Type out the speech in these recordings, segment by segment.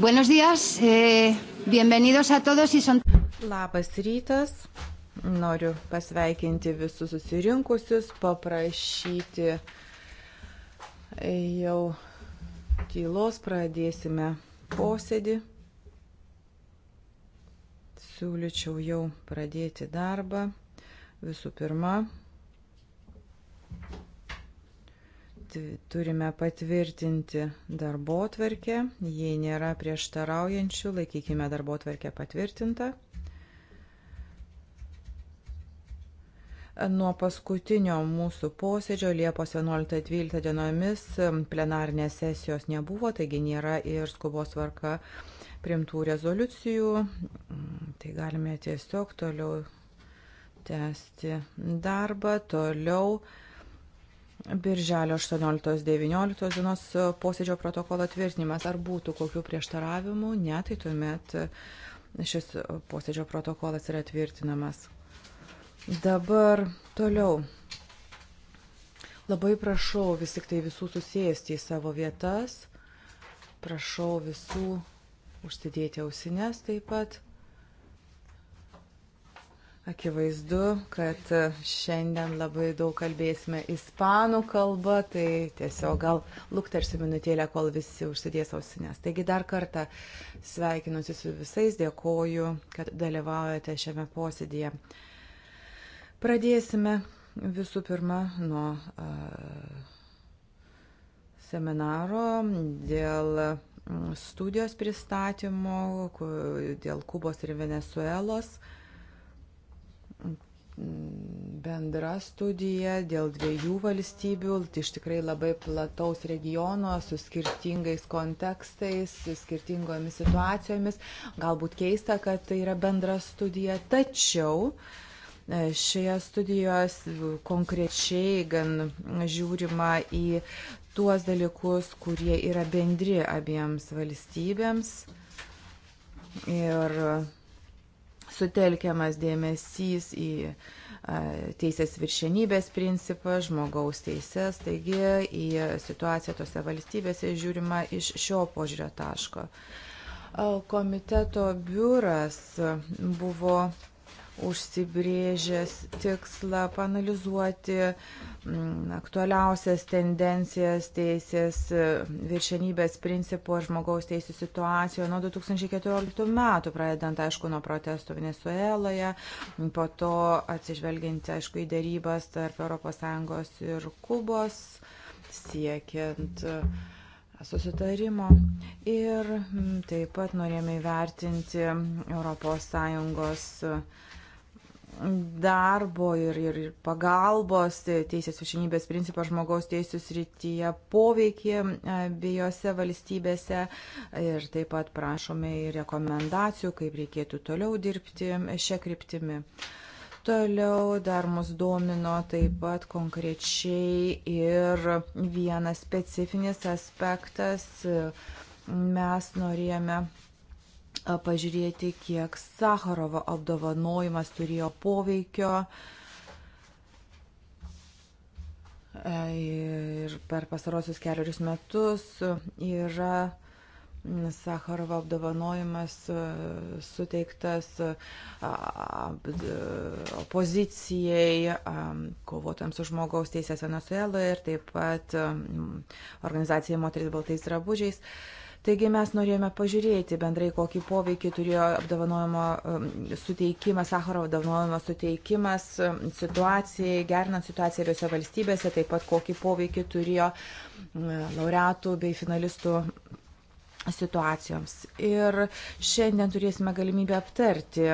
Buenos días, eh, bienvenidos a todos y son. Labas rytas. Noriu pasveikinti visus susirinkusius, paprašyti e, jau tylos pradėsime posėdį. Siūlyčiau jau pradėti darbą. Visų pirma, turime patvirtinti darbo tvarkę. Jei nėra prieštaraujančių, laikykime darbo tvarkę patvirtintą. Nuo paskutinio mūsų posėdžio Liepos 11-12 dienomis plenarnės sesijos nebuvo, taigi nėra ir skubos tvarka primtų rezoliucijų. Tai galime tiesiog toliau tęsti darbą. Toliau Birželio 18-19 dienos posėdžio protokolo tvirtinimas. Ar būtų kokių prieštaravimų? Ne, tai tuomet šis posėdžio protokolas yra tvirtinamas. Dabar toliau. Labai prašau vis tik tai visų susėsti į savo vietas. Prašau visų užsidėti ausinės taip pat. Akivaizdu, kad šiandien labai daug kalbėsime ispanų kalbą, tai tiesiog gal luktersiu minutėlę, kol visi užsidės ausinės. Taigi dar kartą sveikinuosi su visais, dėkoju, kad dalyvaujate šiame posėdėje. Pradėsime visų pirma nuo a, seminaro dėl studijos pristatymo, dėl Kubos ir Venezuelos. A, bendra studija dėl dviejų valstybių, tai iš tikrai labai plataus regiono, su skirtingais kontekstais, skirtingomis situacijomis. Galbūt keista, kad tai yra bendra studija, tačiau e, šioje studijoje konkrečiai gan žiūrima į tuos dalykus, kurie yra bendri abiems valstybėms. Ir sutelkiamas dėmesys į teisės viršenybės principą, žmogaus teises, taigi į situaciją tose valstybėse žiūrima iš šio požiūrio taško. Komiteto biuras buvo užsibrėžęs tikslą panalizuoti mm, aktualiausias tendencijas teisės viršenybės principų žmogaus teisų situacijoje nuo 2014 metų, pradedant, aišku, nuo protestų Venezueloje, po to atsižvelgiant, aišku, į dėrybas tarp ES ir Kubos, siekiant e, susitarimo. Ir taip pat norėjome įvertinti ES darbo ir, ir pagalbos e, teisės viršinybės principą žmogaus teisų srityje poveikį e, abiejose valstybėse ir taip pat prašome ir rekomendacijų, kaip reikėtų toliau dirbti šią kryptimį. Toliau dar mus domino taip pat konkrečiai ir vienas specifinis aspektas. Mes norėjome pažiūrėti, kiek Sakarovo apdovanojimas turėjo poveikio. E, ir per pasarosius keliarius metus yra Sakarovo apdovanojimas e, suteiktas e, opozicijai, kovotams už žmogaus teisės Venezueloje ir taip pat organizacijai Moteris baltais drabužiais. Taigi mes norėjome pažiūrėti bendrai, kokį poveikį turėjo apdovanojimo um, suteikimas, Sakaro apdovanojimo suteikimas um, situacijai, gerinant situaciją abiejose valstybėse, taip pat kokį poveikį turėjo um, laureatų bei finalistų situacijoms. Ir šiandien turėsime galimybę aptarti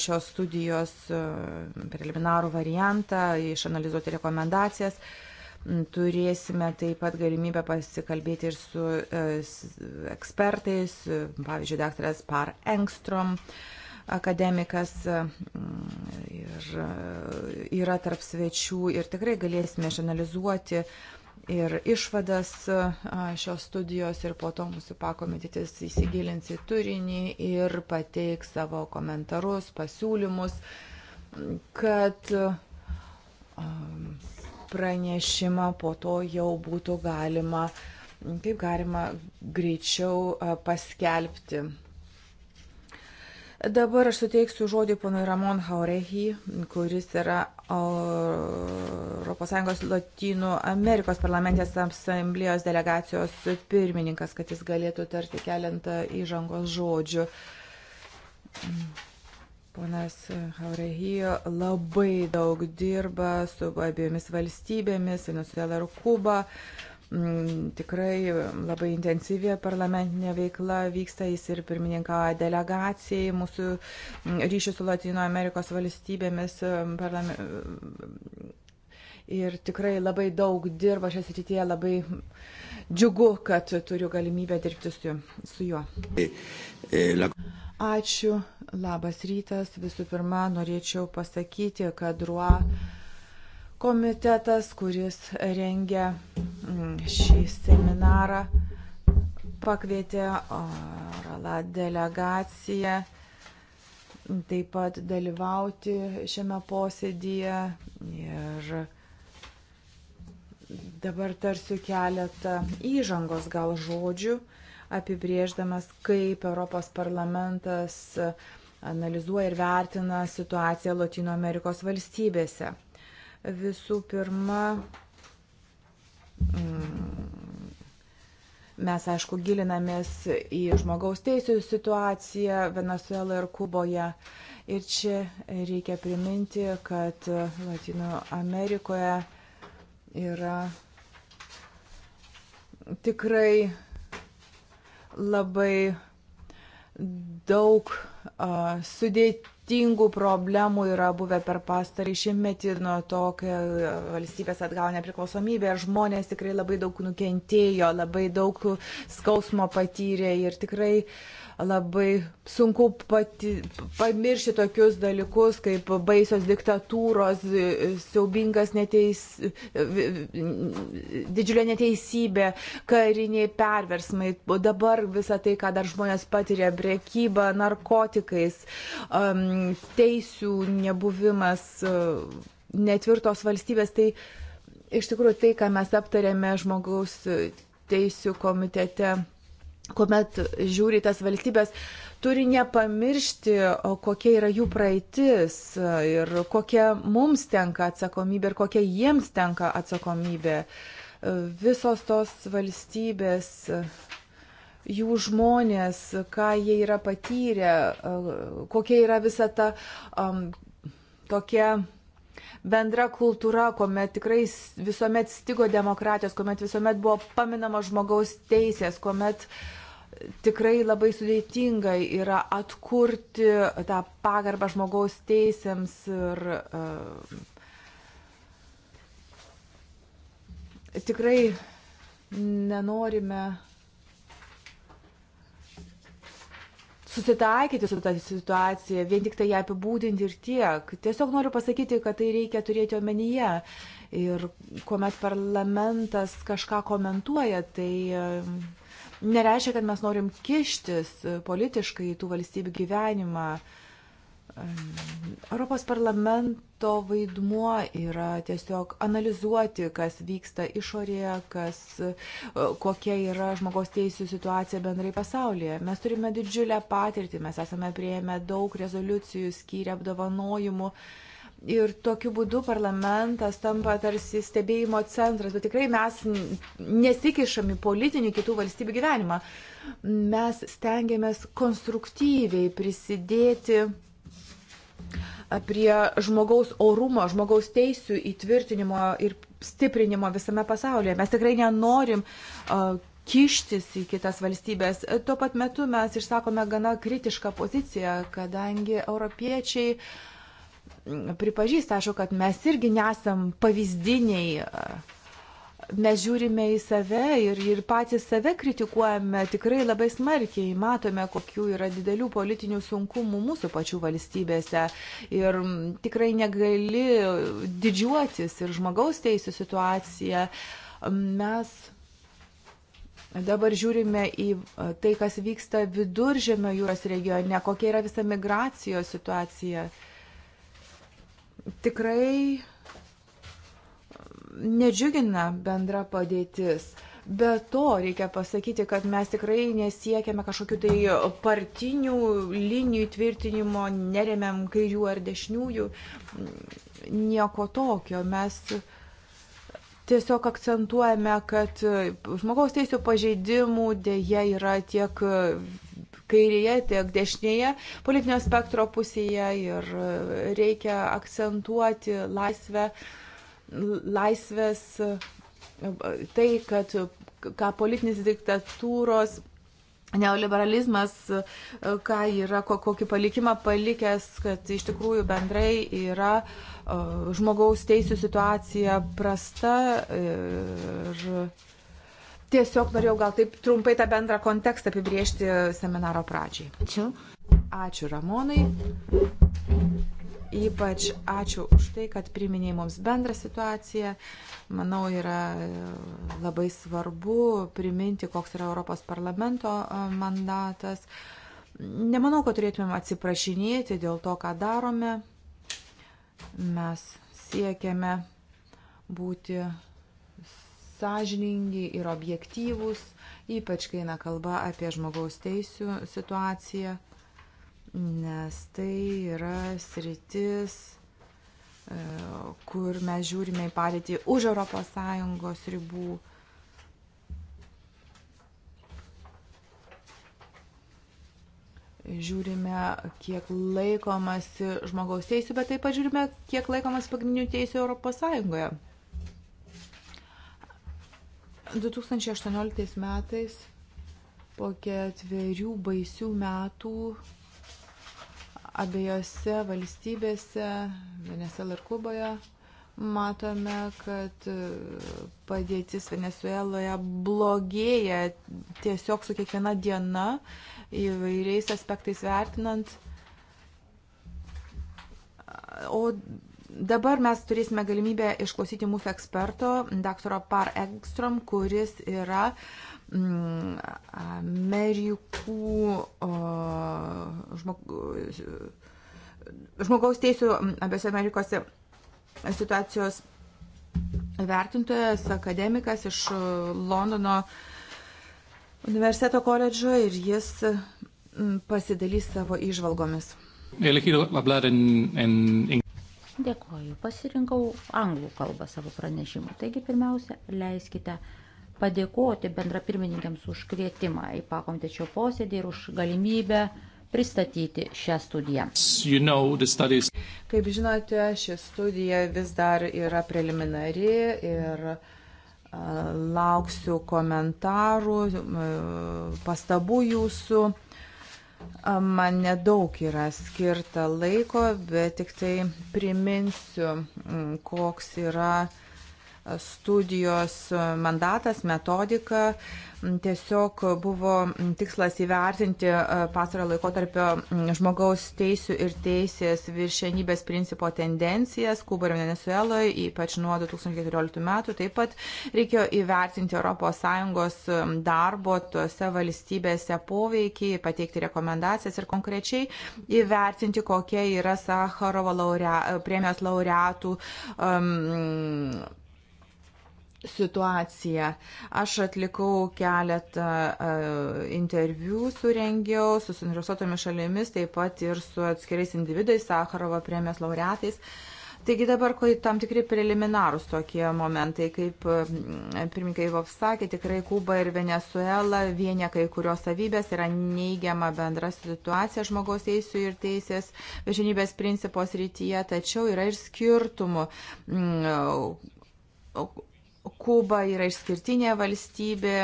šios studijos preliminarų variantą, išanalizuoti rekomendacijas. Turėsime taip pat galimybę pasikalbėti ir su e, ekspertais, pavyzdžiui, daktaras Par Engstrom akademikas e, ir e, yra tarp svečių ir tikrai galėsime išanalizuoti ir išvadas šios studijos ir po to mūsų pakomitetis įsigilins į turinį ir pateiks savo komentarus, pasiūlymus, kad pranešimą, po to jau būtų galima, kaip galima greičiau paskelbti. Dabar aš suteiksiu žodį ponui Ramon Haurehi, kuris yra ES Latinų Amerikos parlamentės asamblėjos delegacijos pirmininkas, kad jis galėtų tarti keletą įžangos žodžių. Ponas Haurehijo labai daug dirba su abiejomis valstybėmis, Venezuela ir Kuba. Mm, tikrai labai intensyvi parlamentinė veikla vyksta, jis ir pirmininkauja delegacijai mūsų mm, ryšių su Latino Amerikos valstybėmis. Mm, parlame... Ir tikrai labai daug dirba šią srityje, labai džiugu, kad turiu galimybę dirbti su, su juo. Eh, eh, Ačiū, labas rytas. Visų pirma, norėčiau pasakyti, kad RUA komitetas, kuris rengia mm, šį seminarą, pakvietė RALA delegaciją mm, taip pat dalyvauti šiame posėdyje ir dabar tarsiu keletą įžangos gal žodžių apibrėždamas, kaip Europos parlamentas e, analizuoja ir vertina situaciją Latino Amerikos valstybėse. Visų pirma, mm, mes, aišku, gilinamės į žmogaus teisų situaciją Venezuela ir Kuboje. Ir čia reikia priminti, kad Latino Amerikoje yra tikrai labai daug a, sudėtingų problemų yra buvę per pastarį šimtmetį nuo to, kai valstybės atgavo nepriklausomybę ir žmonės tikrai labai daug nukentėjo, labai daug skausmo patyrė ir tikrai a, labai sunku pati, pamiršti tokius dalykus kaip baisios diktatūros, siaubingas neteis, didžiulė neteisybė, kariniai perversmai, dabar visa tai, ką dar žmonės patiria, priekyba narkotikais, um, teisių nebuvimas, uh, netvirtos valstybės, tai iš tikrųjų tai, ką mes aptarėme žmogaus teisių komitete kuomet žiūri tas valstybės, turi nepamiršti, kokia yra jų praeitis e, ir kokia mums tenka atsakomybė ir kokia jiems tenka atsakomybė. E, visos tos valstybės, e, jų žmonės, ką jie yra patyrę, kokia yra visa ta um, tokia bendra kultūra, kuomet tikrai visuomet stigo demokratijos, kuomet visuomet buvo paminama žmogaus teisės, kuomet e, tikrai labai sudėtinga yra atkurti tą pagarbą žmogaus teisėms ir uh, tikrai nenorime susitaikyti su tą situacija, vien tik tai ją apibūdinti ir tiek. Tiesiog noriu pasakyti, kad tai reikia turėti omenyje. Ir kuomet parlamentas kažką komentuoja, tai e, nereiškia, kad mes norim kištis e, politiškai į tų valstybių gyvenimą. Uh, Europos parlamento vaidmuo yra tiesiog analizuoti, kas vyksta išorėje, kas, kokia yra žmogaus teisų situacija bendrai pasaulyje. Mes turime didžiulę patirtį, mes esame prieėmę daug rezoliucijų, skyrę apdovanojimų. Ir tokiu būdu parlamentas tampa tarsi stebėjimo centras, bet tikrai mes nesikišam į politinį kitų valstybių gyvenimą. Mes stengiamės konstruktyviai prisidėti prie žmogaus orumo, žmogaus teisų įtvirtinimo ir stiprinimo visame pasaulyje. Mes tikrai nenorim uh, kištis į kitas valstybės. Tuo pat metu mes išsakome gana kritišką poziciją, kadangi europiečiai pripažįsta, aišku, kad mes irgi nesam pavyzdiniai. Uh, mes žiūrime į save ir, ir patys save kritikuojame tikrai labai smarkiai, matome, kokių yra didelių politinių sunkumų mūsų pačių valstybėse ir tikrai negali didžiuotis ir žmogaus teisų situacija. Mes Dabar žiūrime į tai, kas vyksta viduržėmio jūros regione, kokia yra visa migracijos situacija. Tikrai nedžiugina bendra padėtis. Be to reikia pasakyti, kad mes tikrai nesiekėme kažkokių tai partinių linijų tvirtinimo, neremėm kairių ar dešiniųjų, nieko tokio. Mes tiesiog akcentuojame, kad žmogaus teisų pažeidimų dėje yra tiek kairėje, tiek dešinėje politinio spektro pusėje ir reikia akcentuoti laisvę laisvės, tai, kad ką politinis diktatūros neoliberalizmas, ką yra, kokį palikimą palikęs, kad iš tikrųjų bendrai yra žmogaus teisų situacija prasta ir tiesiog norėjau gal taip trumpai tą bendrą kontekstą apibriežti seminaro pradžiai. Ačiū. Ačiū Ramonai. Ypač ačiū už tai, kad priminėjai mums bendrą situaciją. Manau, yra e, labai svarbu priminti, koks yra Europos parlamento e, mandatas. Nemanau, kad turėtumėm atsiprašinėti dėl to, ką darome. Mes siekiame būti sąžiningi ir objektyvūs, ypač kai eina kalba apie žmogaus teisų situaciją nes tai yra sritis, e, kur mes žiūrime į padėtį už ES ribų. Žiūrime, kiek laikomasi žmogaus teisų, bet taip pat žiūrime, kiek laikomasi pagrindinių teisų ES. 2018 metais po ketverių baisių metų abiejose valstybėse, Venezuela ir Kuboje, matome, kad e, padėtis Venezueloje blogėja tiesiog su kiekviena diena įvairiais aspektais vertinant. O Dabar mes turėsime galimybę išklausyti mūsų eksperto, dr. Par Ekstrom, kuris yra Mm, Amerikų žmog, žmogaus teisų abiejose Amerikose situacijos vertintojas, akademikas iš Londono universiteto koledžo ir jis pasidalys savo įžvalgomis. Dėkoju, pasirinkau anglų kalbą savo pranešimu. Taigi pirmiausia, leiskite uh, padėkoti bendrapirmininkėms už kvietimą į pakomitečio posėdį ir už galimybę pristatyti šią studiją. You know, Kaip žinote, ši studija vis dar yra preliminari ir lauksiu komentarų, pastabų jūsų. Man nedaug yra skirta laiko, bet tik tai priminsiu, koks yra studijos mandatas, metodika. Tiesiog buvo tikslas įvertinti e, pastarą laikotarpio žmogaus teisų ir teisės viršenybės principo tendencijas Kuboje ir Venezueloje, ypač nuo 2014 metų. Taip pat reikėjo įvertinti ES darbo tuose valstybėse poveikį, pateikti rekomendacijas ir konkrečiai įvertinti, kokia yra Sakharovo laurea, premijos laureatų. Um, situaciją. Aš atlikau keletą e, interviu surengiau su suinteresuotomis šalimis, taip pat ir su atskirais individais, Sakarovo premijos laureatais. Taigi dabar tam tikri preliminarūs tokie momentai, kaip mm, pirmininkai Vovs sakė, tikrai Kuba ir Venezuela vienia kai kurios savybės, yra neigiama bendra situacija žmogaus teisų ir teisės viršinybės principos rytyje, tačiau yra ir skirtumų mm, Kuba yra išskirtinė valstybė.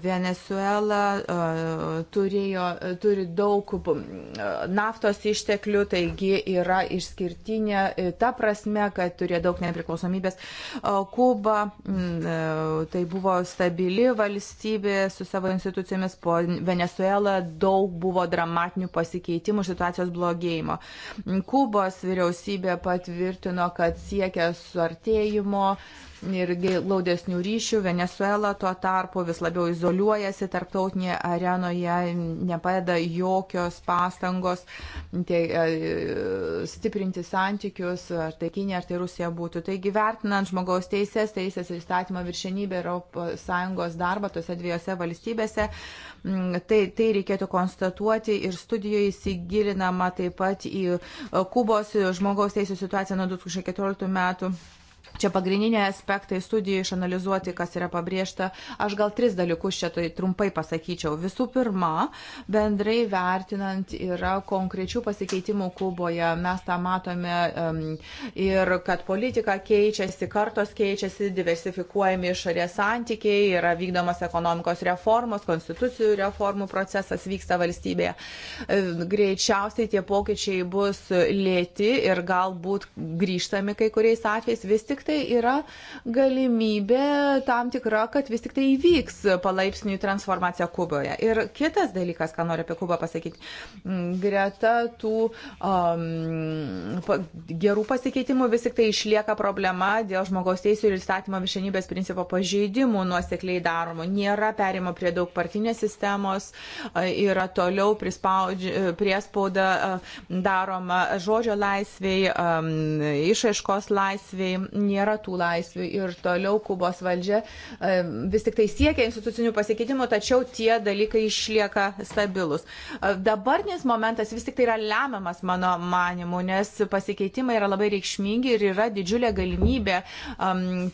Venezuela turėjo, turi daug e, naftos išteklių, taigi yra išskirtinė e, ta prasme, kad turėjo daug nepriklausomybės. Kuba e, tai buvo stabili valstybė su savo institucijomis, po Venezuela daug buvo dramatinių pasikeitimų situacijos blogėjimo. Kubos vyriausybė patvirtino, kad siekia suartėjimo ir glaudesnių ryšių. Venezuela tuo tarpu vis labiau izoliuojasi tarptautinėje arenoje, nepaėda jokios pastangos tai, stiprinti santykius, ar tai Kinė, ar tai Rusija būtų. Taigi vertinant žmogaus teisės, teisės ir įstatymo viršenybę ES darbą tose dviejose valstybėse, tai, tai reikėtų konstatuoti ir studijoje įsigilinama taip pat į Kubos žmogaus teisų situaciją nuo 2014 metų. Čia pagrindiniai aspektai studijai išanalizuoti, kas yra pabrėžta. Aš gal tris dalykus čia tai trumpai pasakyčiau. Visų pirma, bendrai vertinant yra konkrečių pasikeitimų Kuboje. Mes tą matome um, ir kad politika keičiasi, kartos keičiasi, diversifikuojami išorės santykiai, yra vykdomas ekonomikos reformos, konstitucijų reformų procesas vyksta valstybėje. Greičiausiai tie pokyčiai bus lėti ir galbūt grįžtami kai kuriais atvejais. Vis tik tik tai yra galimybė tam tikra, kad vis tik tai įvyks palaipsniui transformacija Kuboje. Ir kitas dalykas, ką noriu apie Kubą pasakyti, greta tų um, gerų pasikeitimų vis tik tai išlieka problema dėl žmogaus teisų ir įstatymo viršenybės principo pažeidimų nuosekliai daromų. Nėra perimo prie daug partinės sistemos, yra toliau e, priespauda daroma žodžio laisviai, išaiškos laisviai, nėra tų laisvių ir toliau Kubos valdžia e, vis tik tai siekia institucinių pasikeitimų, tačiau tie dalykai išlieka stabilus. E, dabartinis momentas vis tik tai yra lemiamas mano manimu, nes pasikeitimai yra labai reikšmingi ir yra didžiulė galimybė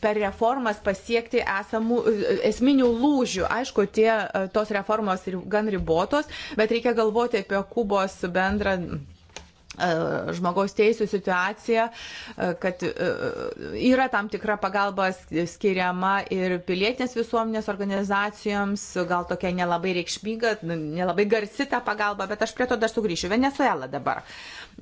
per reformas pasiekti esamų e, esminių lūžių. Aišku, tie, tos reformos gan ribotos, bet reikia galvoti apie Kubos bendrą E, žmogaus teisų situacija, e, kad e, yra tam tikra pagalba skiriama ir pilietinės visuomenės organizacijoms, gal tokia nelabai reikšminga, nelabai garsi ta pagalba, bet aš prie to dar sugrįšiu. Venezuela dabar.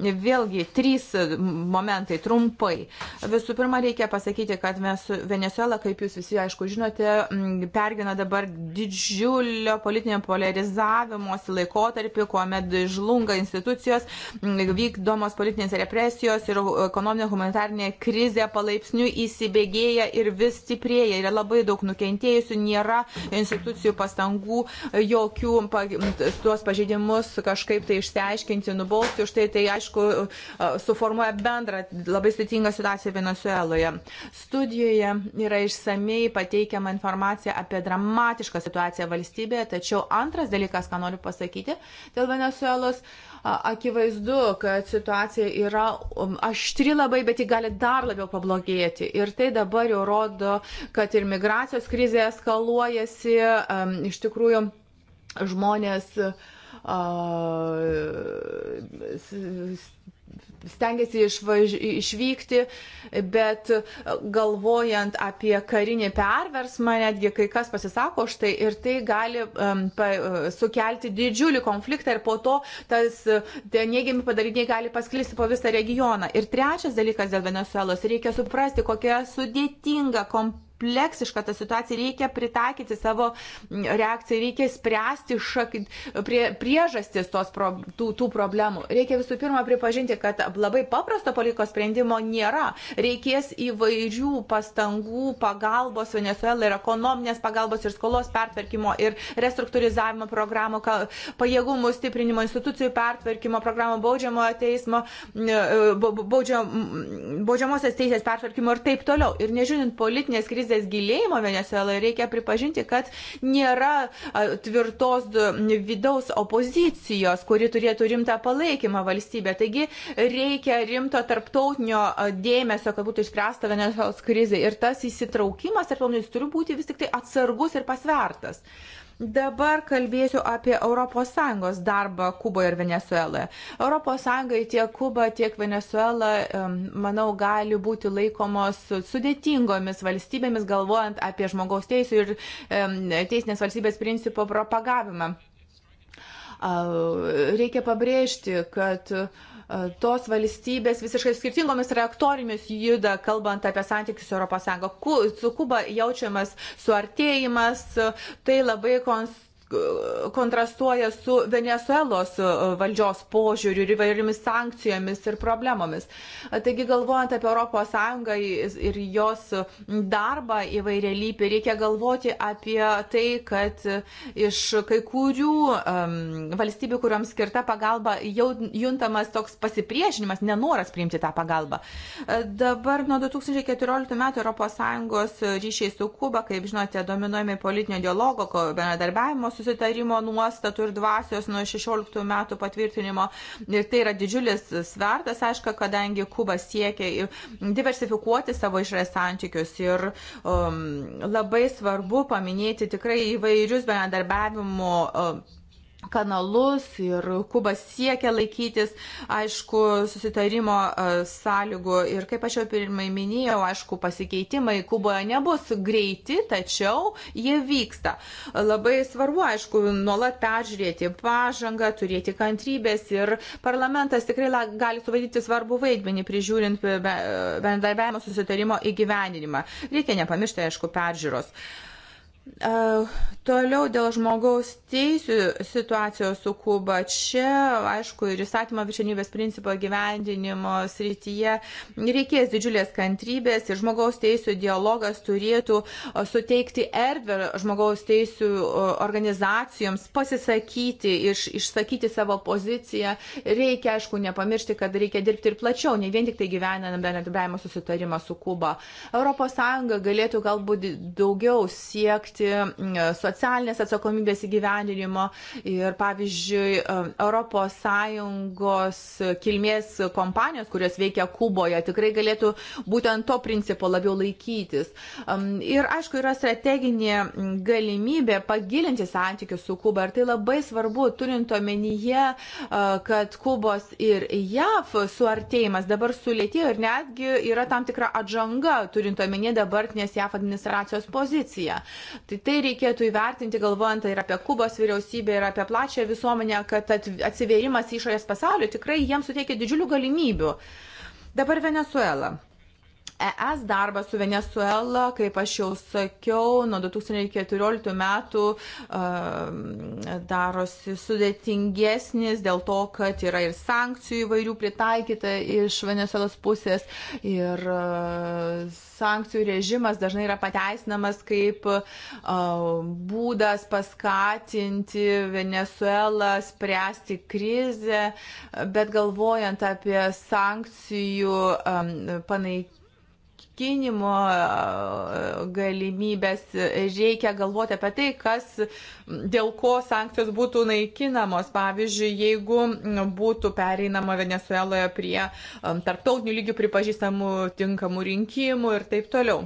Vėlgi, trys momentai trumpai. Visų pirma, reikia pasakyti, kad mes Venezuela, kaip jūs visi aišku žinote, pergina dabar didžiulio politinio polarizavimuose laikotarpį, kuomet žlunga institucijos vykdomos politinės represijos ir uh, ekonominė humanitarinė krizė palaipsniui įsibėgėja ir vis stiprėja. Yra labai daug nukentėjusių, nėra institucijų pastangų, uh, jokių tuos pažeidimus kažkaip tai išsiaiškinti, nubausti. Už tai tai aišku uh, suformuoja bendrą labai sudėtingą situaciją Venezueloje. Studijoje yra išsamei pateikiama informacija apie dramatišką situaciją valstybėje, tačiau antras dalykas, ką noriu pasakyti dėl Venezuelos, uh, akivaizdu, kad situacija yra um, aštri labai, bet ji gali dar labiau pablogėti. Ir tai dabar jau rodo, kad ir migracijos krizė eskaluojasi, um, iš tikrųjų žmonės stengiasi išvaž... išvykti, bet galvojant apie karinį perversmą, netgi kai kas pasisako štai ir tai gali um, pa, sukelti didžiulį konfliktą ir po to tas tie neigiami padariniai gali pasklisti po visą regioną. Ir trečias dalykas dėl Venezuelos, reikia suprasti, kokia sudėtinga komplikacija kompleksiška ta situacija, reikia pritaikyti savo reakciją, reikia spręsti šak, prie, priežastis tos pro, tų, tų problemų. Reikia visų pirma pripažinti, kad labai paprasto paliko sprendimo nėra. Reikės įvairių pastangų, pagalbos Venezuela ir ekonominės pagalbos ir skolos pertvarkymo ir restruktūrizavimo programų, pajėgumų stiprinimo, institucijų pertvarkymo programų, baudžiamojo teismo, e, baudžiam, baudžiamosios teisės pertvarkymo ir taip toliau. Ir nežiūrint politinės krizės, krizės gilėjimo Venezueloje reikia pripažinti, kad nėra tvirtos vidaus opozicijos, kuri turėtų rimtą palaikymą valstybę. Taigi reikia rimto tarptautinio dėmesio, kad būtų išspręsta Venezuelos krizė. Ir tas įsitraukimas tarptautinis turi būti vis tik tai atsargus ir pasvertas. Dabar kalbėsiu apie ES darbą Kuboje ir Venezueloje. ES tiek Kuba, tiek Venezuela, manau, gali būti laikomos sudėtingomis valstybėmis, galvojant apie žmogaus teisų ir teisinės valstybės principo propagavimą. Reikia pabrėžti, kad uh, tos valstybės visiškai skirtingomis reaktorijomis juda, kalbant apie santykius su ES. Su Kuba jaučiamas suartėjimas, tai labai konstruktyvus kontrastuoja su Venezuelos e, valdžios požiūriu ir įvairiomis sankcijomis ir problemomis. Taigi galvojant apie ES ir jos darbą įvairialypį, reikia galvoti apie tai, kad iš kai kurių um, valstybių, kuriuoms skirta pagalba, jau juntamas toks pasipriešinimas, nenoras priimti tą pagalbą. E, dabar nuo 2014 metų ES ryšiai su Kuba, kaip žinote, dominuojami politinio dialogo, bendradarbiavimo su susitarimo nuostatų ir dvasios nuo 16 metų patvirtinimo. Ir tai yra didžiulis svertas, aišku, kadangi Kuba siekia diversifikuoti savo išorės santykius. Ir um, labai svarbu paminėti tikrai įvairius bendradarbiavimo. Um, kanalus ir Kuba siekia laikytis, aišku, susitarimo e, sąlygų ir kaip aš jau pirmai minėjau, aišku, pasikeitimai Kuboje nebus greiti, tačiau jie vyksta. Labai svarbu, aišku, nuolat peržiūrėti pažangą, turėti kantrybės ir parlamentas tikrai gali suvaidyti svarbu vaidmenį prižiūrint bendarbiavimo susitarimo įgyvendinimą. Reikia nepamiršti, aišku, peržiūros. Uh, E, toliau dėl žmogaus teisų situacijos su Kuba. Čia, aišku, ir įstatymo viršenybės principo gyvendinimo srityje reikės didžiulės kantrybės ir žmogaus teisų dialogas turėtų e, suteikti erdvę žmogaus teisų e, organizacijoms pasisakyti, iš, išsakyti savo poziciją. Reikia, aišku, nepamiršti, kad reikia dirbti ir plačiau, ne vien tik tai gyvenant bendradarbiavimo susitarimą su Kuba. ES galėtų galbūt daugiau siekti siekti socialinės atsakomybės įgyvendinimo ir, pavyzdžiui, ES kilmės kompanijos, kurios veikia Kuboje, tikrai galėtų būtent to principo labiau laikytis. Ir, aišku, yra strateginė galimybė pagilinti santykius su Kuba ir tai labai svarbu, turint omenyje, e, kad Kubos ir JAV suartėjimas dabar sulėtėjo ir netgi yra tam tikra atžanga, turint omenyje dabartinės JAV administracijos poziciją. Tai tai reikėtų įvertinti, galvojant ir apie Kubos vyriausybę, ir apie plačią visuomenę, kad atsivėrimas išorės pasaulio tikrai jiems suteikia didžiulių galimybių. Dabar Venezuela. ES darbas su Venezuela, kaip aš jau sakiau, nuo 2014 metų ehm, darosi sudėtingesnis dėl to, kad yra ir sankcijų įvairių pritaikyta iš Venezuelos pusės ir e, sankcijų režimas dažnai yra pateisinamas kaip e, būdas paskatinti Venezuelą spręsti krizę, bet galvojant apie sankcijų ehm, panaikinimą, apmokestinimo e, galimybės, e, reikia galvoti apie tai, kas, dėl ko sankcijos būtų naikinamos. Pavyzdžiui, jeigu būtų pereinama Venezueloje prie tarptautinių lygių pripažįstamų tinkamų rinkimų ir taip toliau.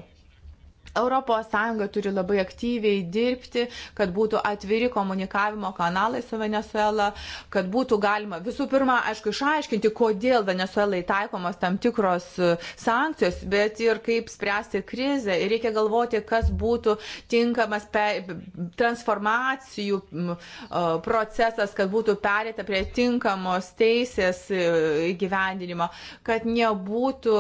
ES turi labai aktyviai dirbti, kad būtų atviri komunikavimo kanalai su Venezuela, kad būtų galima visų pirma, aišku, išaiškinti, kodėl Venezuelai taikomos tam tikros e, sankcijos, bet ir kaip spręsti krizę. Ir reikia galvoti, kas būtų tinkamas transformacijų e, procesas, kad būtų perėta prie tinkamos teisės e, gyvendinimo, kad nebūtų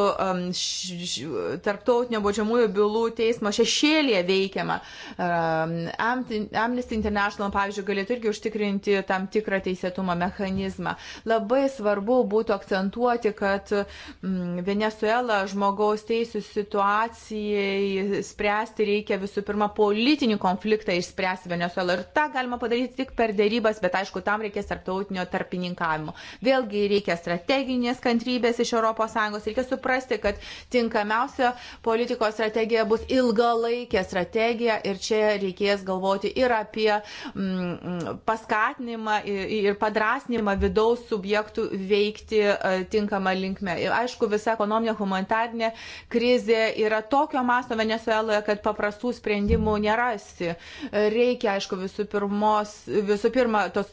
tarptautinio baudžiamųjų bylų teismo terorizmo šešėlėje veikiama. Ehm, Amnesty International, pavyzdžiui, galėtų irgi užtikrinti tam tikrą teisėtumo mechanizmą. Labai svarbu būtų akcentuoti, kad mm, Venezuela žmogaus teisų situacijai spręsti reikia visų pirma politinį konfliktą išspręsti Venezuela. Ir tą galima padaryti tik per dėrybas, bet aišku, tam reikės tarptautinio tarpininkavimo. Vėlgi reikia strateginės kantrybės iš ES, reikia suprasti, kad tinkamiausia politikos strategija bus ilga ilgalaikę strategiją ir čia reikės galvoti ir apie mm, mm paskatinimą ir padrasnimą vidaus subjektų veikti e, tinkamą linkmę. Ir aišku, visa ekonominė humanitarnė krizė yra tokio masto Venezueloje, kad paprastų sprendimų nerasi. Reikia, aišku, visų, pirmos, visų pirma tos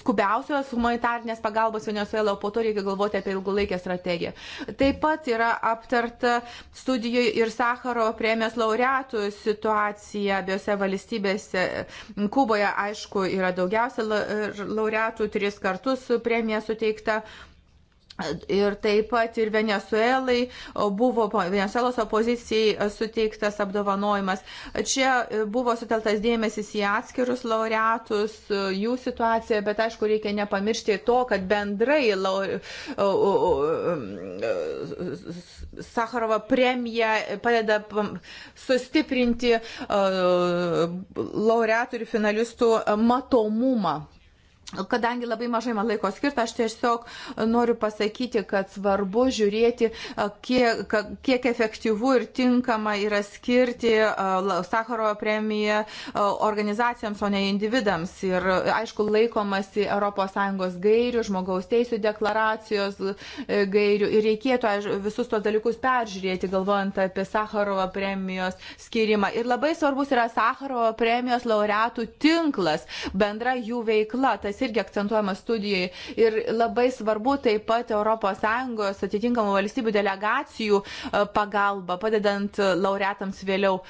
skubiausios humanitarnės pagalbos Venezueloje, po to reikia galvoti apie ilgalaikę strategiją. Taip pat yra aptarta studijoje ir Sakaro premijos laureatų sekretariatų situacija abiejose valstybėse. Kuboje, aišku, yra daugiausia laureatų, tris kartus premija suteikta Ir taip pat ir Venezuelai buvo Venezuelos opozicijai e, suteiktas apdovanojimas. Čia e, buvo suteltas dėmesys į atskirus laureatus, e, jų situaciją, bet aišku, reikia nepamiršti to, kad bendrai laure... Sakarovo premija padeda sustiprinti laureatų ir finalistų matomumą. Kadangi labai mažai man laiko skirta, aš tiesiog e, noriu pasakyti, kad svarbu žiūrėti, e, kiek, kiek efektyvu ir tinkama yra skirti e, Sakaro premiją organizacijams, o ne individams. Ir aišku, laikomasi ES gairių, žmogaus teisų deklaracijos gairių. Ir reikėtų aš, visus tos dalykus peržiūrėti, galvojant apie Sakaro premijos skirimą. Ir labai svarbus yra Sakaro premijos laureatų tinklas, bendra jų veikla. Tas tas irgi akcentuojama studijai. Ir labai svarbu taip pat ES atitinkamų valstybių delegacijų e, pagalba, padedant e, laureatams vėliau.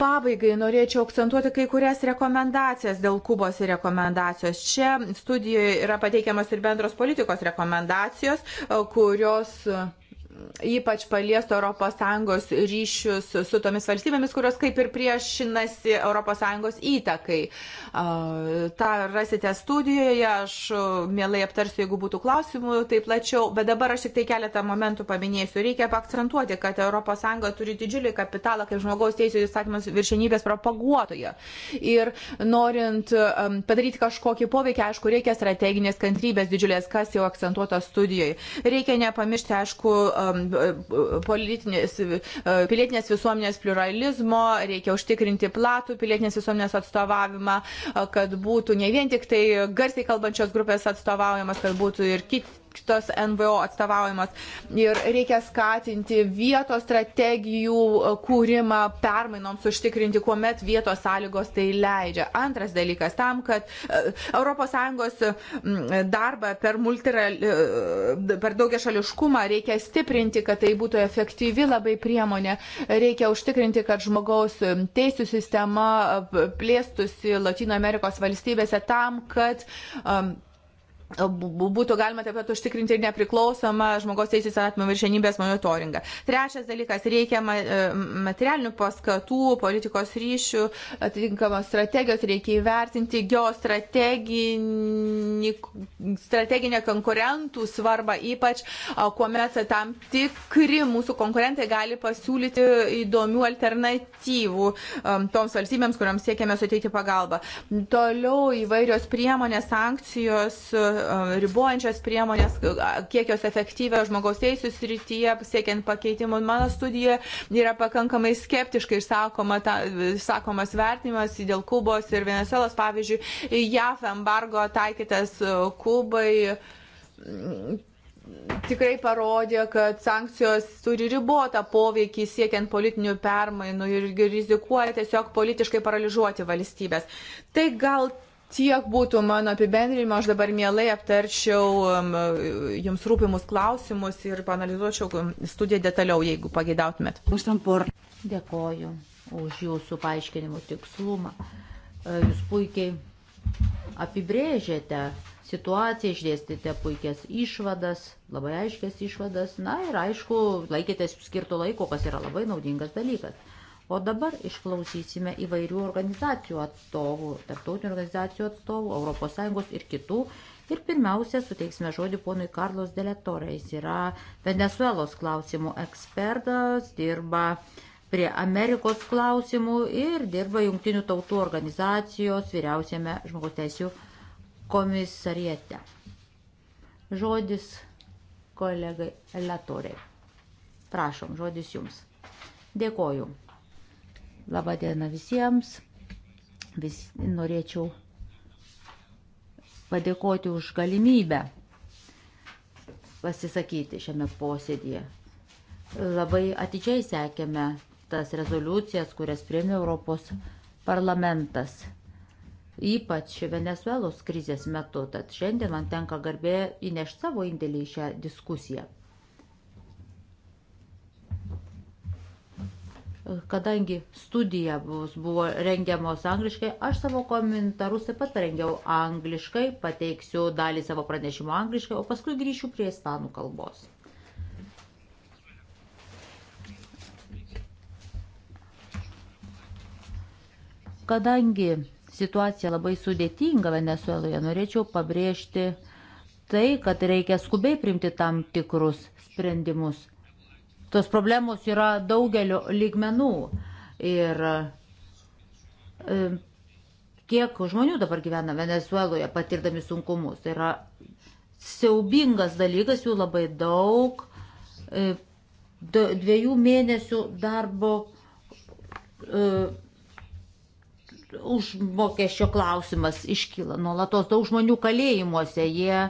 Pabaigai norėčiau akcentuoti kai kurias rekomendacijas dėl Kubos ir rekomendacijos. Čia studijoje yra pateikiamas ir bendros politikos rekomendacijos, e, kurios ypač paliestų ES ryšius su tomis valstybėmis, kurios kaip ir priešinasi ES įtakai. Ta rasite studijoje, aš mielai aptarsiu, jeigu būtų klausimų, tai plačiau, bet dabar aš tik tai keletą momentų paminėsiu. Reikia akcentuoti, kad ES turi didžiulį kapitalą kaip žmogaus teisų įstatymas viršenybės propaguotoje. Ir norint um, padaryti kažkokį poveikį, aišku, reikia strateginės kantrybės didžiulės, kas jau akcentuota studijoje. Reikia nepamiršti, aišku, Um, politinės, uh, pilietinės visuomenės pluralizmo, reikia užtikrinti platų pilietinės visuomenės atstovavimą, uh, kad būtų ne vien tik tai garsiai kalbančios grupės atstovaujamas, kad būtų ir kiti kitos NVO atstovaujamas. Ir reikia skatinti vietos strategijų e, kūrimą permainoms užtikrinti, kuomet vietos sąlygos tai leidžia. Antras dalykas, tam, kad ES e, darbą per, multira, e, per daugia šališkumą reikia stiprinti, kad tai būtų efektyvi labai priemonė. Reikia užtikrinti, kad žmogaus teisų sistema plėstusi Latino Amerikos valstybėse tam, kad um, būtų galima taip pat užtikrinti ir nepriklausomą žmogaus teisės atmo viršenybės monitoringą. Trečias dalykas - reikia e, materialinių paskatų, politikos ryšių, atitinkamos strategijos, reikia įvertinti geostrateginę konkurentų svarbą, ypač kuomet tam tikri mūsų konkurentai gali pasiūlyti įdomių alternatyvų toms valstybėms, kuriams siekiame suteikti pagalbą. Toliau įvairios priemonės, sankcijos, E, ribojančias priemonės, kiek jos efektyvę žmogaus teisų srityje, siekiant pakeitimų. Mano studija yra pakankamai skeptiškai išsakoma, ta, išsakomas vertinimas dėl Kubos ir Venezuelos, pavyzdžiui, JAF embargo taikytas e, Kubai tikrai parodė, kad sankcijos turi ribotą poveikį siekiant politinių permainų ir rizikuoja tiesiog politiškai paralyžiuoti valstybės. Tai gal Tiek būtų mano apibendrinimo, aš dabar mielai aptarčiau um, jums rūpimus klausimus ir panalizuočiau um, studiją detaliau, jeigu pageidautumėt. Dėkoju už jūsų paaiškinimų tikslumą. E, jūs puikiai apibrėžėte situaciją, išdėstėte puikias išvadas, labai aiškias išvadas, na ir aišku, laikėtės skirto laiko, kas yra labai naudingas dalykas. O dabar išklausysime įvairių organizacijų atstovų, tarptautinių organizacijų atstovų, ES ir kitų. Ir pirmiausia, suteiksime žodį ponui Karlos Deletorė. Jis yra Venezuelos klausimų ekspertas, dirba prie Amerikos klausimų ir dirba Junktinių tautų organizacijos vyriausiame žmogaus teisų komisariete. Žodis kolegai Latoriai. Prašom, žodis jums. Dėkoju, Labą dieną visiems. Vis, norėčiau padėkoti už galimybę pasisakyti šiame posėdėje. Labai atidžiai sekėme tas rezoliucijas, kurias priėmė Europos parlamentas, ypač Venezuelos krizės metu. Tad šiandien man tenka garbė įnešti savo indėlį į šią diskusiją. kadangi studija bus, buvo rengiamos angliškai, aš savo komentarus taip pat rengiau angliškai, pateiksiu dalį savo pranešimo angliškai, o paskui grįšiu prie ispanų kalbos. Kadangi situacija labai sudėtinga Venezueloje, norėčiau pabrėžti tai, kad reikia skubiai primti tam tikrus sprendimus Tos problemos yra daugelio lygmenų. Ir e, kiek žmonių dabar gyvena Venezueloje patirdami sunkumus. Tai yra siaubingas dalykas, jų labai daug. E, dviejų mėnesių darbo e, užmokesčio klausimas iškyla nuolatos. Daug žmonių kalėjimuose, jie,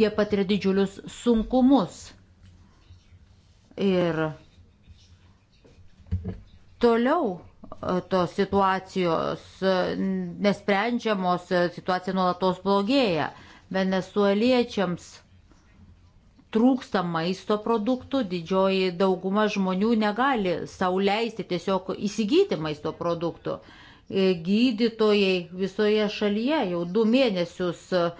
jie patiria didžiulius sunkumus. Ir toliau e, tos situacijos e, nesprendžiamos, e, situacija nuolatos blogėja. Venezueliečiams trūksta maisto produktų, didžioji dauguma žmonių negali sauliaisti tiesiog įsigyti maisto produktų. Gydytojai visoje šalyje jau du mėnesius uh,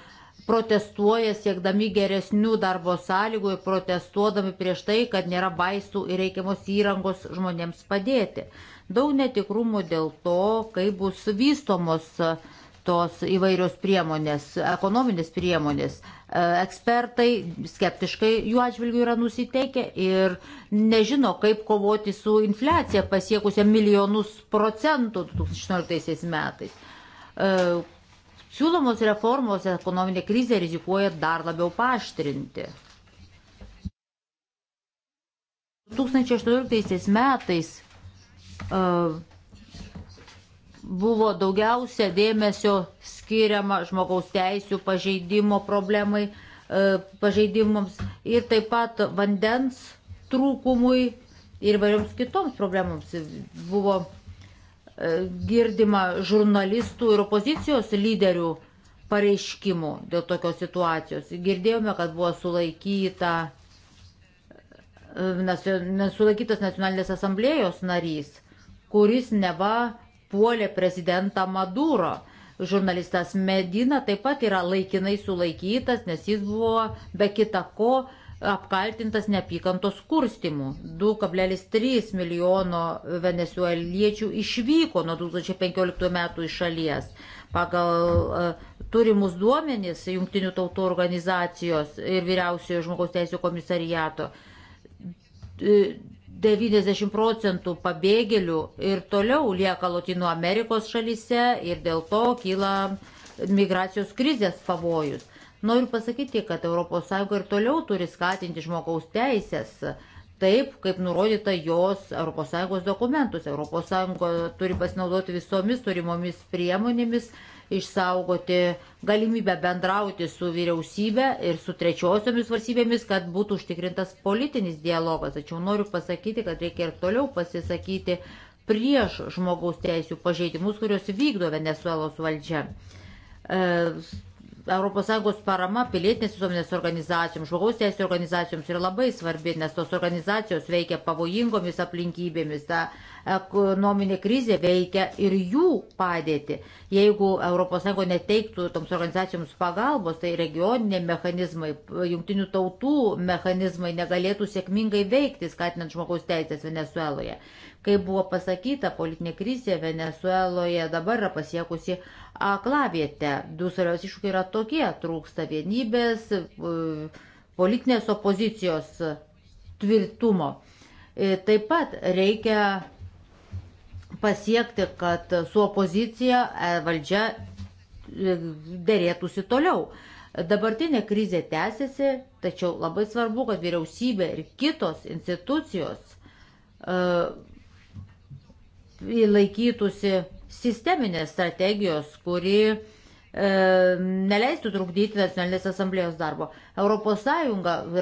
protestuoja siekdami geresnių darbo sąlygų ir protestuodami prieš tai, kad nėra vaistų ir reikiamos įrangos žmonėms padėti. Daug netikrumų dėl to, kaip bus vystomos e, tos įvairios priemonės, ekonominės priemonės. E, ekspertai skeptiškai jų atžvilgių yra nusiteikę ir nežino, kaip kovoti su infliacija pasiekusia milijonus procentų 2016 metais e, Siūlomos reformos ekonominė krizė rizikuoja dar labiau paštrinti. 2018 metais uh, buvo daugiausia dėmesio skiriama žmogaus teisų pažeidimo problemai, uh, pažeidimams ir taip pat vandens trūkumui ir varioms kitoms problemams. Buvo E, girdima žurnalistų ir opozicijos lyderių pareiškimų dėl tokios situacijos. Girdėjome, kad buvo sulaikyta, e, sulaikytas Nacionalinės asamblėjos narys, kuris neva puolė prezidentą Maduro. Žurnalistas Medina taip pat yra laikinai sulaikytas, nes jis buvo be kita ko apkaltintas neapykantos kurstimu. 2,3 milijono venezueliečių išvyko nuo 2015 metų iš šalies. Pagal e, turimus duomenys Junktinių tautų organizacijos ir Vyriausiojo žmogaus teisų komisariato 90 e, procentų pabėgėlių ir toliau lieka Latino Amerikos šalyse ir dėl to kyla migracijos krizės pavojus. Noriu pasakyti, kad ES ir toliau turi skatinti žmogaus teisės taip, kaip nurodyta jos ES dokumentus. ES turi pasinaudoti visomis turimomis priemonėmis, išsaugoti galimybę bendrauti su vyriausybė ir su trečiosiomis valstybėmis, kad būtų užtikrintas politinis dialogas. Tačiau noriu pasakyti, kad reikia ir toliau pasisakyti prieš žmogaus teisų pažeidimus, kurios vykdo Venezuelos valdžia. E, ES parama pilietinės visuomenės organizacijoms, žmogaus teisų organizacijoms yra labai svarbi, nes tos organizacijos veikia pavojingomis aplinkybėmis, ta ekonominė krizė veikia ir jų padėti. Jeigu ES neteiktų toms organizacijoms pagalbos, tai regioniniai mechanizmai, jungtinių tautų mechanizmai negalėtų sėkmingai veikti, skatinant žmogaus teisės Venezueloje. Kaip buvo pasakyta, politinė krizė Venezueloje dabar yra pasiekusi aklavietę. Du svarbiausi iššūkiai yra tokie - trūksta vienybės, politinės opozicijos tvirtumo. E, taip pat reikia pasiekti, kad su opozicija e, valdžia e, dėrėtųsi toliau. Dabartinė krizė tęsiasi, tačiau labai svarbu, kad vyriausybė ir kitos institucijos uh, laikytųsi sisteminės strategijos, kuri e, neleistų trukdyti nacionalinės asamblėjos darbo. ES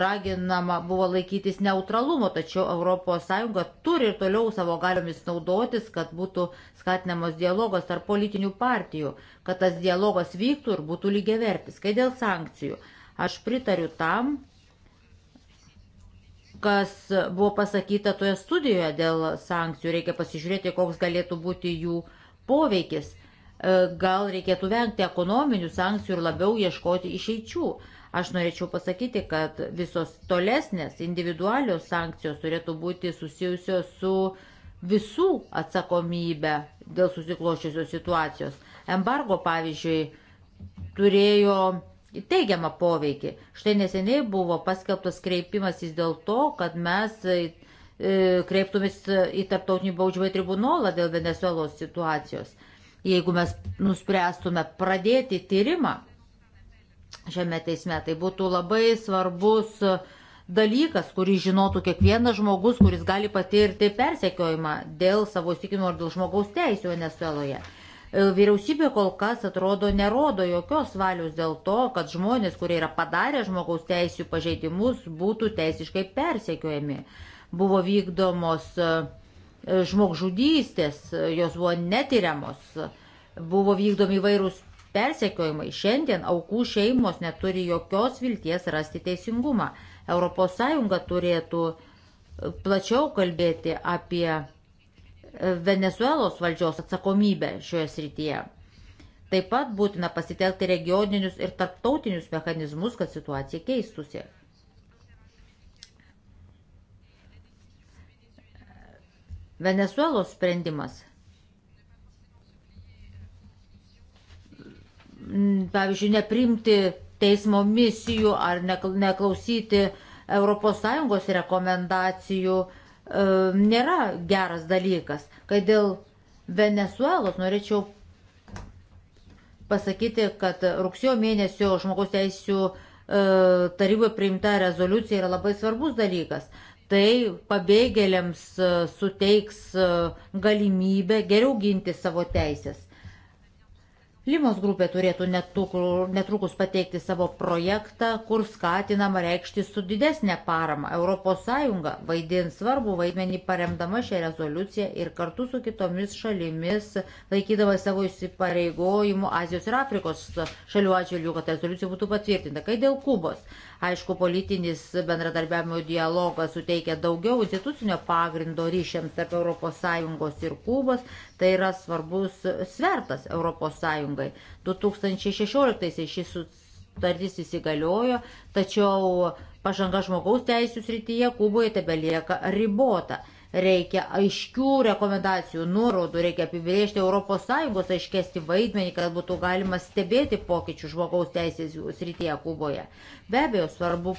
raginama buvo laikytis neutralumo, tačiau ES turi ir toliau savo galiomis naudotis, kad būtų skatinamas dialogas tarp politinių partijų, kad tas dialogas vyktų ir būtų lygiavertis. Kai dėl sankcijų, aš pritariu tam, kas buvo pasakyta toje studijoje dėl sankcijų. Reikia pasižiūrėti, koks galėtų būti jų poveikis. E, gal reikėtų vengti ekonominių sankcijų ir labiau ieškoti išeičių. Aš norėčiau pasakyti, kad visos tolesnės individualios sankcijos turėtų būti susijusios su visų atsakomybė dėl susikloščiusios situacijos. Embargo, pavyzdžiui, turėjo teigiamą poveikį. Štai neseniai buvo paskelbtas kreipimasis dėl to, kad mes e, e, kreiptumės į tarptautinį baudžiamąjį tribunolą dėl Venezuelos situacijos. Jeigu mes nuspręstume pradėti tyrimą šiame teisme, tai būtų labai svarbus dalykas, kurį žinotų kiekvienas žmogus, kuris gali patirti persekiojimą dėl savo įsitikinimų ar dėl žmogaus teisų Venezueloje. E, vyriausybė kol kas atrodo nerodo jokios valios dėl to, kad žmonės, kurie yra padarę žmogaus teisų pažeidimus, būtų teisiškai persekiojami. Buvo vykdomos e, e, žmogžudystės, jos buvo netyriamos, buvo vykdomi įvairūs persekiojimai. Šiandien aukų šeimos neturi jokios vilties rasti teisingumą. ES turėtų plačiau kalbėti apie Venezuelos valdžios atsakomybę šioje srityje. Taip pat būtina pasitelkti regioninius ir tarptautinius mechanizmus, kad situacija keistusi. Venezuelos sprendimas. Mm, pavyzdžiui, neprimti teismo misijų ar neklausyti ES rekomendacijų nėra geras dalykas. Kai dėl Venezuelos norėčiau pasakyti, kad rugsėjo mėnesio žmogaus teisų e, taryboje priimta rezoliucija yra labai svarbus dalykas. Tai pabėgėliams e, suteiks e, galimybę geriau ginti savo teisės. Limos grupė turėtų netrukus pateikti savo projektą, kur skatinama reikšti su didesnė parama. ES vaidins svarbu vaidmenį paremdama šią rezoliuciją ir kartu su kitomis šalimis laikydama savo įsipareigojimų Azijos ir Afrikos šalių atžvilgių, kad rezoliucija būtų patvirtinta. Kai dėl Kubos Aišku, politinis bendradarbiavimo dialogas suteikia daugiau institucinio pagrindo ryšiams tarp ES ir Kubos. Tai yra svarbus svertas ES. 2016 šis sutartis įsigaliojo, tačiau pažanga žmogaus teisų srityje Kuboje tebelieka ribota. Reikia aiškių rekomendacijų, nuorodų, reikia apibriežti ES aiškesti vaidmenį, kad būtų galima stebėti pokyčių žmogaus teisės srityje Kuboje. Be abejo, svarbu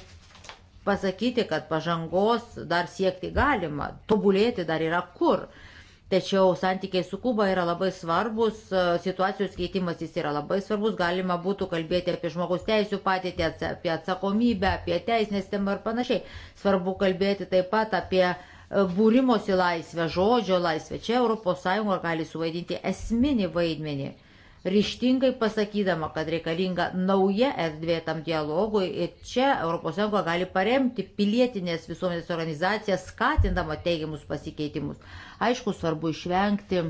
pasakyti, kad pažangos dar siekti galima, tobulėti dar yra kur. Tačiau santykiai su Kuba yra labai svarbus, situacijos keitimas jis yra labai svarbus, galima būtų kalbėti apie žmogaus teisų patėtį, apie atsakomybę, apie teisinę sistemą ir panašiai. Svarbu kalbėti taip pat apie uh, būrimosi laisvę, žodžio laisvę. Čia ES gali suvaidinti esminį vaidmenį, ryštingai pasakydama, kad reikalinga nauja erdvė tam dialogui ir čia ES gali paremti pilietinės visuomenės organizacijas, skatindama teigiamus pasikeitimus. Aišku, svarbu išvengti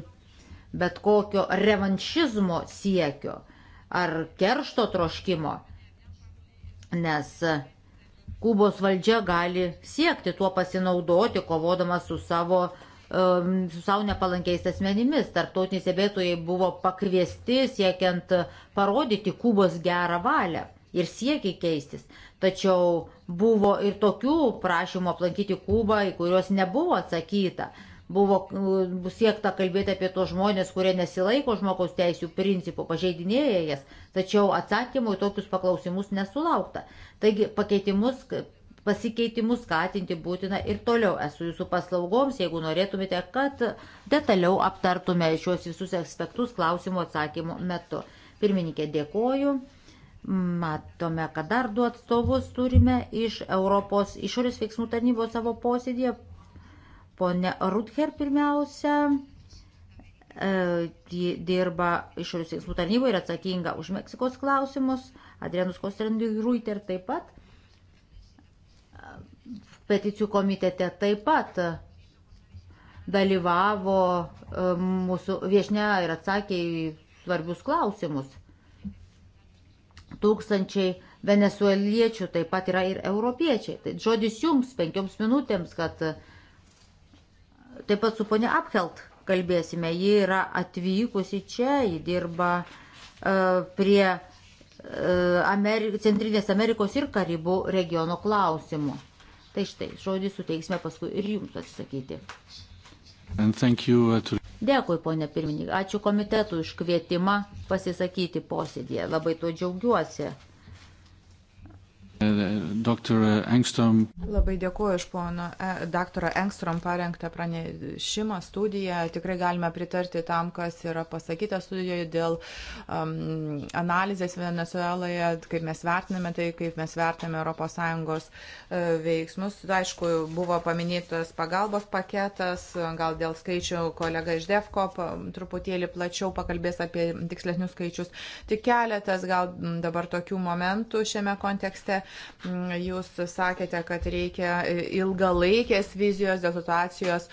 bet kokio revanšizmo siekio ar keršto troškimo, nes Kubos valdžia gali siekti tuo pasinaudoti, kovodama su savo su savo nepalankiais asmenimis. Tartautiniai stebėtojai buvo pakviesti siekiant parodyti Kubos gerą valią ir siekį keistis. Tačiau buvo ir tokių prašymų aplankyti Kubą, į kuriuos nebuvo atsakyta. Buvo siekta kalbėti apie tos žmonės, kurie nesilaiko žmogaus teisų principų, pažeidinėja jas, tačiau atsakymų į tokius paklausimus nesulaukta. Taigi pakeitimus, pasikeitimus skatinti būtina ir toliau. Esu jūsų paslaugoms, jeigu norėtumėte, kad detaliau aptartume šios visus aspektus klausimų atsakymų metu. Pirmininkė, dėkoju. Matome, kad dar du atstovus turime iš Europos išorės veiksmų tarnybos savo posėdėje. Pone Ruther pirmiausia, e, ji dirba išorės veiksmų tarnyboje ir atsakinga už Meksikos klausimus, Adrianus Kostrendui Ruiter taip pat, e, peticijų komitete taip pat dalyvavo e, mūsų viešne ir atsakė į svarbius klausimus. Tūkstančiai venezueliečių taip pat yra ir europiečiai. Tai žodis jums penkioms minutėms, kad uh, Taip pat su ponia Apkelt kalbėsime. Ji yra atvykusi čia, ji dirba e, prie e, Amerik Centrinės Amerikos ir Karibų regiono klausimų. Tai štai, žodį suteiksime paskui ir jums atsisakyti. Uh, to... Dėkui, ponė pirmininkė. Ačiū komitetų iš kvietimą pasisakyti posėdėje. Labai tuo džiaugiuosi. Dr. Engstrom. Labai dėkuoju iš pono e, dr. Engstrom parengtą pranešimą, studiją. Tikrai galime pritarti tam, kas yra pasakyta studijoje dėl um, analizės Venezueloje, kaip mes vertiname tai, kaip mes vertiname ES e, veiksmus. Aišku, buvo paminėtas pagalbos paketas, gal dėl skaičių kolega iš DEFCO truputėlį plačiau pakalbės apie tikslesnius skaičius. Tik keletas gal dabar tokių momentų šiame kontekste Jūs sakėte, kad reikia ilgalaikės vizijos dėl situacijos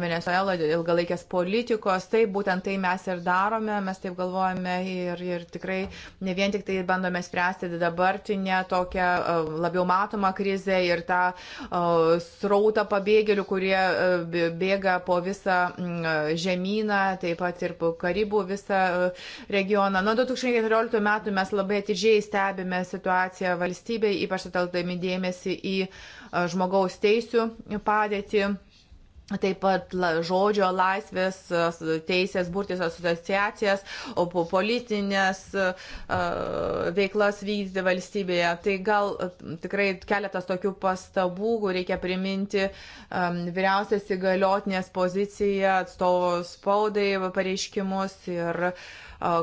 Venezuela, ilgalaikės politikos. Taip, būtent tai mes ir darome, mes taip galvojame ir, ir tikrai ne vien tik tai bandome spręsti dabartinę tokią e, labiau matomą krizę ir tą e, srautą pabėgėlių, kurie e, bėga po visą žemyną, taip pat ir po Karibų visą regioną. Nuo 2014 metų mes labai atidžiai stebime situaciją valstybėje ypač ateldami dėmesį į e, žmogaus teisų padėtį. Taip pat la, žodžio laisvės, e, teisės burtis asociacijas, o po politinės uh, veiklas vykdyti valstybėje. Tai gal tikrai keletas tokių pastabų, kur reikia priminti um, vyriausias įgaliotinės poziciją, atstovo spaudai pareiškimus ir uh,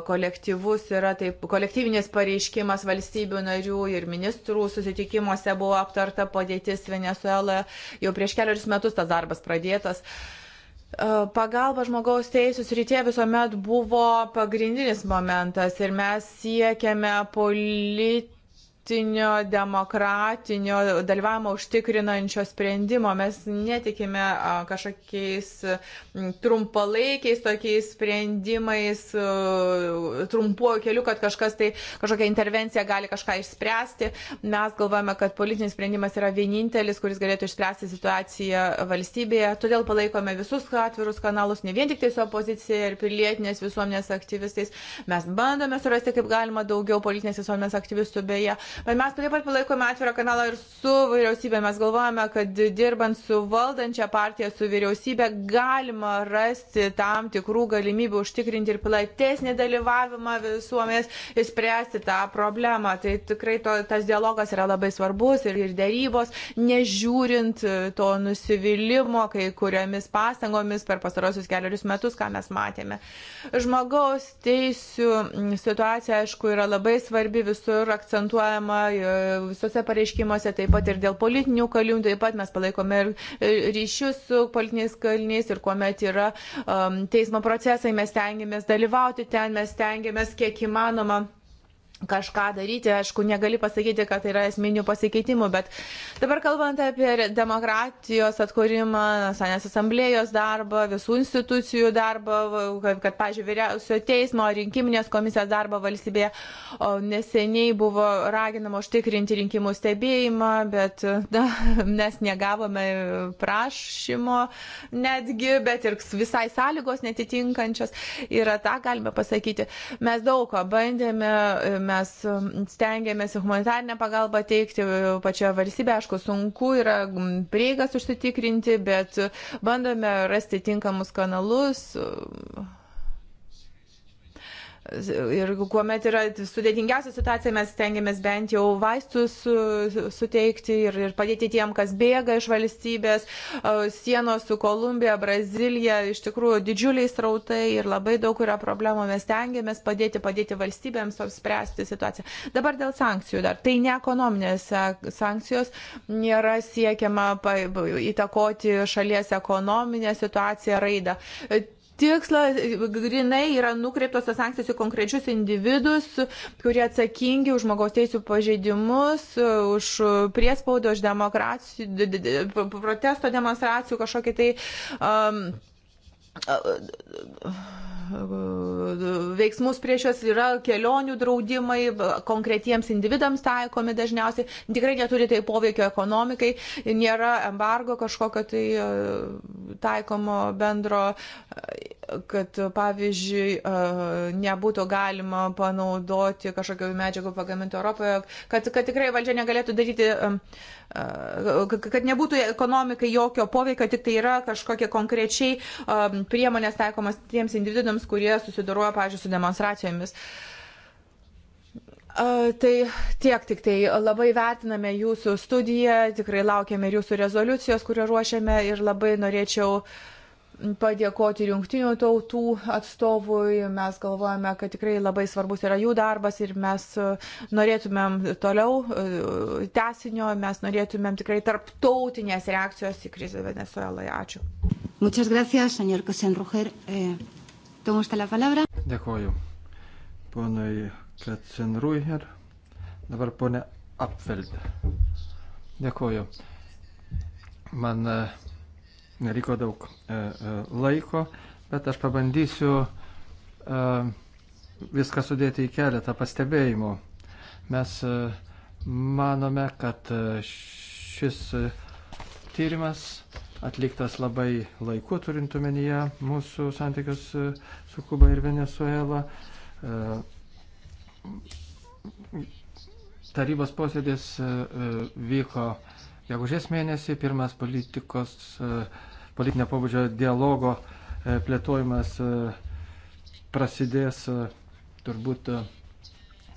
kolektyvus yra taip, kolektyvinis pareiškimas valstybių narių ir ministrų susitikimuose buvo aptarta padėtis Venezueloje. Jau prieš keliarius metus tas darbas pradėtas. Pagalba žmogaus teisų srityje visuomet buvo pagrindinis momentas ir mes siekiame politinį praktinio, demokratinio dalyvavimo užtikrinančio sprendimo. Mes netikime kažkokiais trumpalaikiais tokiais sprendimais, trumpuoju keliu, kad kažkas tai, kažkokia intervencija gali kažką išspręsti. Mes galvojame, kad politinis sprendimas yra vienintelis, kuris galėtų išspręsti situaciją valstybėje. Todėl palaikome visus atvirus kanalus, ne vien tik tai su opozicija ir pilietinės visuomenės aktyvistais. Mes bandome surasti, kaip galima daugiau politinės visuomenės aktyvistų beje. Bet mes taip pat palaikome atvirą kanalą ir su vyriausybė. Mes galvojame, kad dirbant su valdančia partija, su vyriausybė, galima rasti tam tikrų galimybių užtikrinti ir platesnį dalyvavimą visuomenės ir spręsti tą problemą. Tai tikrai to, tas dialogas yra labai svarbus ir, ir dėrybos, nežiūrint to nusivylimų, kai kuriomis pastangomis per pastarosius keliarius metus, ką mes matėme. Žmogaus teisų situacija, aišku, yra labai svarbi, visur akcentuojama problemą e, visose pareiškimuose, taip pat ir dėl politinių kalinių, taip pat mes palaikome ir e, ryšius su politiniais kaliniais ir kuomet yra um, teismo procesai, mes tengiamės dalyvauti ten, mes tengiamės kiek įmanoma kažką daryti. Aišku, negali pasakyti, kad tai yra esminių pasikeitimų, bet dabar kalbant apie demokratijos atkūrimą, Nasanės asamblėjos darbą, visų institucijų darbą, kad, kad pažiūrėjau, vyriausio teismo, rinkiminės komisijos darbą valstybėje neseniai buvo raginama užtikrinti rinkimų stebėjimą, bet na, mes negavome prašymo netgi, bet ir visai sąlygos netitinkančios. Ir tą galime pasakyti. Mes daug ką bandėme mes um, stengiamės humanitarinę pagalbą teikti uh, pačioje valstybėje. Aišku, sunku yra um, prieigas užsitikrinti, bet uh, bandome rasti tinkamus kanalus. Uh, Ir kuomet yra sudėtingiausia situacija, mes stengiamės bent jau vaistus e, suteikti ir, ir padėti tiem, kas bėga iš valstybės, e, sienos su Kolumbija, Brazilija, iš tikrųjų didžiuliai srautai ir labai daug yra problemų, mes stengiamės padėti, padėti valstybėms apspręsti situaciją. Dabar dėl sankcijų dar. Tai ne ekonominės sankcijos, nėra siekiama įtakoti šalies ekonominę situaciją, raidą tikslas grinai yra nukreiptos tos sankcijos į konkrečius individus, kurie atsakingi už žmogaus teisų pažeidimus, už priespaudą, už protesto demonstracijų, kažkokį tai um, veiksmus prieš juos yra kelionių draudimai, konkretiems individams taikomi dažniausiai, tikrai neturi tai poveikio ekonomikai, nėra embargo kažkokio tai e, taikomo bendro, e, kad pavyzdžiui e, nebūtų galima panaudoti kažkokio medžiagų pagamintų Europoje, kad, kad tikrai valdžia negalėtų daryti, kad nebūtų ekonomikai jokio poveikio, tik tai yra kažkokie konkrečiai priemonės taikomas tiems individams, kurie susidaroja, pažiūrėjau, su demonstracijomis. Tai tiek tik tai labai vertiname jūsų studiją, tikrai laukiame ir jūsų rezoliucijos, kurią ruošiame ir labai norėčiau padėkoti ir jungtinių tautų atstovui. Mes galvojame, kad tikrai labai svarbus yra jų darbas ir mes norėtumėm toliau e, tęsinio, mes norėtumėm tikrai tarptautinės reakcijos į krizę Venezueloje. Ačiū. Muchas gracias, señor Kosenruher. Eh, toma usted la palabra. Dėkoju. Ponui Kosenruher. Dabar ponė Apfeld. Dėkoju. Man eh, neliko daug e, e, laiko, bet aš pabandysiu e, viską sudėti į keletą pastebėjimų. Mes e, manome, kad šis tyrimas e, atliktas labai laiku, turint omenyje mūsų santykius e, su Kuba ir Venezuela. E, tarybos posėdis e, vyko gegužės mėnesį, pirmas politikos, politinio pobūdžio dialogo plėtojimas prasidės turbūt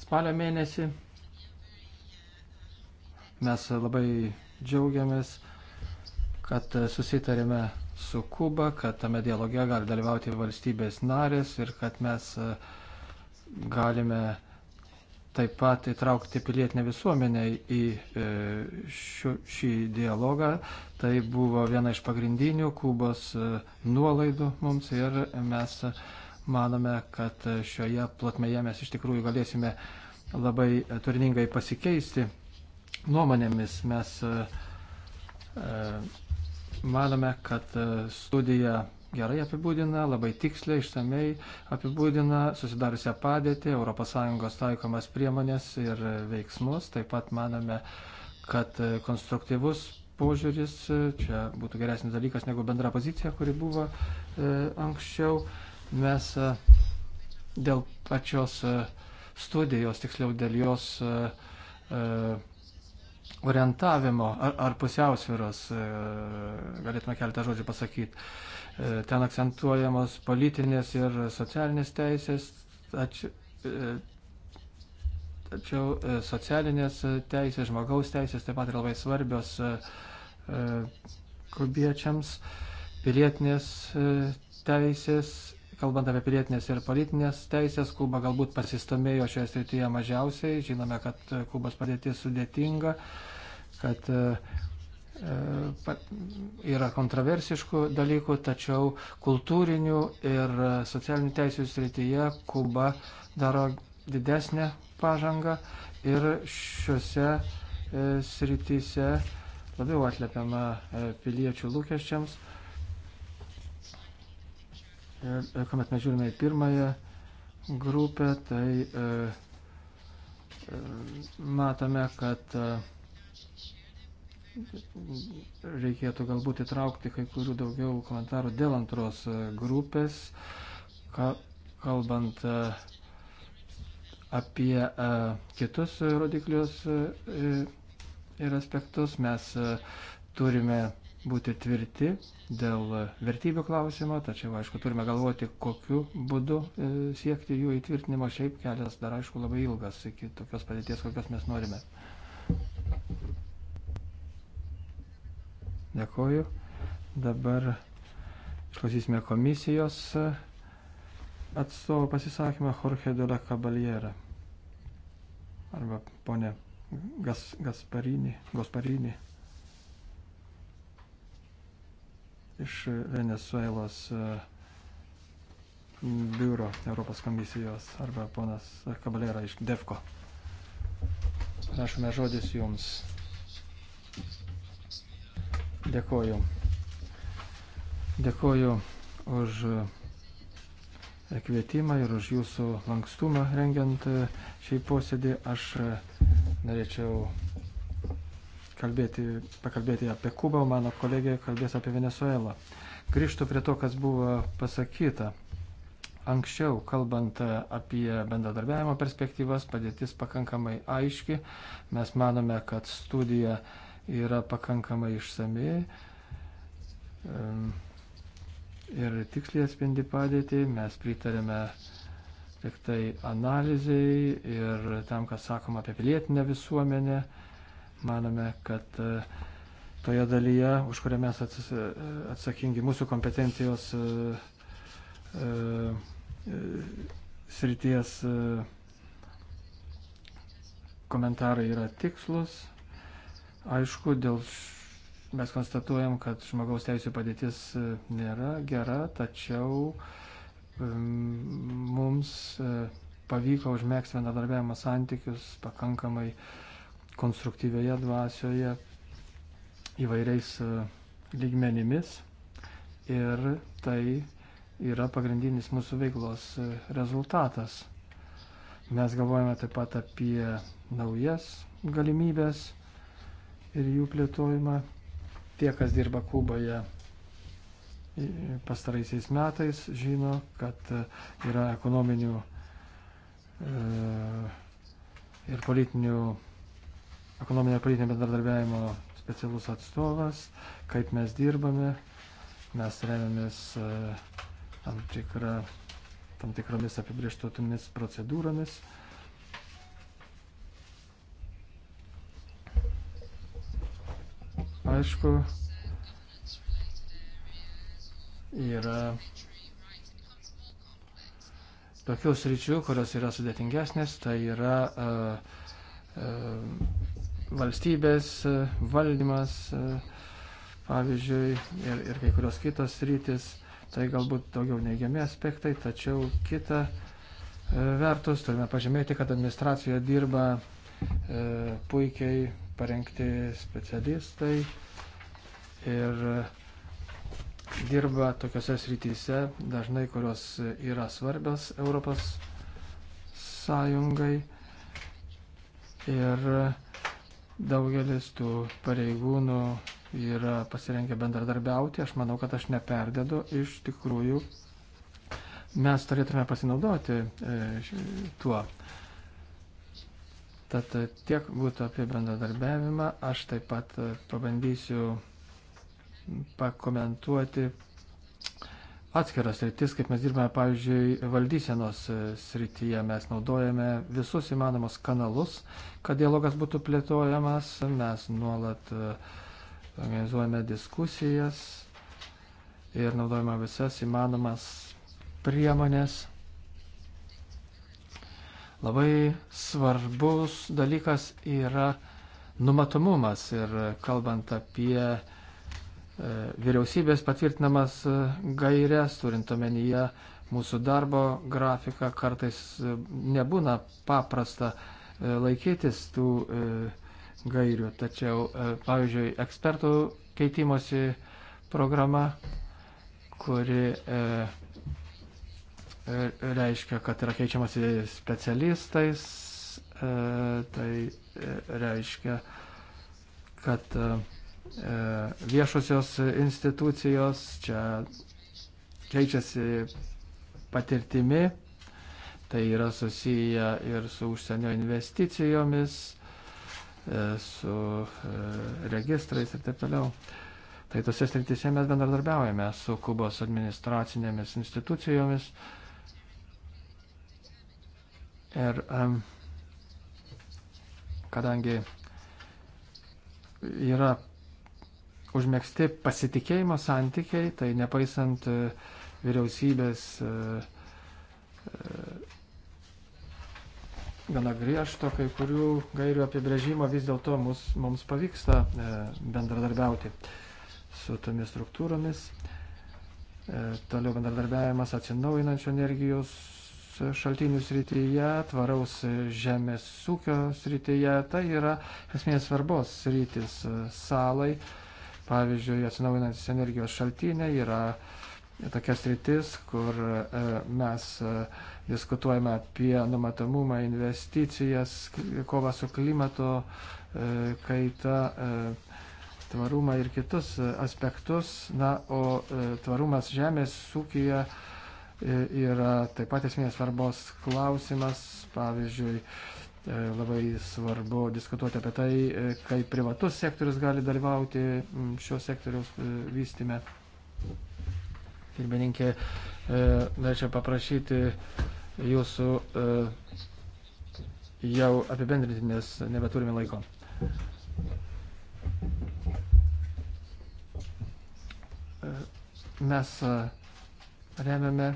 spalio mėnesį. Mes labai džiaugiamės kad susitarėme su Kuba, kad tame dialoge gali dalyvauti valstybės narės ir kad mes e, galime taip pat įtraukti pilietinę visuomenę į e, šiu, šį dialogą. Tai buvo viena iš pagrindinių Kubos e, nuolaidų mums ir mes manome, kad šioje plotmėje mes iš tikrųjų galėsime labai turiningai pasikeisti nuomonėmis. Mes Manome, kad e, studija gerai apibūdina, labai tiksliai, išsamei apibūdina susidariusią padėtį, ES taikomas priemonės ir veiksmus. Taip pat manome, kad e, konstruktyvus požiūris e, čia būtų geresnis dalykas negu bendra pozicija, kuri buvo e, anksčiau. Mes e, dėl pačios e, studijos, tiksliau dėl jos. E, e, orientavimo ar, ar pusiausviros, e, galėtume keletą žodžių pasakyti. E, ten akcentuojamos politinės ir socialinės teisės, tačiau, e, tačiau socialinės teisės, žmogaus teisės taip pat yra labai svarbios kubiečiams, pilietinės teisės kalbant apie pilietinės ir politinės teisės, Kuba galbūt pasistumėjo šioje srityje mažiausiai. Žinome, kad e, Kubos padėtis sudėtinga, kad e, e, yra kontroversiškų dalykų, tačiau kultūrinių ir socialinių teisų srityje Kuba daro didesnę pažangą ir šiuose srityse labiau atliepiama piliečių lūkesčiams. Ir e, kuomet mes žiūrime į pirmąją grupę, tai e, e, matome, kad e, reikėtų galbūt įtraukti kai kurių daugiau komentarų dėl antros e, grupės, ka, kalbant e, apie e, kitus rodiklius e, ir aspektus. Mes e, turime būti tvirti dėl vertybių klausimo, tačiau, aišku, turime galvoti, kokiu būdu e, siekti jų įtvirtinimo. Šiaip kelias dar, aišku, labai ilgas iki tokios padėties, kokios mes norime. Dėkoju. Dabar išklausysime komisijos atstovo pasisakymą Jorge de la Caballera. Arba ponė Gas, Gasparini. Gasparini. iš Venezuelos e, biuro Europos komisijos arba ponas Kabalera iš DEFCO. Prašome žodis jums. Dėkoju. Dėkoju už kvietimą ir už jūsų lankstumą rengiant e, šį posėdį. Aš e, norėčiau kalbėti, pakalbėti apie Kubą, mano kolegė kalbės apie Venezuelą. Grįžtu prie to, kas buvo pasakyta. Anksčiau, kalbant e, apie bendradarbiavimo perspektyvas, padėtis pakankamai aiški. Mes manome, kad studija yra pakankamai išsami ir tiksliai atspindi padėtį. Mes pritarėme tik tai analizai ir tam, kas sakoma apie pilietinę visuomenę manome, kad e, toje dalyje, už kurią mes e, atsakingi mūsų kompetencijos e, srities komentarai yra tikslus. Aišku, dėl mes konstatuojam, kad žmogaus teisų padėtis nėra gera, tačiau mums pavyko užmėgsti bendradarbiavimo santykius pakankamai uh, konstruktyvioje dvasioje įvairiais e, lygmenimis ir tai yra pagrindinis mūsų veiklos e, rezultatas. Mes galvojame taip pat apie naujas galimybės ir jų plėtojimą. Tie, kas dirba Kuboje pastaraisiais metais, žino, kad e, yra ekonominių ir politinių ekonominio politinio bendradarbiavimo specialus atstovas, kaip mes dirbame, mes remiamės e, tam, tikra, tam tikromis apibrieštotomis procedūromis. Aišku, yra tokių sričių, kurios yra sudėtingesnės, tai yra uh, uh, valstybės e, valdymas, e, pavyzdžiui, ir, ir kai kurios kitos rytis, tai galbūt daugiau neigiami aspektai, tačiau kita e, vertus turime pažymėti, kad administracijoje dirba e, puikiai parengti specialistai ir dirba tokiuose srityse, dažnai kurios yra svarbios Europos sąjungai. Ir Daugelis tų pareigūnų yra pasirengę bendradarbiauti. Aš manau, kad aš neperdedu. Iš tikrųjų, mes turėtume pasinaudoti e, tuo. Tad tiek būtų apie bendradarbiavimą. Aš taip pat e, pabandysiu pakomentuoti atskiras rytis, kaip mes dirbame, pavyzdžiui, valdysenos e, srityje. Mes naudojame visus įmanomus kanalus, kad dialogas būtų plėtojamas. Mes nuolat e, organizuojame diskusijas ir naudojame visas įmanomas priemonės. Labai svarbus dalykas yra numatomumas ir kalbant apie E, vyriausybės patvirtinamas e, gairias, turint omenyje mūsų darbo grafiką, kartais e, nebūna paprasta laikytis tų gairių. Tačiau, pavyzdžiui, ekspertų keitimosi programa, kuri reiškia, kad yra keičiamasi specialistais, tai reiškia, kad uh, E, viešosios institucijos, čia keičiasi patirtimi, tai yra susiję ir su užsienio investicijomis, e, su e, registrais ir taip toliau. Tai tose srityse mes bendradarbiaujame su Kubos administracinėmis institucijomis. Ir um, kadangi yra užmėgsti pasitikėjimo santykiai, tai nepaisant e, vyriausybės e, e, gana griežto kai kurių gairių apibrėžimo, vis dėlto mums pavyksta bendradarbiauti su tomis struktūromis. Toliau bendradarbiavimas atsinaujinančio energijos šaltinių srityje, tvaraus žemės ūkio srityje, tai yra esmės svarbos sritis salai Pavyzdžiui, atsinaujinantis energijos šaltiniai yra tokias rytis, kur e, mes e, diskutuojame apie numatomumą, investicijas, kovą su klimato e, kaita, tvarumą ir kitus aspektus. Na, o tvarumas žemės ūkija yra taip pat esminės svarbos klausimas. Pavyzdžiui, E, labai svarbu diskutuoti apie tai, e, kaip privatus sektorius gali dalyvauti šio sektoriaus e, vystime. Pirmininkė, norėčiau paprašyti jūsų jau apibendrinti, nes nebeturime laiko. Mes remiame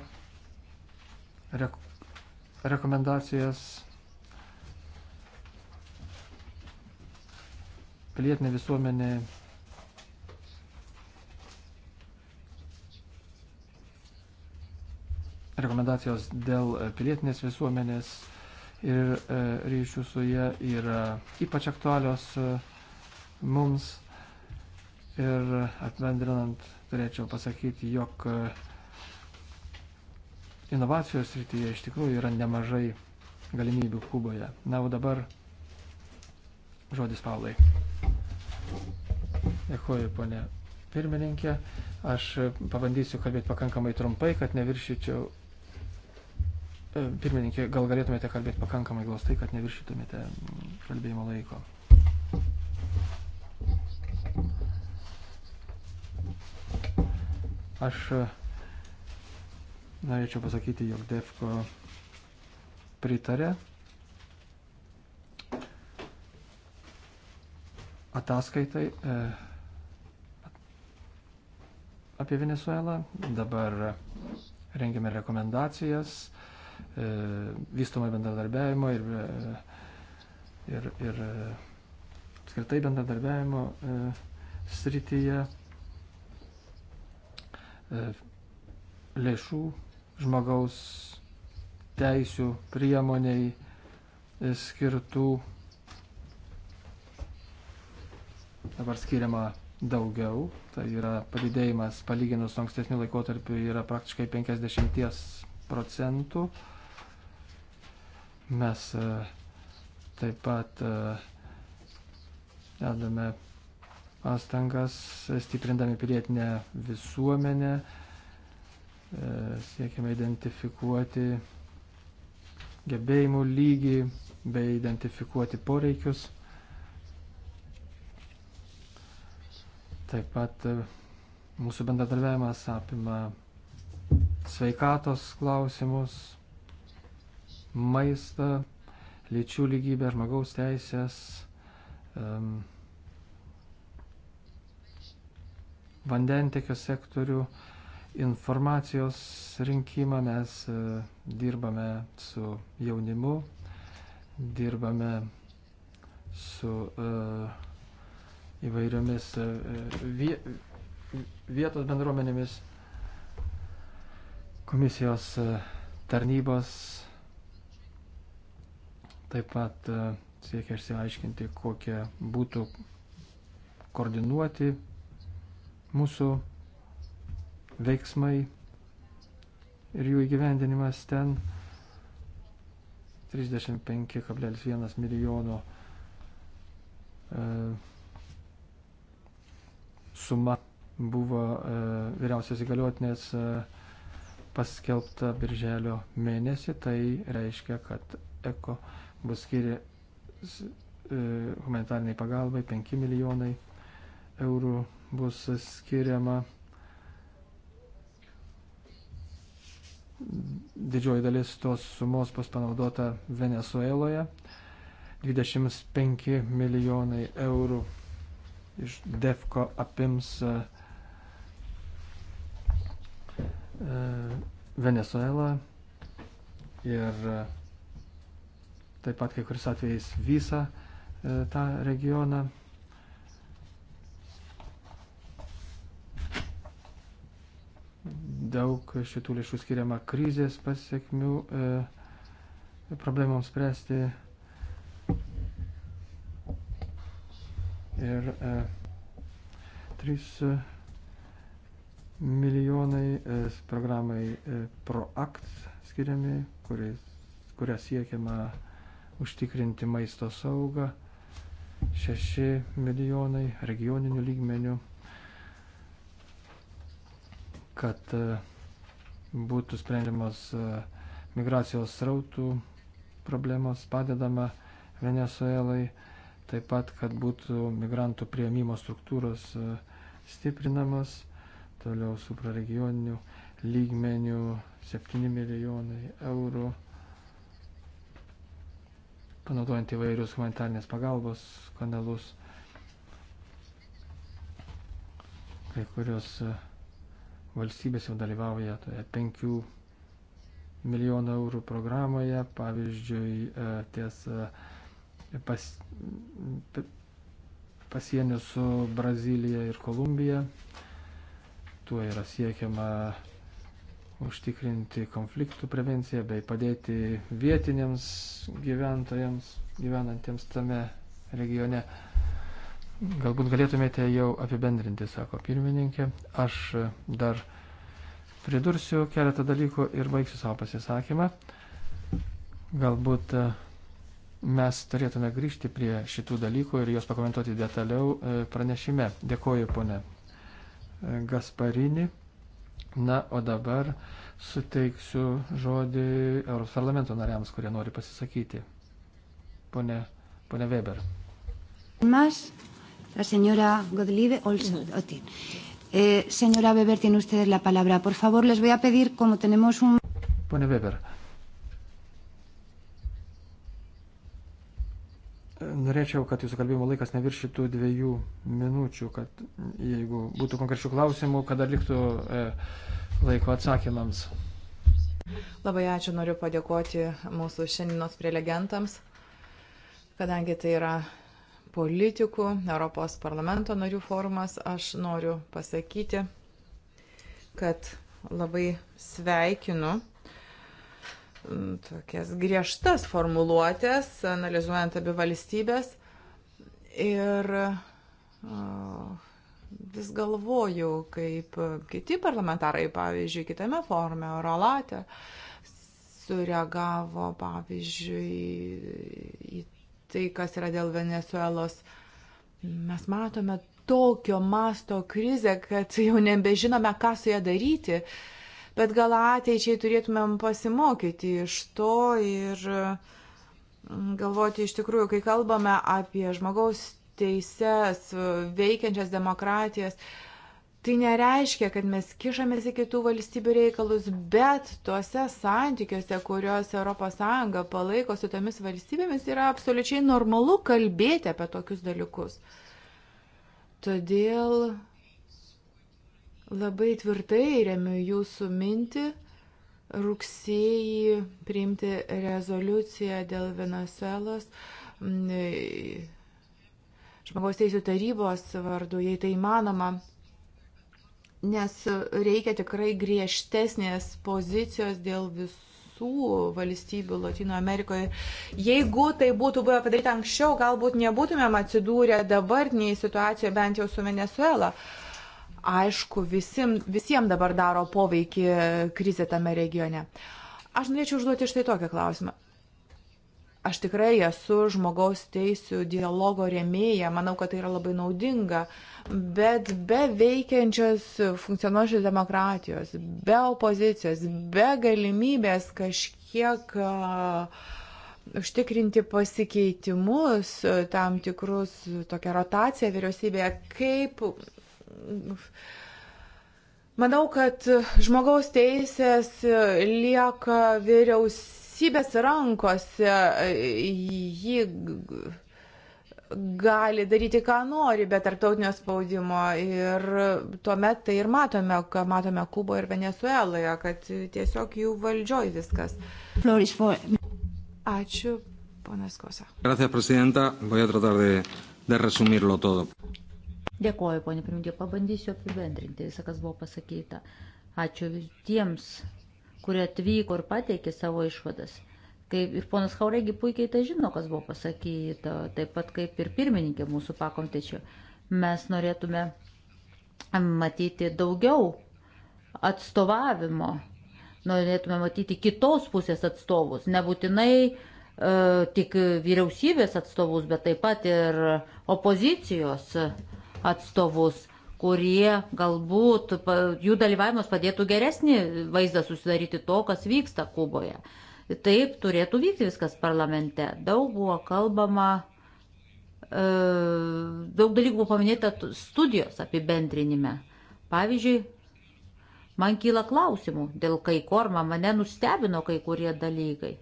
rekomendacijas pilietinė visuomenė rekomendacijos dėl pilietinės visuomenės ir e, ryšių su jie yra ypač aktualios e, mums. Ir apibendrinant, turėčiau pasakyti, jog e, inovacijos rytyje iš tikrųjų yra nemažai galimybių Kuboje. Na, o dabar Žodis Paulai. Dėkuoju, ponė pirmininkė. Aš pabandysiu kalbėti pakankamai trumpai, kad neviršyčiau. E, pirmininkė, gal galėtumėte kalbėti pakankamai glaustai, kad neviršytumėte kalbėjimo laiko. Aš e, norėčiau pasakyti, jog DEFCO pritarė ataskaitai e, apie Venezuelą. Dabar rengiame rekomendacijas e, vystomai bendradarbiavimo ir, e, ir, ir apskritai bendradarbiavimo srityje lėšų žmogaus teisių priemoniai skirtų dabar skiriama daugiau, tai yra padidėjimas palyginus su ankstesniu laikotarpiu yra praktiškai 50 procentų. Mes e, taip pat e, dedame pastangas, stiprindami pilietinę visuomenę, e, siekiame identifikuoti gebėjimų lygį bei identifikuoti poreikius. Taip pat e, mūsų bendradarbiavimas apima sveikatos klausimus, maistą, lyčių lygybę, žmogaus teisės, um, vandentekio sektorių, informacijos rinkimą. Mes uh, dirbame su jaunimu, dirbame su uh, įvairiomis e, vietos bendruomenėmis, komisijos e, tarnybos taip pat e, siekia išsiaiškinti, kokie būtų koordinuoti mūsų veiksmai ir jų įgyvendinimas ten 35,1 milijono e, suma buvo e, vyriausios įgaliotinės e, paskelbta birželio mėnesį, tai reiškia, kad eko bus skiria e, humanitarniai pagalbai 5 milijonai eurų bus skiriama. Didžioji dalis tos sumos bus panaudota Venezueloje. 25 milijonai eurų iš DEFCO apims e, e, Venezuelą ir e, taip pat kai kuris atvejais visą tą regioną. Daug šitų lėšų skiriama krizės pasiekmių problemams spręsti ir e, 3 e, milijonai e, programai e, ProAct skiriami, kuriais, kuria siekiama užtikrinti maisto saugą, 6 milijonai regioninių lygmenių, kad e, būtų sprendžiamas e, migracijos srautų problemos, padedama Venezuelai. E, taip pat, kad būtų migrantų prieimimo struktūros e, stiprinamas, toliau supraregioninių lygmenių 7 milijonai eurų, panaudojant įvairius humanitarnės pagalbos kanalus, kai kurios e, valstybės jau dalyvauja toje 5 milijonų eurų programoje, pavyzdžiui, e, ties pas, pasienio su Brazilija ir Kolumbija. Tuo yra siekiama užtikrinti konfliktų prevenciją bei padėti vietiniams gyventojams gyvenantiems tame regione. Galbūt galėtumėte jau apibendrinti, sako pirmininkė. Aš dar pridursiu keletą dalykų ir baigsiu savo pasisakymą. Galbūt uh, mes turėtume grįžti prie šitų dalykų ir juos pakomentuoti detaliau e, pranešime. Dėkoju, ponė e, Gasparini. Na, o dabar suteiksiu žodį Europos parlamento nariams, kurie nori pasisakyti. Pone, pone Weber. Mas, la señora Godlive Olsotin. Eh, señora Weber, tiene usted la palabra. Por favor, les voy a pedir, como tenemos un... Pone Weber. Norėčiau, kad jūsų kalbėjimo laikas neviršytų dviejų minučių, kad jeigu būtų konkrečių klausimų, kada liktų e, laiko atsakymams. Labai ačiū, noriu padėkoti mūsų šiandienos prelegentams, kadangi tai yra politikų, Europos parlamento narių forumas, aš noriu pasakyti, kad labai sveikinu tokias griežtas formuluotės, analizuojant abi valstybės. Ir vis galvoju, kaip kiti parlamentarai, pavyzdžiui, kitame forume, Eurolate, sureagavo, pavyzdžiui, į tai, kas yra dėl Venezuelos. Mes matome tokio masto krizę, kad jau nebežinome, ką su ją daryti. Uh, bet gal ateičiai turėtumėm pasimokyti iš to ir mm, galvoti iš tikrųjų, kai kalbame apie žmogaus teises, veikiančias demokratijas, Tai nereiškia, kad mes kišamės į kitų valstybių reikalus, bet tuose santykiuose, kuriuos ES palaiko su tomis valstybėmis, yra absoliučiai normalu kalbėti apie tokius dalykus. Todėl Labai tvirtai remiu jūsų mintį rugsėjį priimti rezoliuciją dėl Venezuelos žmogaus teisų tarybos vardu, jei tai įmanoma, nes reikia tikrai griežtesnės pozicijos dėl visų valstybių Latino Amerikoje. Jeigu tai būtų buvę padaryta anksčiau, galbūt nebūtumėm atsidūrę dabartiniai situacijoje bent jau su Venezuela. Uh, aišku, visim, visiems dabar daro poveikį krizė tame regione. Aš norėčiau užduoti štai tokią klausimą. Aš tikrai esu žmogaus teisų dialogo rėmėja, manau, kad tai yra labai naudinga, bet be veikiančios funkcionuojančios demokratijos, be opozicijos, be galimybės kažkiek uh, užtikrinti pasikeitimus, tam tikrus tokią rotaciją vyriausybėje, kaip Manau, kad žmogaus teisės lieka vyriausybės rankose. Ji gali daryti, ką nori, bet tarptautinio spaudimo. Ir tuomet tai ir matome, ką matome Kuboje ir Venezueloje, kad tiesiog jų valdžioj viskas. Ačiū, ponas Kosa. Gracias, presidenta. Voy a tratar de, de resumirlo todo. Dėkoju, ponė Primkė, pabandysiu apibendrinti visą, kas buvo pasakyta. Ačiū tiems, kurie atvyko ir pateikė savo išvadas. Kaip ir ponas Hauregi puikiai tai žino, kas buvo pasakyta, taip pat kaip ir pirmininkė mūsų pakomtečio. Mes norėtume matyti daugiau atstovavimo, norėtume matyti kitos pusės atstovus, nebūtinai uh, tik vyriausybės atstovus, bet taip pat ir opozicijos atstovus, kurie galbūt jų dalyvavimas padėtų geresnį vaizdą susidaryti to, kas vyksta Kuboje. Taip turėtų vykti viskas parlamente. Daug buvo kalbama, e, daug dalykų buvo paminėta studijos apibendrinime. Pavyzdžiui, man kyla klausimų dėl kai ko, mane nustebino kai kurie dalykai.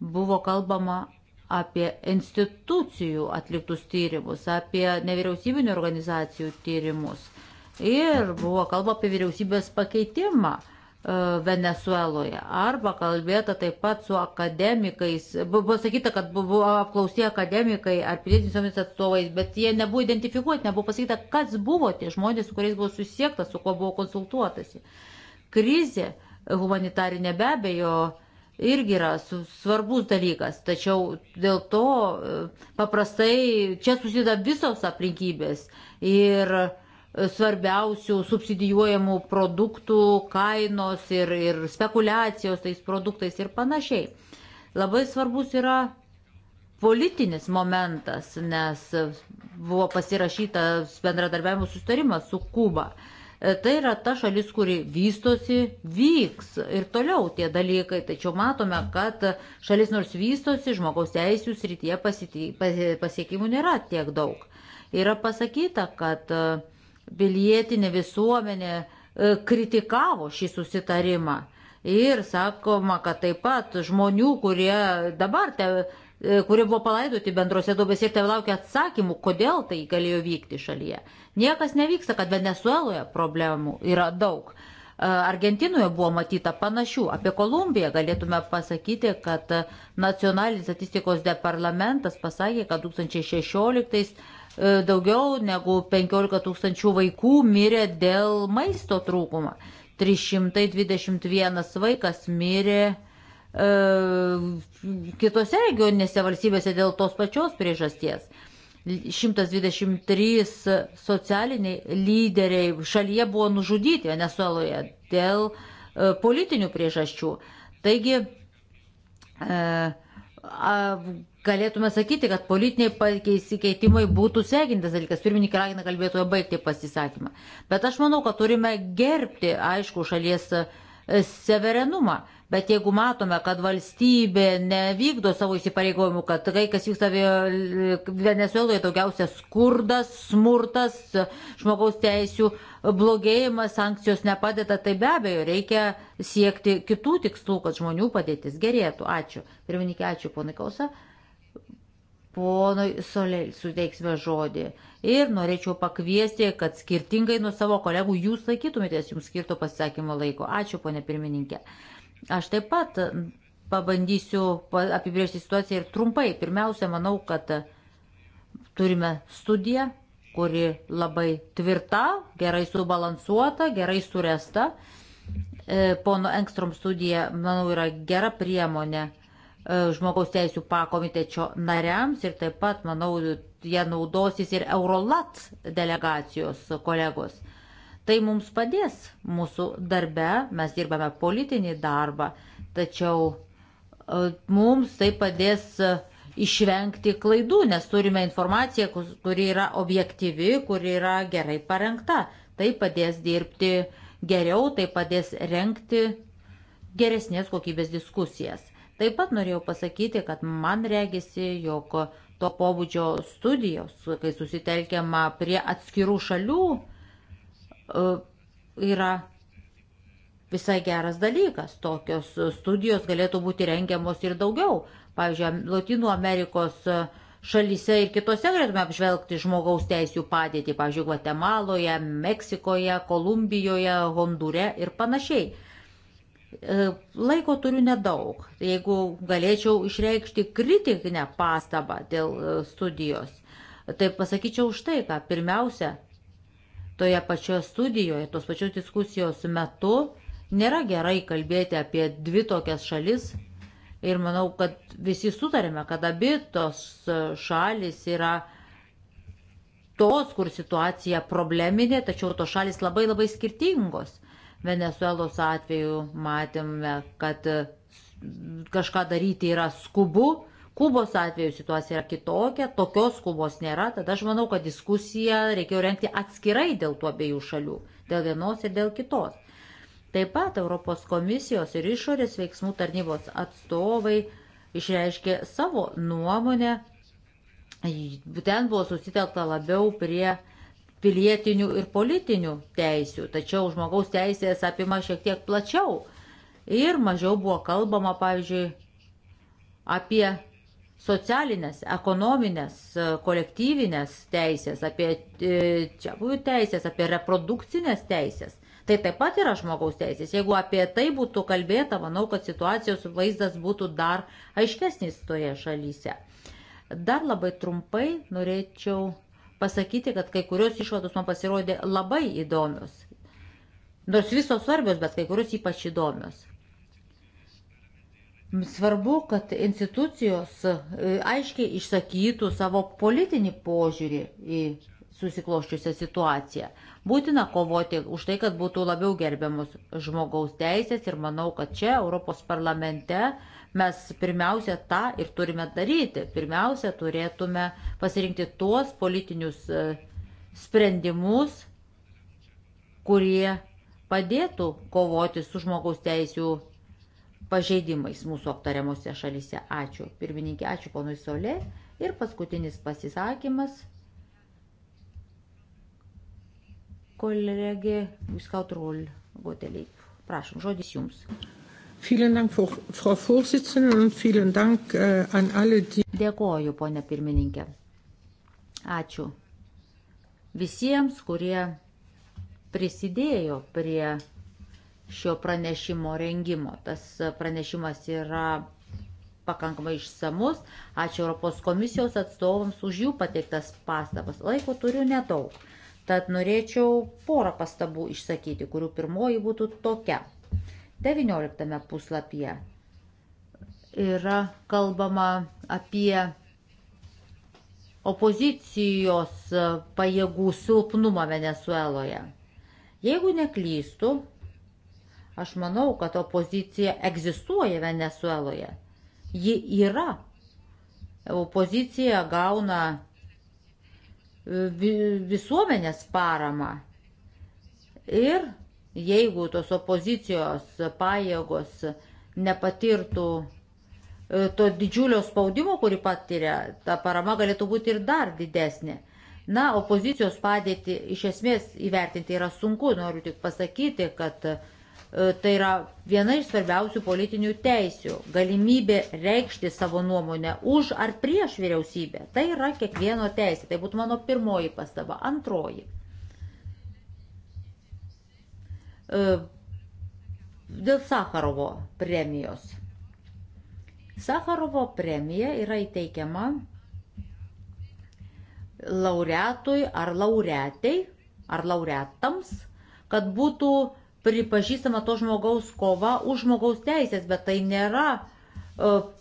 Buvo kalbama apie institucijų atliktus tyrimus, apie nevyriausybinio organizacijų tyrimus. Ir buvo kalba apie vyriausybės pakeitimą e, Venezueloje. Arba kalbėta taip pat su akademikais. Buvo sakyta, kad buvo apklausti akademikai ar pilietinis visuomenės atstovais, bet jie nebuvo identifikuoti, nebuvo pasakyta, kas buvo tie žmonės, su kuriais buvo susiekta, su kuo buvo konsultuotasi. Krizė humanitarinė be abejo irgi yra svarbus dalykas, tačiau dėl to e, paprastai čia susideda visos aplinkybės ir e, svarbiausių subsidijuojamų produktų kainos ir, ir spekulacijos tais produktais ir panašiai. Labai svarbus yra politinis momentas, nes buvo pasirašytas bendradarbiavimo sustarimas su Kuba. E, tai yra ta šalis, kuri vystosi, vyks ir toliau tie dalykai. Tačiau matome, kad šalis nors vystosi, žmogaus teisų srityje pasiekimų nėra tiek daug. Yra pasakyta, kad e, pilietinė visuomenė e, kritikavo šį susitarimą. Ir sakoma, kad taip pat žmonių, kurie dabar te E, kurie buvo palaidoti bendrose duobėse ir tai laukia atsakymų, kodėl tai galėjo vykti šalyje. Niekas nevyksta, kad Venezueloje problemų yra daug. E, Argentinoje buvo matyta panašių. Apie Kolumbiją galėtume pasakyti, kad nacionalinis statistikos departamentas pasakė, kad 2016 e, daugiau negu 15 tūkstančių vaikų mirė dėl maisto trūkumo. 321 vaikas mirė E, kitose regioninėse valstybėse dėl tos pačios priežasties. 123 socialiniai lyderiai šalyje buvo nužudyti Venezueloje dėl e, politinių priežasčių. Taigi e, galėtume sakyti, kad politiniai pasikeitimai būtų sveikintas dalykas. Pirmininkė ragina kalbėtojo baigti pasisakymą. Bet aš manau, kad turime gerbti, aišku, šalies severenumą. Bet jeigu matome, kad valstybė nevykdo savo įsipareigojimų, kad tai, kas vyksta Venezueloje, daugiausia skurdas, smurtas, žmogaus teisų blogėjimas, sankcijos nepadeda, tai be abejo reikia siekti kitų tikslų, kad žmonių padėtis gerėtų. Ačiū. Pirmininkė, ačiū, ponai Kausa. Ponui Solėl suteiksime žodį. Ir norėčiau pakviesti, kad skirtingai nuo savo kolegų jūs laikytumėtės jums skirto pasisakymo laiko. Ačiū, ponė pirmininkė. Aš taip pat pabandysiu apibriežti situaciją ir trumpai. Pirmiausia, manau, kad turime studiją, kuri labai tvirta, gerai subalansuota, gerai suresta. E, pono Engstrom studija, manau, yra gera priemonė e, žmogaus teisų pakomitečio nariams ir taip pat, manau, jie naudosis ir Eurolat delegacijos kolegos. Tai mums padės mūsų darbe, mes dirbame politinį darbą, tačiau e, mums tai padės e, išvengti klaidų, nes turime informaciją, kuri yra objektyvi, kuri yra gerai parengta. Tai padės dirbti geriau, tai padės renkti geresnės kokybės diskusijas. Taip pat norėjau pasakyti, kad man regisi, jog to pobūdžio studijos, kai susitelkiama prie atskirų šalių, E, yra visai geras dalykas. Tokios studijos galėtų būti rengiamos ir daugiau. Pavyzdžiui, Latino Amerikos e, šalyse ir kitose galėtume apžvelgti žmogaus teisų padėtį, pavyzdžiui, Gvatemaloje, Meksikoje, Kolumbijoje, Hondūre ir panašiai. E, laiko turiu nedaug. Jeigu galėčiau išreikšti kritikinę pastabą dėl studijos, tai pasakyčiau už tai, ką pirmiausia, toje pačioje studijoje, tos pačios diskusijos metu nėra gerai kalbėti apie dvi tokias šalis. Ir manau, kad visi sutarėme, kad abi tos šalis yra tos, kur situacija probleminė, tačiau tos šalis labai labai skirtingos. Venezuelos atveju matėme, kad kažką daryti yra skubu, Kubos atveju situacija yra kitokia, tokios Kubos nėra, tada aš manau, kad diskusiją reikėjo renkti atskirai dėl tų abiejų šalių, dėl vienos ir dėl kitos. Taip pat Europos komisijos ir išorės veiksmų tarnybos atstovai išreiškė savo nuomonę, ten buvo susitelkta labiau prie pilietinių ir politinių teisių, tačiau žmogaus teisės apima šiek tiek plačiau ir mažiau buvo kalbama, pavyzdžiui, apie socialinės, ekonominės, e, kolektyvinės teisės, apie e, čia buvų teisės, apie reprodukcinės teisės. Tai taip pat yra žmogaus teisės. Jeigu apie tai būtų kalbėta, manau, kad situacijos vaizdas būtų dar aiškesnis toje šalyse. Dar labai trumpai norėčiau pasakyti, kad kai kurios išvados man pasirodė labai įdomios. Nors visos svarbios, bet kai kurios ypač įdomios. Svarbu, kad institucijos e, aiškiai išsakytų savo politinį požiūrį į susikloščiusią situaciją. Būtina kovoti už tai, kad būtų labiau gerbiamus žmogaus teisės ir manau, kad čia Europos parlamente mes pirmiausia tą ir turime daryti. Pirmiausia, turėtume pasirinkti tuos politinius e, sprendimus, kurie padėtų kovoti su žmogaus teisų pažeidimais mūsų aptariamuose šalyse. Ačiū. Pirmininkė, ačiū ponui Solė. Ir paskutinis pasisakymas. Kolegė Viskautrol Gotelik. Prašom, žodis jums. Vielen Dank, Frau Vorsitzende, und vielen Dank uh, an alle, die. Dėkoju, ponia pirmininkė. Ačiū visiems, kurie prisidėjo prie šio pranešimo rengimo. Tas pranešimas yra pakankamai išsamus. Ačiū Europos komisijos atstovams už jų pateiktas pastabas. Laiko turiu nedaug. Tad norėčiau porą pastabų išsakyti, kurių pirmoji būtų tokia. 19 puslapyje yra kalbama apie opozicijos pajėgų silpnumą Venezueloje. Jeigu neklystu, Aš manau, kad opozicija egzistuoja Venezueloje. Ji yra. Opozicija gauna e, visuomenės paramą. Ir jeigu tos opozicijos pajėgos nepatirtų e, to didžiulio spaudimo, kurį patiria, ta parama galėtų būti ir dar didesnė. Na, opozicijos padėti iš esmės įvertinti yra sunku, noriu tik pasakyti, kad uh, E, tai yra viena iš svarbiausių politinių teisių - galimybė reikšti savo nuomonę už ar prieš vyriausybę. Tai yra kiekvieno teisė. Tai būtų mano pirmoji pastaba. Antroji. E, dėl Sakarovo premijos. Sakarovo premija yra įteikiama laureatui ar laureatei ar laureatams, kad būtų uh, pripažįstama to žmogaus kova už žmogaus teisės, bet tai nėra e,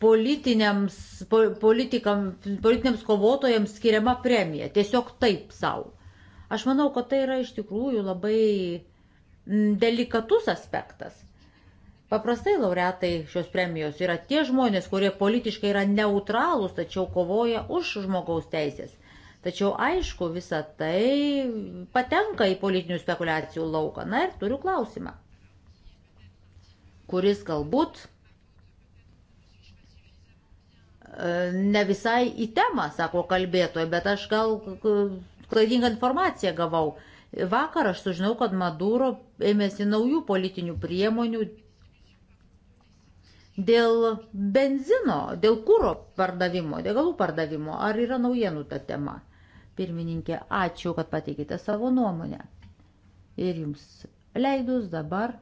politiniams, po, politikam, politiniams kovotojams skiriama premija. Tiesiog taip savo. Aš manau, kad tai yra iš tikrųjų labai delikatus aspektas. Paprastai laureatai šios premijos yra tie žmonės, kurie politiškai yra neutralūs, tačiau kovoja už žmogaus teisės. Tačiau aišku, visa tai patenka į politinių spekulacijų lauką. Na ir turiu klausimą, kuris galbūt e, ne visai į temą, sako kalbėtoja, bet aš gal klaidingą informaciją gavau. Vakar aš sužinau, kad Maduro ėmėsi naujų politinių priemonių dėl benzino, dėl kūro pardavimo, degalų pardavimo, ar yra naujienų ta tema? Pirmininkė, ačiū, kad pateikite savo nuomonę. Ir jums leidus dabar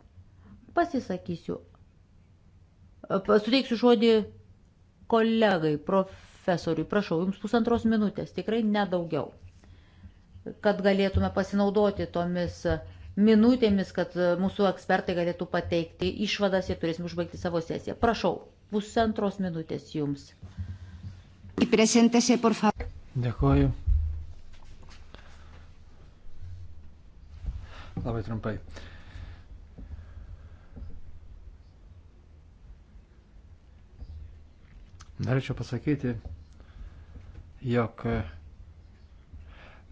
pasisakysiu. Suteiksiu žodį kolegai, profesoriui, prašau, jums pusantros minutės, tikrai nedaugiau, kad galėtume pasinaudoti tomis uh, minutėmis, kad e, mūsų ekspertai galėtų pateikti išvadas ir turėsim užbaigti savo sesiją. Prašau, pusantros minutės jums. Dėkuoju. Labai trumpai. Norėčiau pasakyti, jog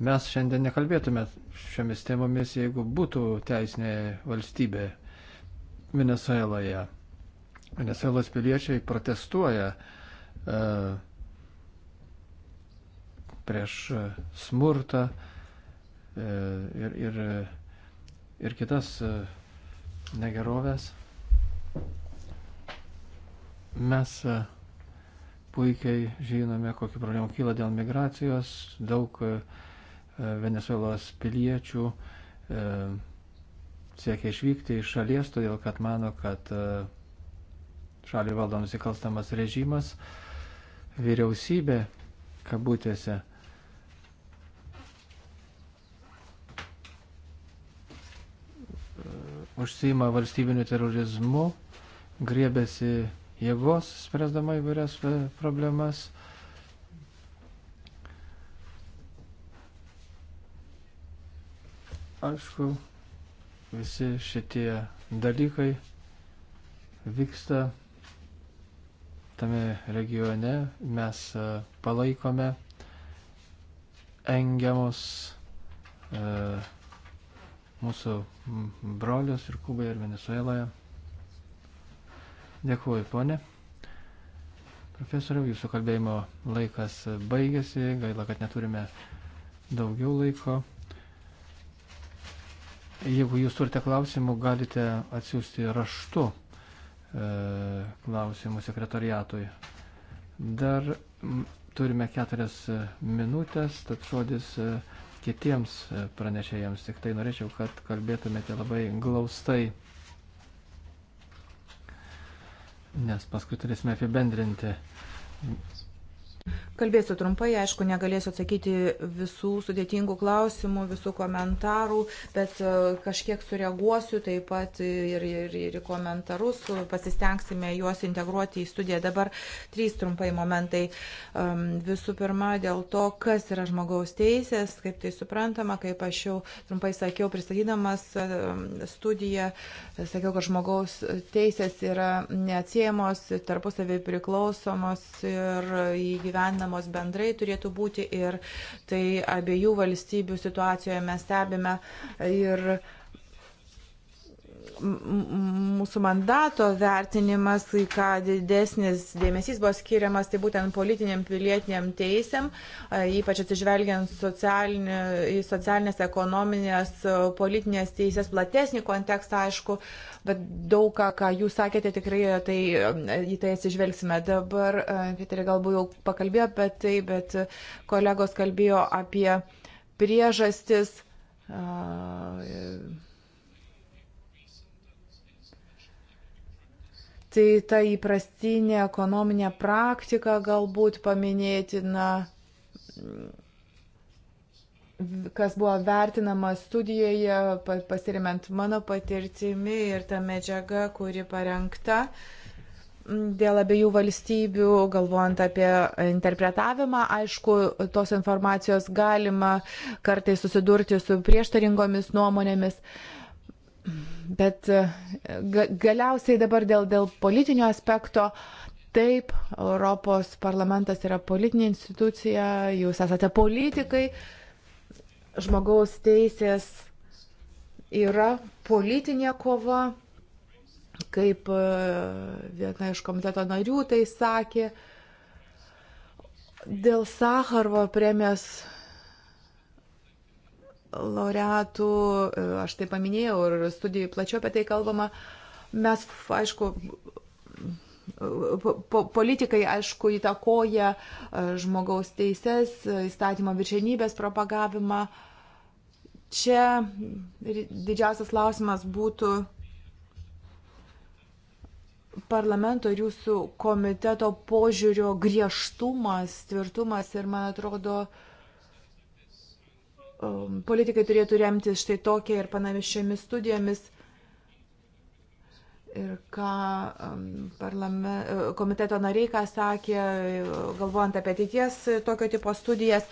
mes šiandien nekalbėtume šiomis temomis, jeigu būtų teisinė valstybė Venezueloje. Venezuelos piliečiai protestuoja e, prieš smurtą e, ir, ir, ir kitas e, negerovės. Mes e, puikiai žinome, kokiu problemu kyla dėl migracijos, daug e, E, Venezuelos piliečių e, siekia išvykti iš šalies, todėl kad mano, kad e, šalį valdo nusikalstamas režimas, vyriausybė, kabutėse, užsima valstybiniu terorizmu, griebėsi jėgos, spręsdama įvairias problemas. Aišku, visi šitie dalykai vyksta tame regione. Mes e, palaikome engiamus e, mūsų brolius ir Kuboje ir Venezueloje. Dėkuoju, ponė. Profesoriau, jūsų kalbėjimo laikas baigėsi, gaila, kad neturime daugiau laiko. Jeigu jūs turite klausimų, galite atsiųsti raštu e, klausimų sekretariatui. Dar turime keturias e, minutės, tad žodis e, kitiems e, pranešėjams. Tik tai norėčiau, kad kalbėtumėte labai glaustai, nes paskui turėsime apibendrinti Kalbėsiu trumpai, aišku, negalėsiu atsakyti visų sudėtingų klausimų, visų komentarų, bet e, kažkiek sureaguosiu taip pat ir, ir, ir komentarus, pasistengsime juos integruoti į studiją. Dabar trys trumpai momentai. Visų pirma, dėl to, kas yra žmogaus teisės, kaip tai suprantama, kaip aš jau trumpai sakiau, pristatydamas e, studiją, sakiau, kad žmogaus teisės yra neatsiejamos, tarpusavį priklausomos ir įgyvendamos prieinamos bendrai turėtų būti ir tai abiejų valstybių situacijoje mes stebime ir mūsų mandato vertinimas, į ką didesnis dėmesys buvo skiriamas, tai būtent politiniam pilietiniam teisėm, e, ypač atsižvelgiant socialinė, į socialinės, ekonominės, politinės teisės platesnį kontekstą, aišku, bet daug ką, ką jūs sakėte, tikrai tai, į tai atsižvelgsime. Dabar, e, Peterė, galbūt jau pakalbėjo apie tai, bet kolegos kalbėjo apie priežastis. Uh, Tai ta įprastinė ekonominė praktika galbūt paminėtina, kas buvo vertinama studijoje, pasirimant mano patirtimi ir ta medžiaga, kuri parengta dėl abiejų valstybių, galvojant apie interpretavimą, aišku, tos informacijos galima kartais susidurti su prieštaringomis nuomonėmis. Uh, Bet e, ga, galiausiai dabar dėl, dėl politinio aspekto. Taip, Europos parlamentas yra politinė institucija, jūs esate politikai, žmogaus teisės yra politinė kova, kaip e, viena iš komiteto narių tai sakė. Dėl Sakarvo premijos laureatų, e, aš tai paminėjau ir studijai plačiau apie tai kalbama. Mes, aišku, politikai, aišku, įtakoja e, žmogaus teises, įstatymo viršenybės propagavimą. Čia didžiausias klausimas būtų parlamento ir jūsų komiteto požiūrio griežtumas, tvirtumas ir, man atrodo, uh, Um, politikai turėtų remti štai tokia ir panašiomis studijomis. Ir ką um, parlame, uh, komiteto nariai ką sakė, uh, galvojant apie ateities uh, tokio tipo studijas,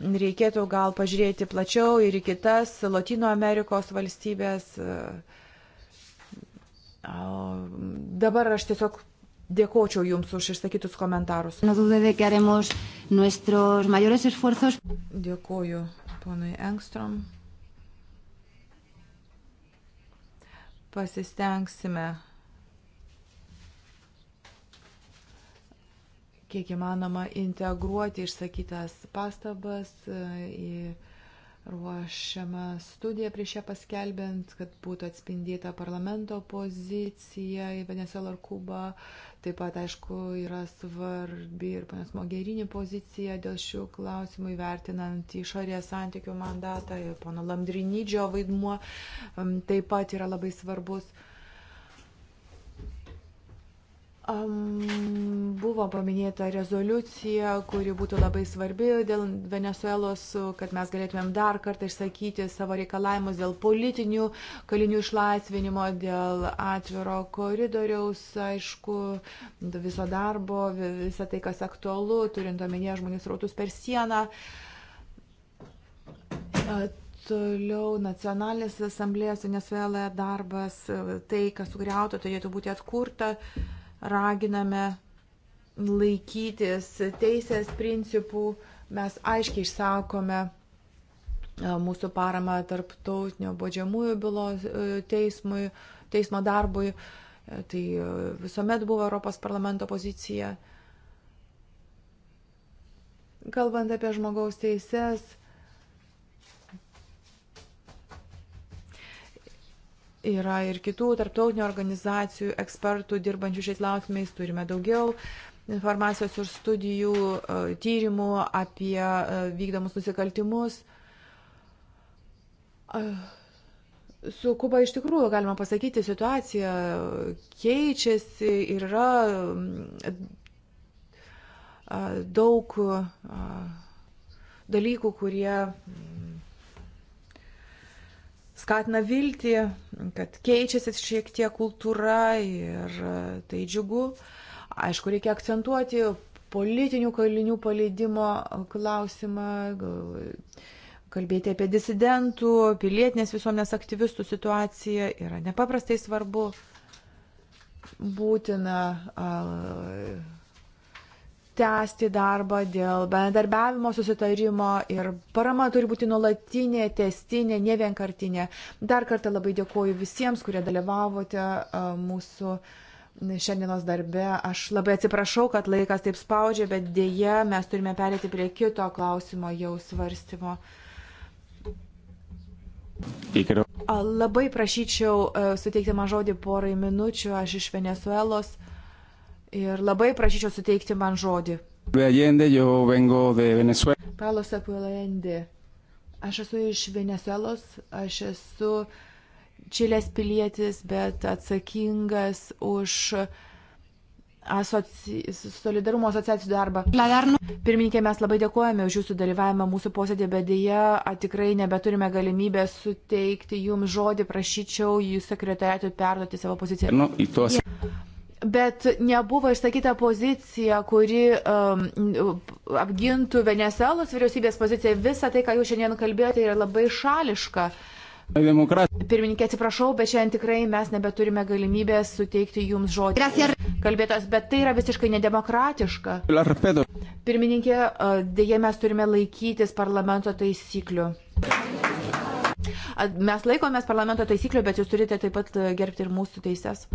reikėtų gal pažiūrėti plačiau ir į kitas Latino Amerikos valstybės. Dabar aš tiesiog dėkočiau Jums už išsakytus komentarus. Dėkoju ponui Engstrom. Pasistengsime kiek įmanoma integruoti išsakytas pastabas e, į ruošiamą studiją prieš ją paskelbent, kad būtų atspindėta parlamento pozicija į Venezuelą ar Kubą, Taip pat, aišku, yra svarbi ir panas Mogerinį pozicija dėl šių klausimų įvertinant išorės santykių mandatą ir pono Lamdrinidžio vaidmuo um, taip pat yra labai svarbus. Uh, Um, buvo paminėta rezoliucija, kuri būtų labai svarbi dėl Venezuelos, kad mes galėtumėm dar kartą išsakyti savo reikalavimus dėl politinių kalinių išlaisvinimo, dėl atviro koridoriaus, aišku, viso darbo, visą tai, kas aktualu, turint omenyje žmonių srautus per sieną. Toliau nacionalinės asamblėjos Venezueloje darbas, tai, kas sugriauta, turėtų būti atkurta. Uh, raginame laikytis teisės principų, mes aiškiai išsakome e, mūsų paramą tarptautinio baudžiamųjų bylos e, teismui, teismo darbui. E, tai visuomet buvo Europos parlamento pozicija. Kalbant apie žmogaus teises, Yra ir kitų tarptautinių organizacijų, ekspertų dirbančių šiais lausimais, turime daugiau informacijos ir studijų, e, tyrimų apie e, vykdomus nusikaltimus. E, su Kuba iš tikrųjų, galima pasakyti, situacija keičiasi ir yra daug dalykų, kurie skatina viltį, kad keičiasi šiek tiek kultūra ir e, tai džiugu. Aišku, reikia akcentuoti politinių kalinių paleidimo klausimą, kalbėti apie disidentų, pilietinės visuomenės aktyvistų situaciją yra nepaprastai svarbu. Būtina tęsti darbą dėl bendarbiavimo susitarimo ir parama turi būti nuolatinė, testinė, ne vienkartinė. Dar kartą labai dėkuoju visiems, kurie dalyvavote mūsų šiandienos darbe. Aš labai atsiprašau, kad laikas taip spaudžia, bet dėje mes turime perėti prie kito klausimo jau svarstymo. Labai prašyčiau suteikti man žodį porai minučių. Aš iš Venezuelos. Ir labai prašyčiau suteikti man žodį. Palos Apuelende. Aš esu iš Venezuelos, aš esu Čilės pilietis, bet atsakingas už asoci... solidarumo asociacijų darbą. Pirmininkė, mes labai dėkojame už jūsų dalyvavimą mūsų posėdė, bet dėja tikrai nebeturime galimybę suteikti jums žodį, prašyčiau jų sekretariatui perduoti savo poziciją. No, Bet nebuvo išsakyta pozicija, kuri um, apgintų Venezuelos vyriausybės poziciją. Visą tai, ką jūs šiandien kalbėjote, yra labai šališka. Demokrat. Pirmininkė, atsiprašau, bet šiandien tikrai mes nebeturime galimybės suteikti jums žodį. Kalbėtos, bet tai yra visiškai nedemokratiška. Pirmininkė, dėje mes turime laikytis parlamento taisyklių. Mes laikomės parlamento taisyklių, bet jūs turite taip pat gerbti ir mūsų teises.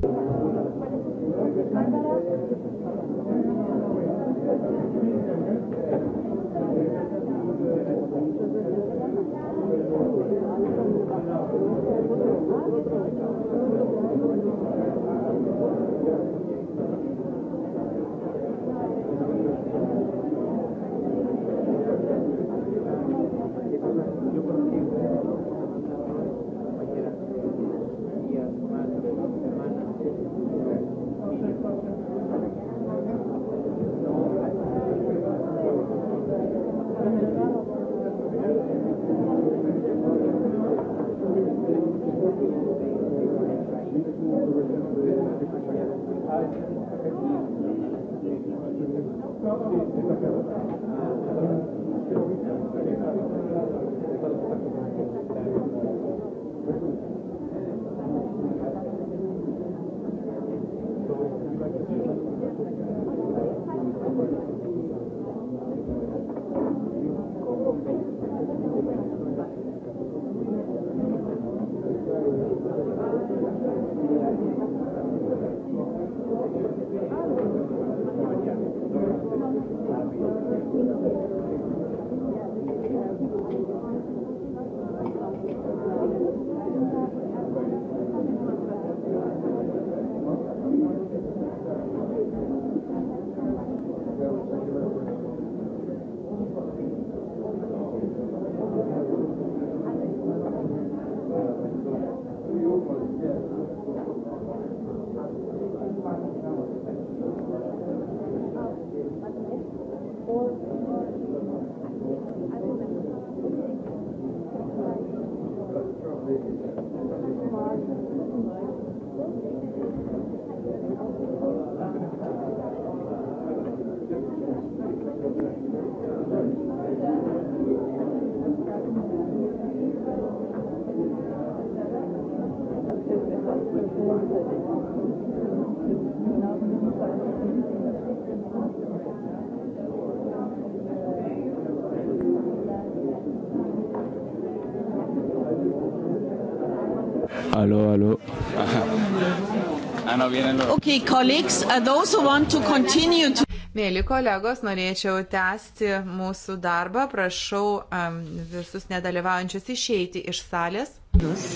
Okay, colleagues, uh, those who want to continue to... Mėly kolegos, norėčiau tęsti mūsų darbą. Prašau um, visus nedalyvaujančius išeiti iš salės. Yes.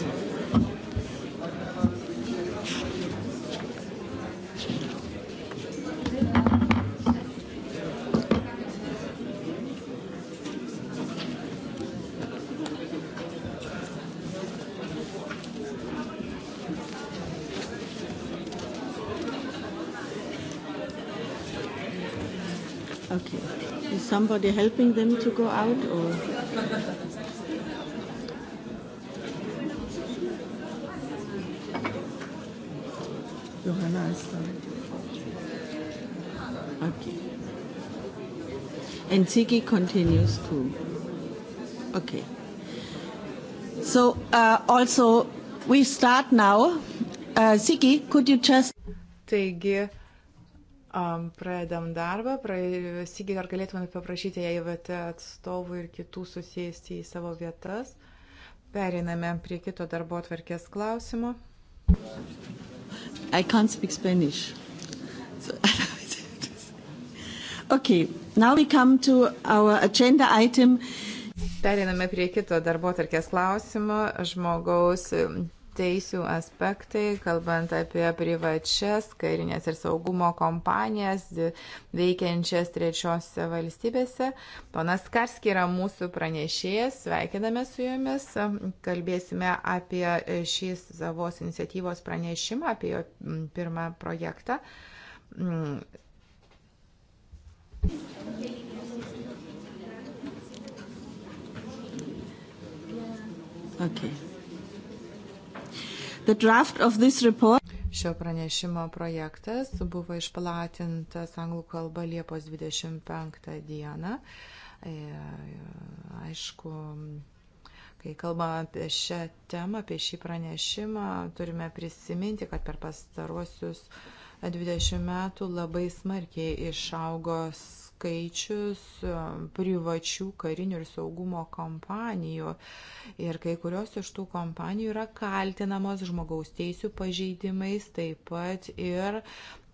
somebody helping them to go out or? Johanna is sorry. Okay. And Ziggy continues too. Okay. So uh, also we start now. Uh, Ziggy, could you just? Taigi, um, pradedam darbą. Sigė, ar galėtumėte paprašyti EIVT atstovų ir kitų susijęsti į savo vietas? Periname prie kito darbo atvarkės klausimo. I can't speak Spanish. So okay, now we come to our agenda item. Periname prie kito darbo atvarkės klausimo. Žmogaus teisių aspektai, kalbant apie privačias karinės ir saugumo kompanijas veikiančias trečiose valstybėse. Ponas Karski yra mūsų pranešėjas, sveikiname su jumis, kalbėsime apie šis savos iniciatyvos pranešimą, apie jo pirmą projektą. Mm. Okay. Šio pranešimo projektas buvo išplatintas anglų kalba Liepos 25 dieną. E, aišku, kai kalbame apie šią temą, apie šį pranešimą, turime prisiminti, kad per pastaruosius 20 metų labai smarkiai išaugos skaičius e, privačių karinių ir saugumo kompanijų. Ir kai kurios iš tų kompanijų yra kaltinamos žmogaus teisų pažeidimais, taip pat ir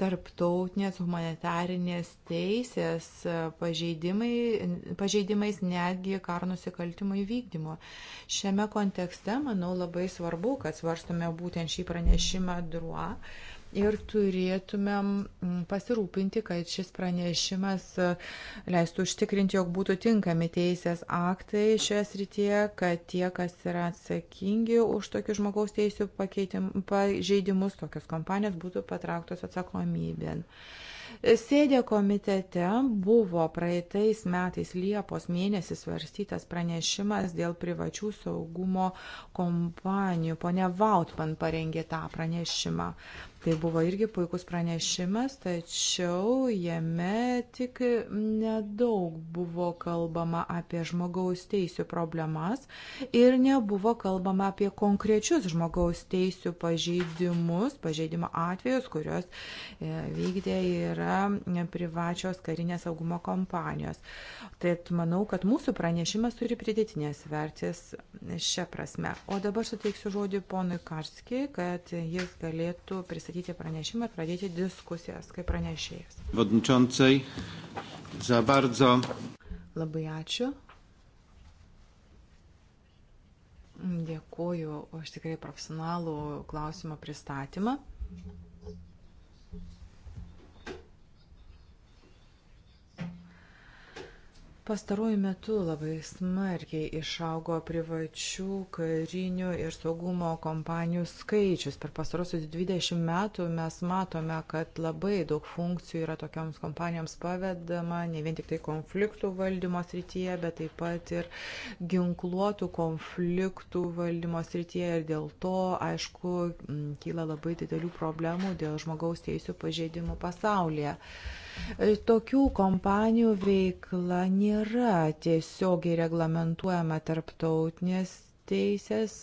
tarptautinės humanitarinės teisės e, pažeidimai, pažeidimais netgi karo nusikaltimų įvykdymo. Šiame kontekste, manau, labai svarbu, kad svarstome būtent šį pranešimą DRUA ir turėtumėm mm, pasirūpinti, kad šis pranešimas e, leistų užtikrinti, jog būtų tinkami teisės aktai šioje srityje, kad tie, kas yra atsakingi už tokius žmogaus teisų pažeidimus, tokios kompanijos būtų patrauktos atsakomybėn. Sėdė komitete buvo praeitais metais Liepos mėnesį svarstytas pranešimas dėl privačių saugumo kompanijų. Pone Vautman parengė tą pranešimą. Tai buvo irgi puikus pranešimas, tačiau jame tik nedaug buvo kalbama apie žmogaus teisų problemas ir nebuvo kalbama apie konkrečius žmogaus teisų pažeidimus, pažeidimo atvejus, kurios e, vykdė yra privačios karinės saugumo kompanijos. Tai manau, kad mūsų pranešimas turi pridėtinės vertės šią prasme. O dabar suteiksiu žodį ponui Karski, kad jis galėtų pristatyti pristatyti pranešimą ir pradėti diskusijas kaip pranešėjas. Vadinčiančiai, za bardzo. Labai ačiū. Dėkuoju už tikrai profesionalų klausimo pristatymą. Pastaruoju metu labai smarkiai išaugo privačių karinių ir saugumo kompanijų skaičius. Per pastarosius 20 metų mes matome, kad labai daug funkcijų yra tokioms kompanijoms pavedama, ne vien tik tai konfliktų valdymo srityje, bet taip pat ir ginkluotų konfliktų valdymo srityje. Ir dėl to, aišku, kyla labai didelių problemų dėl žmogaus teisų pažeidimų pasaulyje. E, tokių kompanijų veikla nėra tiesiogiai reglamentuojama tarptautinės teisės,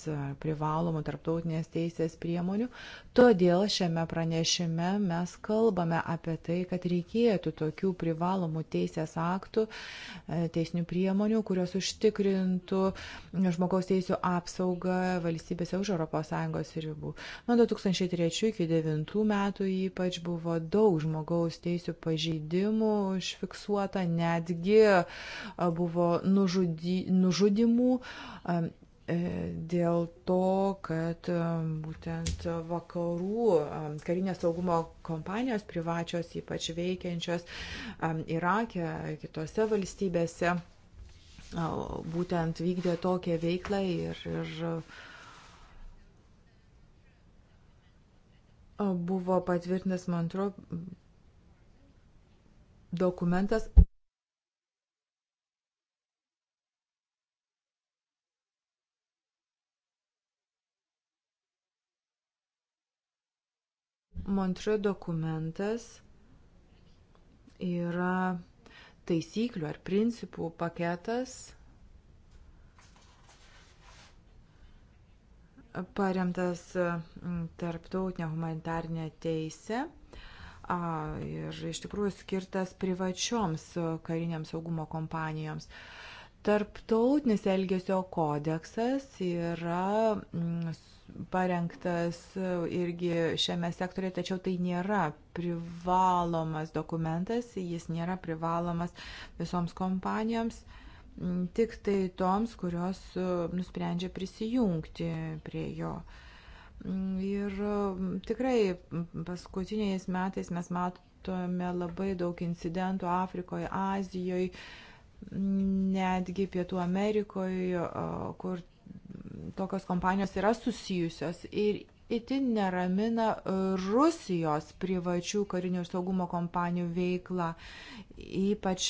privalomų tarptautinės teisės priemonių. Todėl šiame pranešime mes kalbame apie tai, kad reikėtų tokių privalomų teisės aktų, e, teisinių priemonių, kurios užtikrintų žmogaus teisų apsaugą valstybėse už ES ribų. Nuo 2003 iki 2009 metų ypač buvo daug žmogaus teisų pažeidimų užfiksuota, netgi e, buvo nužudy, nužudimų e, E, dėl to, kad e, būtent vakarų e, karinės saugumo kompanijos privačios, ypač veikiančios Irake, kitose valstybėse, būtent vykdė tokią veiklą ir, ir buvo patvirtintas, man atrodo, dokumentas Montre dokumentas yra taisyklių ar principų paketas paremtas mm, tarptautinė humanitarinė teisė ir iš tikrųjų skirtas privačioms kariniams saugumo kompanijoms. Tarptautinis elgesio kodeksas yra mm, parengtas e, irgi šiame sektoriuje, tačiau tai nėra privalomas dokumentas, jis nėra privalomas visoms kompanijoms, tik tai toms, kurios e, nusprendžia prisijungti prie jo. Ir tikrai paskutiniais metais mes matome labai daug incidentų Afrikoje, Azijoje, netgi Pietų Amerikoje, kur tokios kompanijos yra susijusios ir itin neramina Rusijos privačių karinių ir saugumo kompanijų veikla, ypač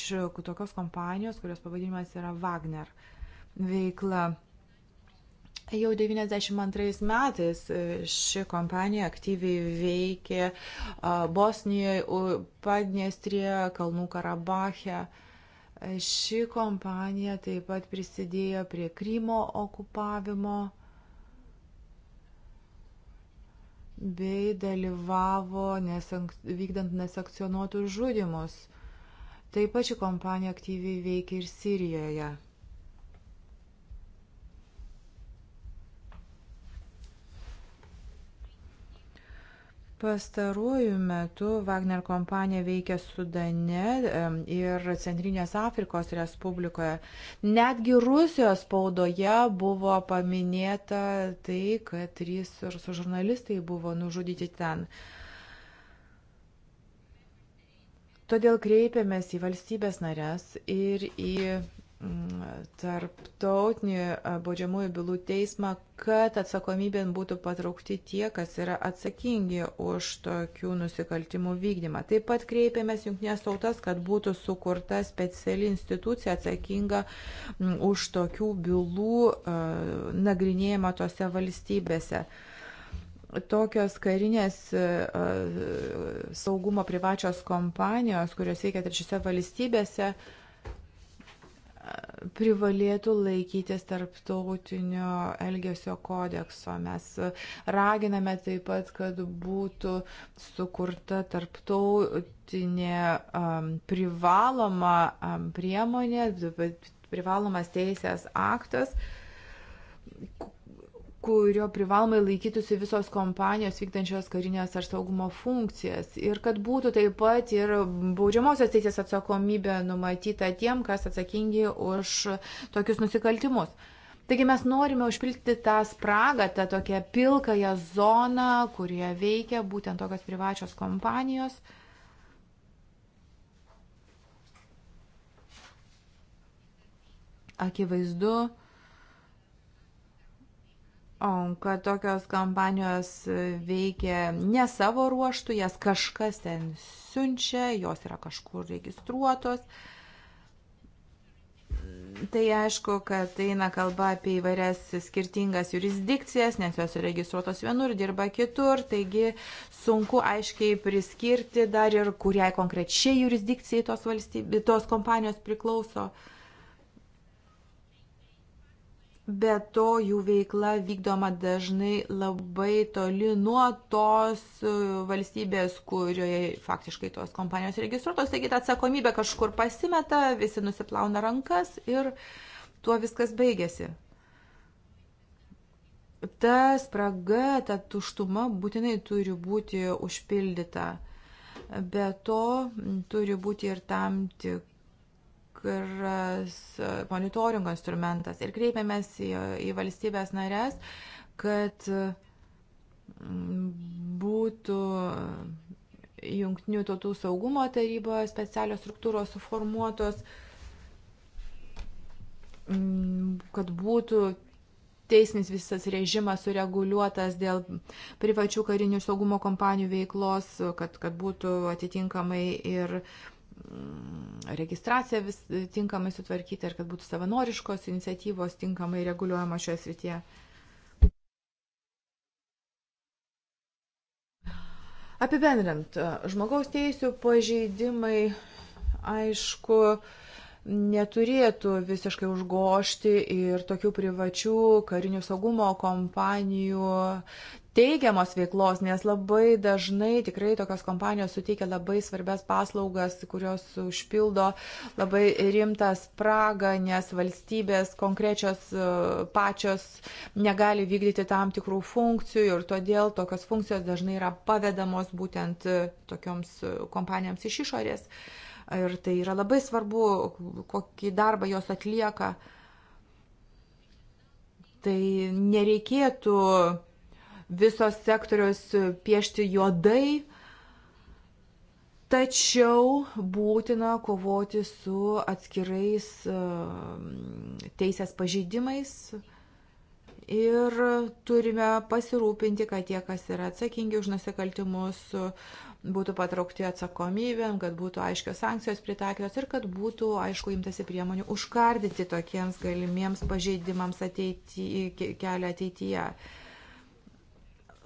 tokios kompanijos, kurios pavadinimas yra Wagner veikla. Jau 92 metais e, ši kompanija aktyviai veikė Bosnijoje, Padniestrėje, Kalnų Karabache. Ši kompanija taip pat prisidėjo prie Krymo okupavimo bei dalyvavo nesank vykdant nesankcionuotus žudimus. Taip pat ši kompanija aktyviai veikia ir Sirijoje. Pastaruoju metu Wagner kompanija veikia Sudane ir Centrinės Afrikos Respublikoje. Netgi Rusijos spaudoje buvo paminėta tai, kad trys ir su žurnalistai buvo nužudyti ten. Todėl kreipiamės į valstybės narės ir į tarptautinį baudžiamųjų bylų teismą, kad atsakomybėn būtų patraukti tie, kas yra atsakingi už tokių nusikaltimų vykdymą. Taip pat kreipėmės jungtinės tautas, kad būtų sukurta speciali institucija atsakinga už tokių bylų nagrinėjimą tose valstybėse tokios karinės saugumo privačios kompanijos, kurios veikia trečiose valstybėse, privalėtų laikytis tarptautinio elgesio kodekso. Mes raginame taip pat, kad būtų sukurta tarptautinė um, privaloma um, priemonė, privalomas teisės aktas, kurio privalomai laikytųsi visos kompanijos vykdančios karinės ar saugumo funkcijas ir kad būtų taip pat ir baudžiamosios teisės atsakomybė numatyta tiem, kas atsakingi už tokius nusikaltimus. Taigi mes norime užpilti tą spragą, tą tokią pilkąją zoną, kurioje veikia būtent tokios privačios kompanijos. Akivaizdu, O kad tokios kampanijos veikia ne savo ruoštų, jas kažkas ten siunčia, jos yra kažkur registruotos. Tai aišku, kad eina kalba apie įvairias skirtingas jurisdikcijas, nes jos yra registruotos vienur, dirba kitur, taigi sunku aiškiai priskirti dar ir kuriai konkrečiai jurisdikcijai tos, valstybė, tos kompanijos priklauso. Uh, Be to, jų veikla vykdoma dažnai labai toli nuo tos e, valstybės, kurioje faktiškai tos kompanijos registruotos. Taigi ta atsakomybė kažkur pasimeta, visi nusiplauna rankas ir tuo viskas baigėsi. Ta spraga, ta tuštuma būtinai turi būti užpildyta. Be to turi būti ir tam tik tikras e, monitoringo instrumentas ir kreipiamės į, į valstybės narės, kad e, būtų jungtinių tautų saugumo taryboje specialios struktūros suformuotos, kad būtų teisminis visas režimas sureguliuotas dėl privačių karinių saugumo kompanijų veiklos, kad, kad būtų atitinkamai ir registracija vis tinkamai sutvarkyti ir kad būtų savanoriškos iniciatyvos tinkamai reguliuojama šioje srityje. Apibendrint, žmogaus teisų pažeidimai, aišku, neturėtų visiškai užgošti ir tokių privačių karinių saugumo kompanijų teigiamos veiklos, nes labai dažnai tikrai tokios kompanijos suteikia labai svarbės paslaugas, kurios užpildo labai rimtą spragą, nes valstybės konkrečios e, pačios negali vykdyti tam tikrų funkcijų ir todėl tokios funkcijos dažnai yra pavedamos būtent e, tokioms e, kompanijoms iš išorės. Ir tai yra labai svarbu, kokį darbą jos atlieka. Tai nereikėtų visos sektorius piešti juodai, tačiau būtina kovoti su atskirais e, teisės pažeidimais ir turime pasirūpinti, kad tie, kas yra atsakingi už nusikaltimus, būtų patraukti atsakomybėm, kad būtų aiškios sankcijos pritaikytos ir kad būtų, aišku, imtasi priemonių užkardyti tokiems galimiems pažeidimams ateity, kelią ateityje.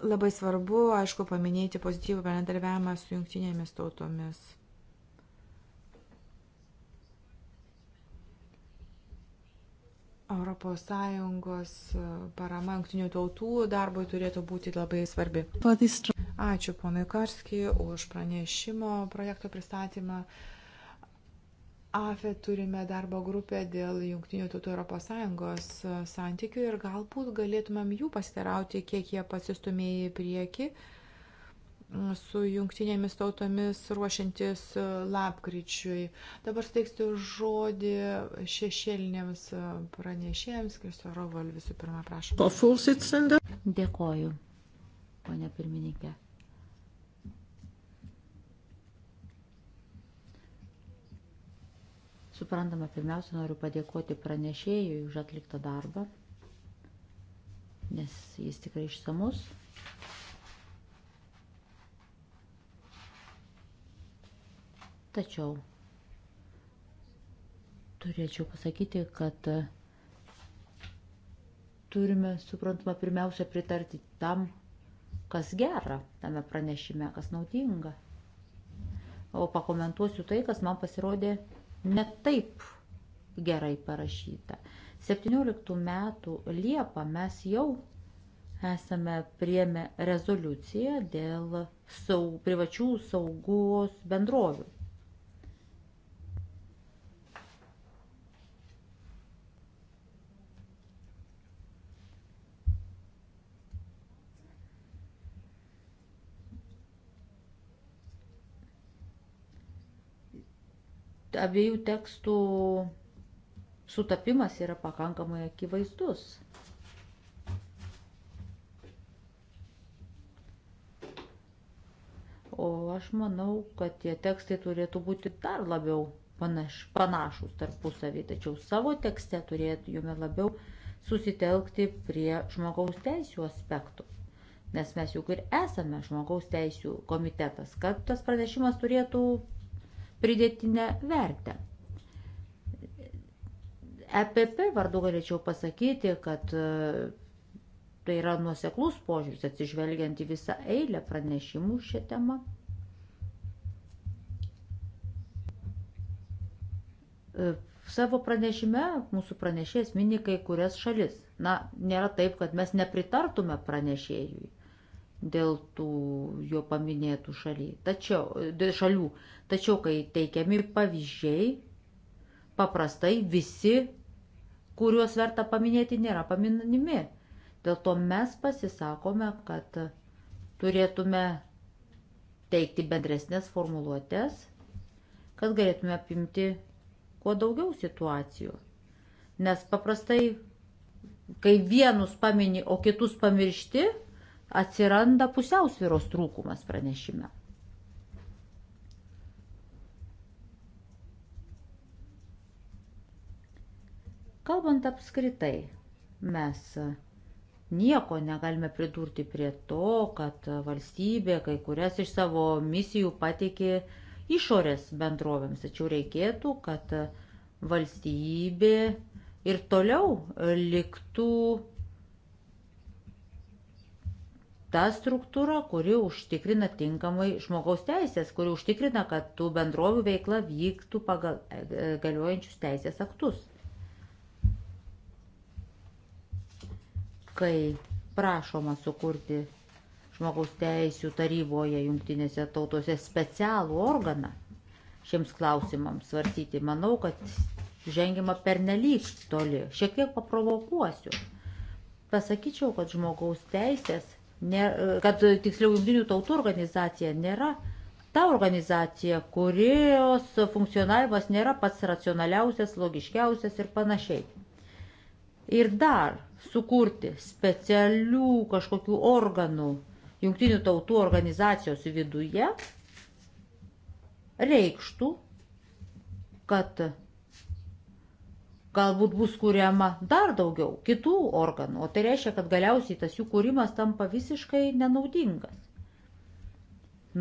Labai svarbu, aišku, paminėti pozityvų bendradarbiavimą su jungtinėmis tautomis. ES e, parama jungtinių tautų darbui turėtų būti labai svarbi. Ačiū ponui Karskijui už pranešimo projekto pristatymą. AFE turime darbo grupę dėl Junktinių tautų Europos Sąjungos e, santykių ir galbūt galėtumėm jų pasitarauti, kiek jie pasistumėjo į priekį su jungtinėmis tautomis ruošiantis e, lapkričiui. Dabar steiksiu žodį šešėlinėms e, pranešėjams. Kristo Rovol visų pirma, prašau. Dėkoju, ponė pirmininkė. Suprantama, pirmiausia, noriu padėkoti pranešėjui už atliktą darbą, nes jis tikrai išsamus. Tačiau turėčiau pasakyti, kad turime, suprantama, pirmiausia pritarti tam, kas gera tame pranešime, kas naudinga. O pakomentuosiu tai, kas man pasirodė netaip gerai parašyta. 17 metų Liepą mes jau esame priemę rezoliuciją dėl saug, privačių saugos bendrovių. abiejų tekstų sutapimas yra pakankamai akivaizdus. O aš manau, kad tie tekstai turėtų būti dar labiau panaš, panašus tarpusavį, tačiau savo tekste turėtume labiau susitelkti prie žmogaus teisų aspektų. Nes mes juk ir esame žmogaus teisų komitetas, kad tas pranešimas turėtų pridėtinę vertę. EPP vardu galėčiau pasakyti, kad e, tai yra nuoseklus požiūris atsižvelgiant į visą eilę pranešimų šią temą. E, savo pranešime mūsų pranešėjas mini kai kurias šalis. Na, nėra taip, kad mes nepritartume pranešėjui dėl tų jo paminėtų šaly. Tačiau, šalių. Tačiau, kai teikiami pavyzdžiai, paprastai visi, kuriuos verta paminėti, nėra paminimi. Dėl to mes pasisakome, kad turėtume teikti bendresnės formuluotės, kad galėtume apimti kuo daugiau situacijų. Nes paprastai, kai vienus pamini, o kitus pamiršti, atsiranda pusiausviros trūkumas pranešime. Kalbant apskritai, mes nieko negalime pridurti prie to, kad valstybė kai kurias iš savo misijų pateikė išorės bendrovėms, tačiau reikėtų, kad valstybė ir toliau liktų ta struktūra, kuri užtikrina tinkamai žmogaus teisės, kuri užtikrina, kad tų bendrovių veikla vyktų pagal e, e, galiojančius teisės aktus. Kai prašoma sukurti žmogaus teisų taryboje jungtinėse tautose specialų organą šiems klausimams svarstyti, manau, kad žengima pernelyg toli. Šiek tiek paprovokuosiu. Pasakyčiau, kad žmogaus teisės ne, kad tiksliau jungtinių tautų organizacija nėra ta organizacija, kurios funkcionavimas nėra pats racionaliausias, logiškiausias ir panašiai. Ir dar sukurti specialių kažkokių organų jungtinių tautų organizacijos viduje reikštų, kad galbūt bus kuriama dar daugiau kitų organų, o tai reiškia, kad galiausiai tas jų kūrimas tampa visiškai nenaudingas.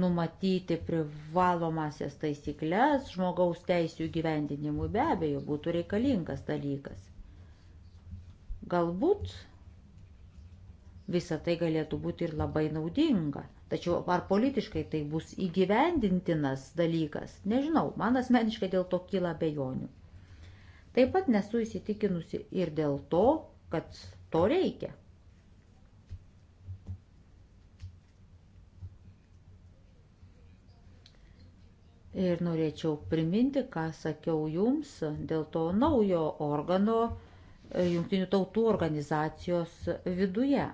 Numatyti privalomasias taisyklės žmogaus teisų įgyvendinimui be abejo būtų reikalingas dalykas. Galbūt visa tai galėtų būti ir labai naudinga. Tačiau ar politiškai tai bus įgyvendintinas dalykas, nežinau, man asmeniškai dėl to kyla bejonių. Taip pat nesu įsitikinusi ir dėl to, kad to reikia. Ir norėčiau priminti, ką sakiau jums dėl to naujo organo e, Junktinių tautų organizacijos viduje.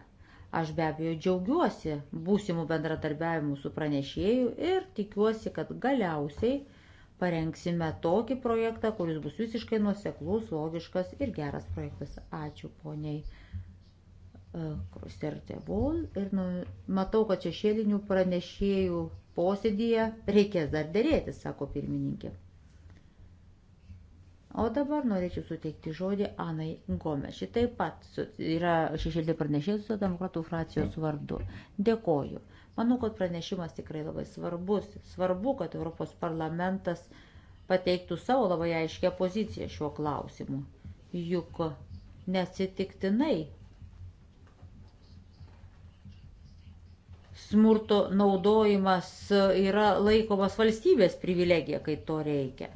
Aš be abejo džiaugiuosi būsimų bendradarbiavimų su pranešėju ir tikiuosi, kad galiausiai parengsime tokį projektą, kuris bus visiškai nuoseklus, logiškas ir geras projektas. Ačiū poniai e, Krusertevol. Ir nu, matau, kad šešėlinių pranešėjų posėdėje reikės dar dėrėti, sako pirmininkė. O dabar norėčiau suteikti žodį Anai Gomes. Šitai pat yra šešėlė pranešėjus su demokratų frakcijos vardu. Dėkoju. Manau, kad pranešimas tikrai labai svarbus. Svarbu, kad Europos parlamentas pateiktų savo labai aiškę poziciją šiuo klausimu. Juk neatsitiktinai smurto naudojimas yra laikomas valstybės privilegija, kai to reikia.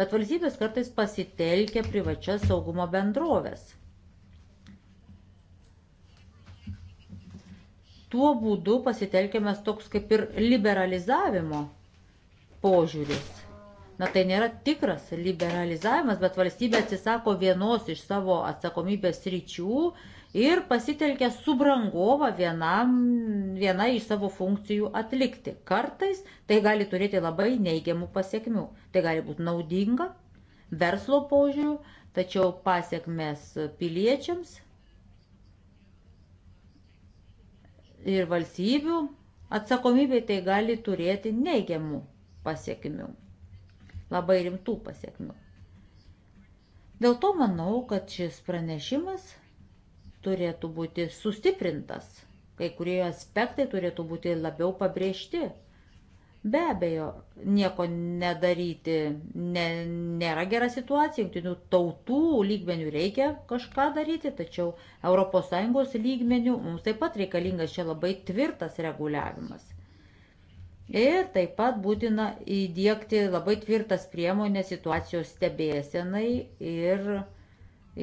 Bet valstybės kartais pasitelkia privačias saugumo bendrovės tuo būdu pasitelkiamas toks kaip ir liberalizavimo požiūris. Na tai nėra tikras liberalizavimas, bet valstybė atsisako vienos iš savo atsakomybės ryčių ir pasitelkia subrangovą vienam, vienai iš savo funkcijų atlikti. Kartais tai gali turėti labai neigiamų pasiekmių. Tai gali būti naudinga verslo požiūrių, tačiau pasiekmes piliečiams ir valstybių atsakomybė tai gali turėti neigiamų pasiekmių, labai rimtų pasiekmių. Dėl to manau, kad šis pranešimas turėtų būti sustiprintas, kai kurie aspektai turėtų būti labiau pabrėžti Be abejo, nieko nedaryti ne, nėra gera situacija, jungtinių tautų lygmenių reikia kažką daryti, tačiau ES lygmenių mums taip pat reikalingas čia labai tvirtas reguliavimas. Ir taip pat būtina įdėkti labai tvirtas priemonės situacijos stebėsenai ir,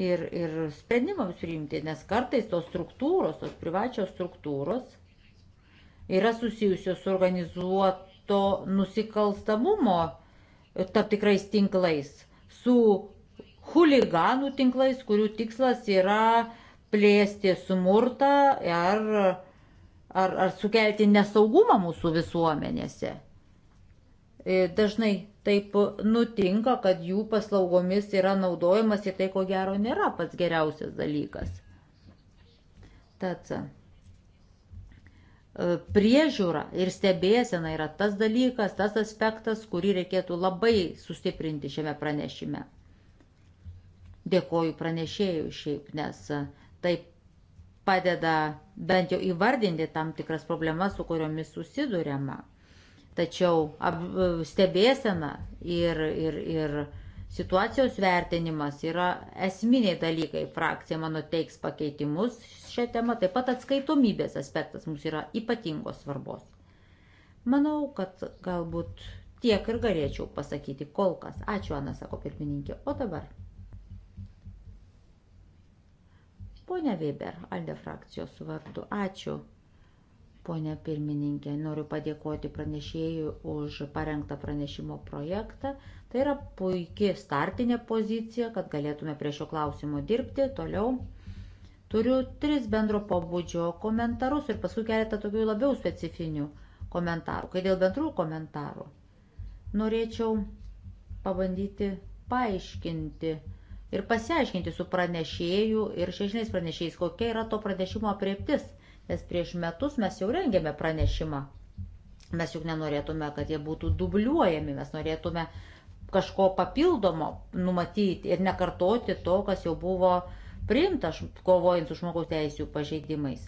ir, ir sprendimams priimti, nes kartais tos struktūros, tos privačios struktūros yra susijusios su organizuotu to nusikalstamumo tam tikrais tinklais, su huliganų tinklais, kurių tikslas yra plėsti smurtą ar, ar, ar sukelti nesaugumą mūsų visuomenėse. E, dažnai taip nutinka, kad jų paslaugomis yra naudojamas ir tai ko gero nėra pats geriausias dalykas. Tad. E, priežiūra ir stebėsena yra tas dalykas, tas aspektas, kurį reikėtų labai sustiprinti šiame pranešime. Dėkoju pranešėjų šiaip, nes e, tai padeda bent jau įvardinti tam tikras problemas, su kuriomis susidurėma. Tačiau e, stebėsena ir, ir, ir Situacijos vertinimas yra esminiai dalykai. Frakcija mano teiks pakeitimus šią temą. Taip pat atskaitomybės aspektas mums yra ypatingos svarbos. Manau, kad galbūt tiek ir galėčiau pasakyti kol kas. Ačiū, Ana, sako pirmininkė. O dabar. Pone Weber, Alde frakcijos vardu. Ačiū. Pone pirmininkė, noriu padėkoti pranešėjui už parengtą pranešimo projektą. Tai yra puikia startinė pozicija, kad galėtume prie šio klausimo dirbti toliau. Turiu tris bendro pobūdžio komentarus ir paskui keletą tokių labiau specifinių komentarų. Kai dėl bendrų komentarų norėčiau pabandyti paaiškinti ir pasiaiškinti su pranešėju ir šešiniais pranešėjais, kokia yra to pranešimo apriektis, nes prieš metus mes jau rengėme pranešimą. Mes juk nenorėtume, kad jie būtų dubliuojami, mes norėtume kažko papildomo numatyti ir nekartoti to, kas jau buvo priimta kovojant su žmogaus teisų pažeidimais.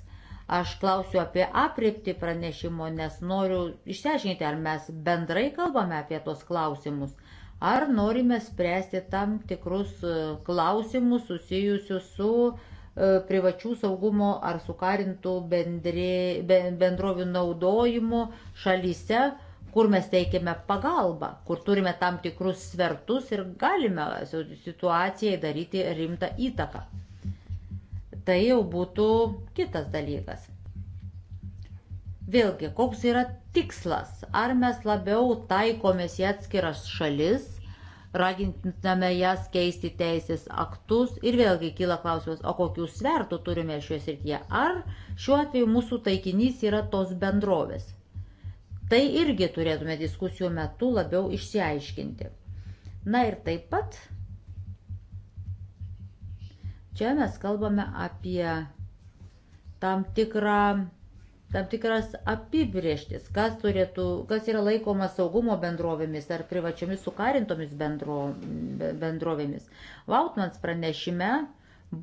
Aš klausiu apie apriepti pranešimo, nes noriu išsiaiškinti, ar mes bendrai kalbame apie tos klausimus, ar norime spręsti tam tikrus e, klausimus susijusius su e, privačių saugumo ar sukarintų bendri, bendrovių naudojimu šalyse, kur mes teikiame pagalbą, kur turime tam tikrus svertus ir galime situacijai daryti rimtą įtaką. Tai jau būtų kitas dalykas. Vėlgi, koks yra tikslas? Ar mes labiau taikomės į atskiras šalis, ragintame jas keisti teisės aktus ir vėlgi kyla klausimas, o kokių svertų turime šioje srityje. Ar šiuo atveju mūsų taikinys yra tos bendrovės? Tai irgi turėtume diskusijų metu labiau išsiaiškinti. Na ir taip pat čia mes kalbame apie tam, tikrą, tam tikras apibrieštis, kas, turėtų, kas yra laikoma saugumo bendrovėmis ar privačiomis sukarintomis bendro, bendrovėmis. Vautmans pranešime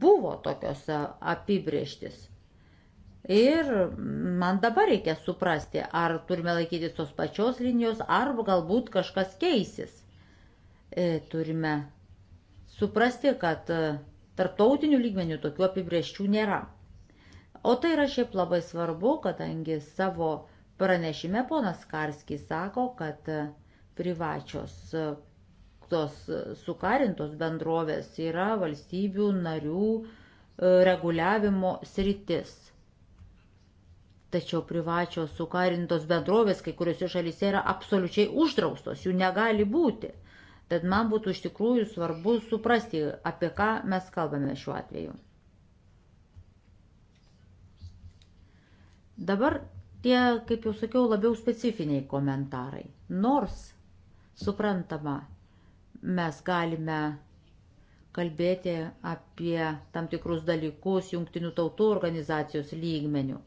buvo tokios apibrieštis. Ir man dabar reikia suprasti, ar turime laikytis tos pačios linijos, ar galbūt kažkas keisis. E, turime suprasti, kad e, tarptautinių lygmenių tokių apibrieščių nėra. O tai yra šiaip labai svarbu, kadangi savo pranešime ponas Karskis sako, kad e, privačios tos sukarintos bendrovės yra valstybių narių reguliavimo sritis Tačiau privačios sukarintos bendrovės kai kuriuose šalyse yra absoliučiai uždraustos, jų negali būti. Tad man būtų iš tikrųjų svarbu suprasti, apie ką mes kalbame šiuo atveju. Dabar tie, kaip jau sakiau, labiau specifiniai komentarai. Nors, suprantama, mes galime kalbėti apie tam tikrus dalykus jungtinių tautų organizacijos lygmenių.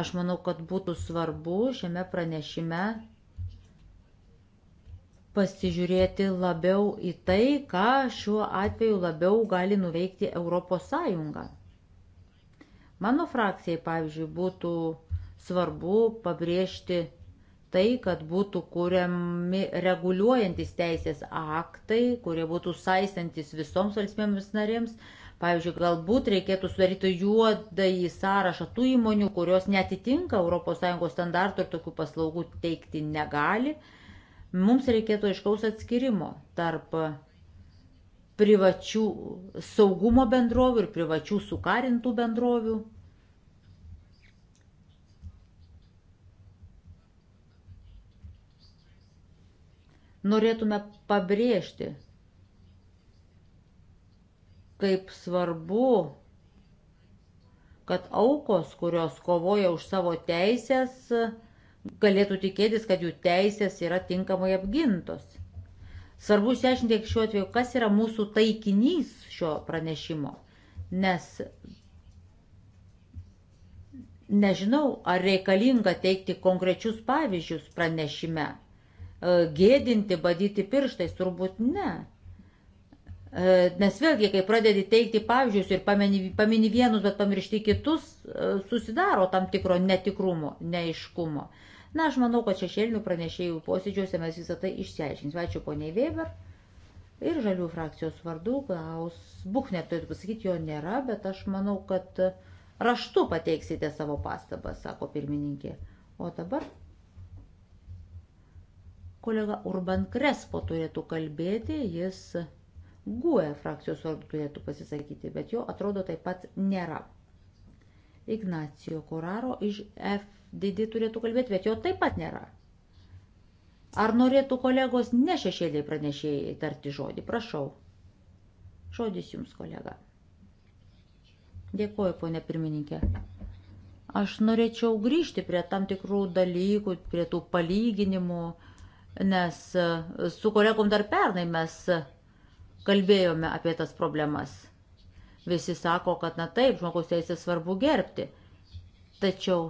Aš manau, kad būtų svarbu šiame pranešime pasižiūrėti labiau į tai, ką šiuo atveju labiau gali nuveikti ES. Mano frakcijai, pavyzdžiui, būtų svarbu pabrėžti tai, kad būtų kūriami reguliuojantis teisės aktai, kurie būtų saistantis visoms valstybėms narėms. Pavyzdžiui, galbūt reikėtų sudaryti juodąjį sąrašą tų įmonių, kurios netitinka ES standartų ir tokių paslaugų teikti negali. Mums reikėtų aiškaus atskirimo tarp privačių saugumo bendrovių ir privačių sukarintų bendrovių. Norėtume pabrėžti, kaip svarbu, kad aukos, kurios kovoja už savo teisės, galėtų tikėtis, kad jų teisės yra tinkamai apgintos. Svarbu išsiaiškinti šiuo atveju, kas yra mūsų taikinys šio pranešimo, nes nežinau, ar reikalinga teikti konkrečius pavyzdžius pranešime, gėdinti, badyti pirštais, turbūt ne. E, nes vėlgi, kai pradedi teikti pavyzdžius ir pamini, pamini vienus, bet pamiršti kitus, e, susidaro tam tikro netikrumo, neiškumo. Na, aš manau, kad šešėlinių pranešėjų posėdžiuose mes visą tai išsiaiškinsime. Ačiū poniai Weber. Ir žalių frakcijos vardu klaus Buchner, turėtų pasakyti, jo nėra, bet aš manau, kad raštu pateiksite savo pastabą, sako pirmininkė. O dabar kolega Urban Krespo turėtų kalbėti, jis GUE frakcijos vardu turėtų pasisakyti, bet jo atrodo taip pat nėra. Ignacio Koraro iš FDD turėtų kalbėti, bet jo taip pat nėra. Ar norėtų kolegos ne šešėliai pranešėjai tarti žodį? Prašau. Žodis jums, kolega. Dėkuoju, ponė pirmininkė. Aš norėčiau grįžti prie tam tikrų dalykų, prie tų palyginimų, nes e, su kolegom dar pernai mes kalbėjome apie tas problemas. Visi sako, kad na taip, žmogaus teisės svarbu gerbti. Tačiau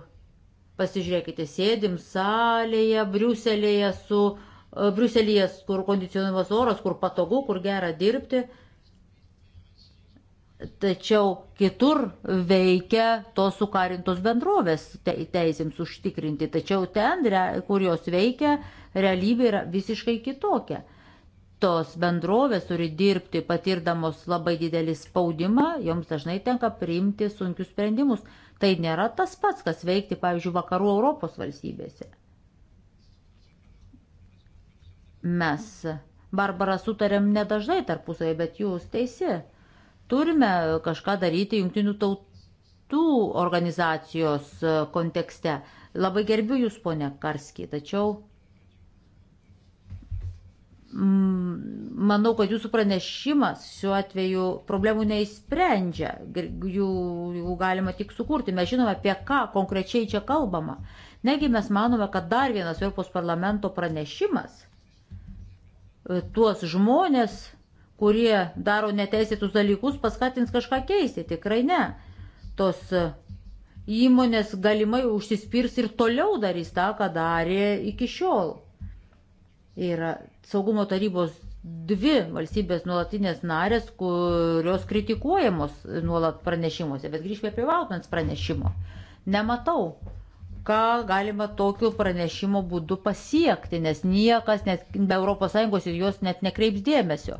pasižiūrėkite, sėdim salėje, Briuselėje su e, Briuselėje, kur kondicionuojamas oras, kur patogu, kur gera dirbti. Tačiau kitur veikia tos sukarintos bendrovės teisėms užtikrinti. Tačiau ten, kur jos veikia, realybė yra visiškai kitokia tos bendrovės turi dirbti patirdamos labai didelį spaudimą, joms dažnai tenka priimti sunkius sprendimus. Tai nėra tas pats, kas veikti, pavyzdžiui, vakarų Europos valstybėse. Mes, Barbara, sutarėm nedažnai tarpusavį, bet jūs teisi. Turime kažką daryti jungtinių tautų organizacijos kontekste. Labai gerbiu jūs, ponė Karski, tačiau Mm, manau, kad jūsų pranešimas šiuo atveju problemų neįsprendžia, jų, jų galima tik sukurti. Mes žinome, apie ką konkrečiai čia kalbama. Negi mes manome, kad dar vienas Europos parlamento pranešimas e, tuos žmonės, kurie daro neteisėtus dalykus, paskatins kažką keisti. Tikrai ne. Tos e, įmonės galimai užsispirs ir toliau darys tą, ką darė iki šiol. Yra saugumo tarybos dvi valstybės nuolatinės narės, kurios kritikuojamos nuolat pranešimuose, bet grįžkime prie Valtmans pranešimo. Nematau, ką galima tokiu pranešimo būdu pasiekti, nes niekas net be ES ir jos net nekreips dėmesio.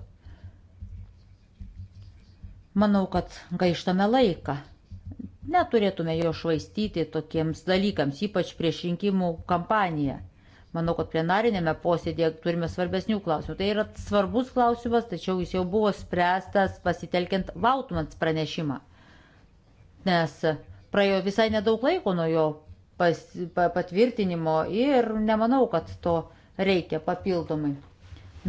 Manau, kad gaištame laiką. Neturėtume jo švaistyti tokiems dalykams, ypač prieš rinkimų kampaniją Manau, kad plenarinėme posėdėje turime svarbesnių klausimų. Tai yra svarbus klausimas, tačiau jis jau buvo spręstas pasitelkiant Vautmans pranešimą. Nes praėjo visai nedaug laiko nuo jo pas, pa, patvirtinimo ir nemanau, kad to reikia papildomai.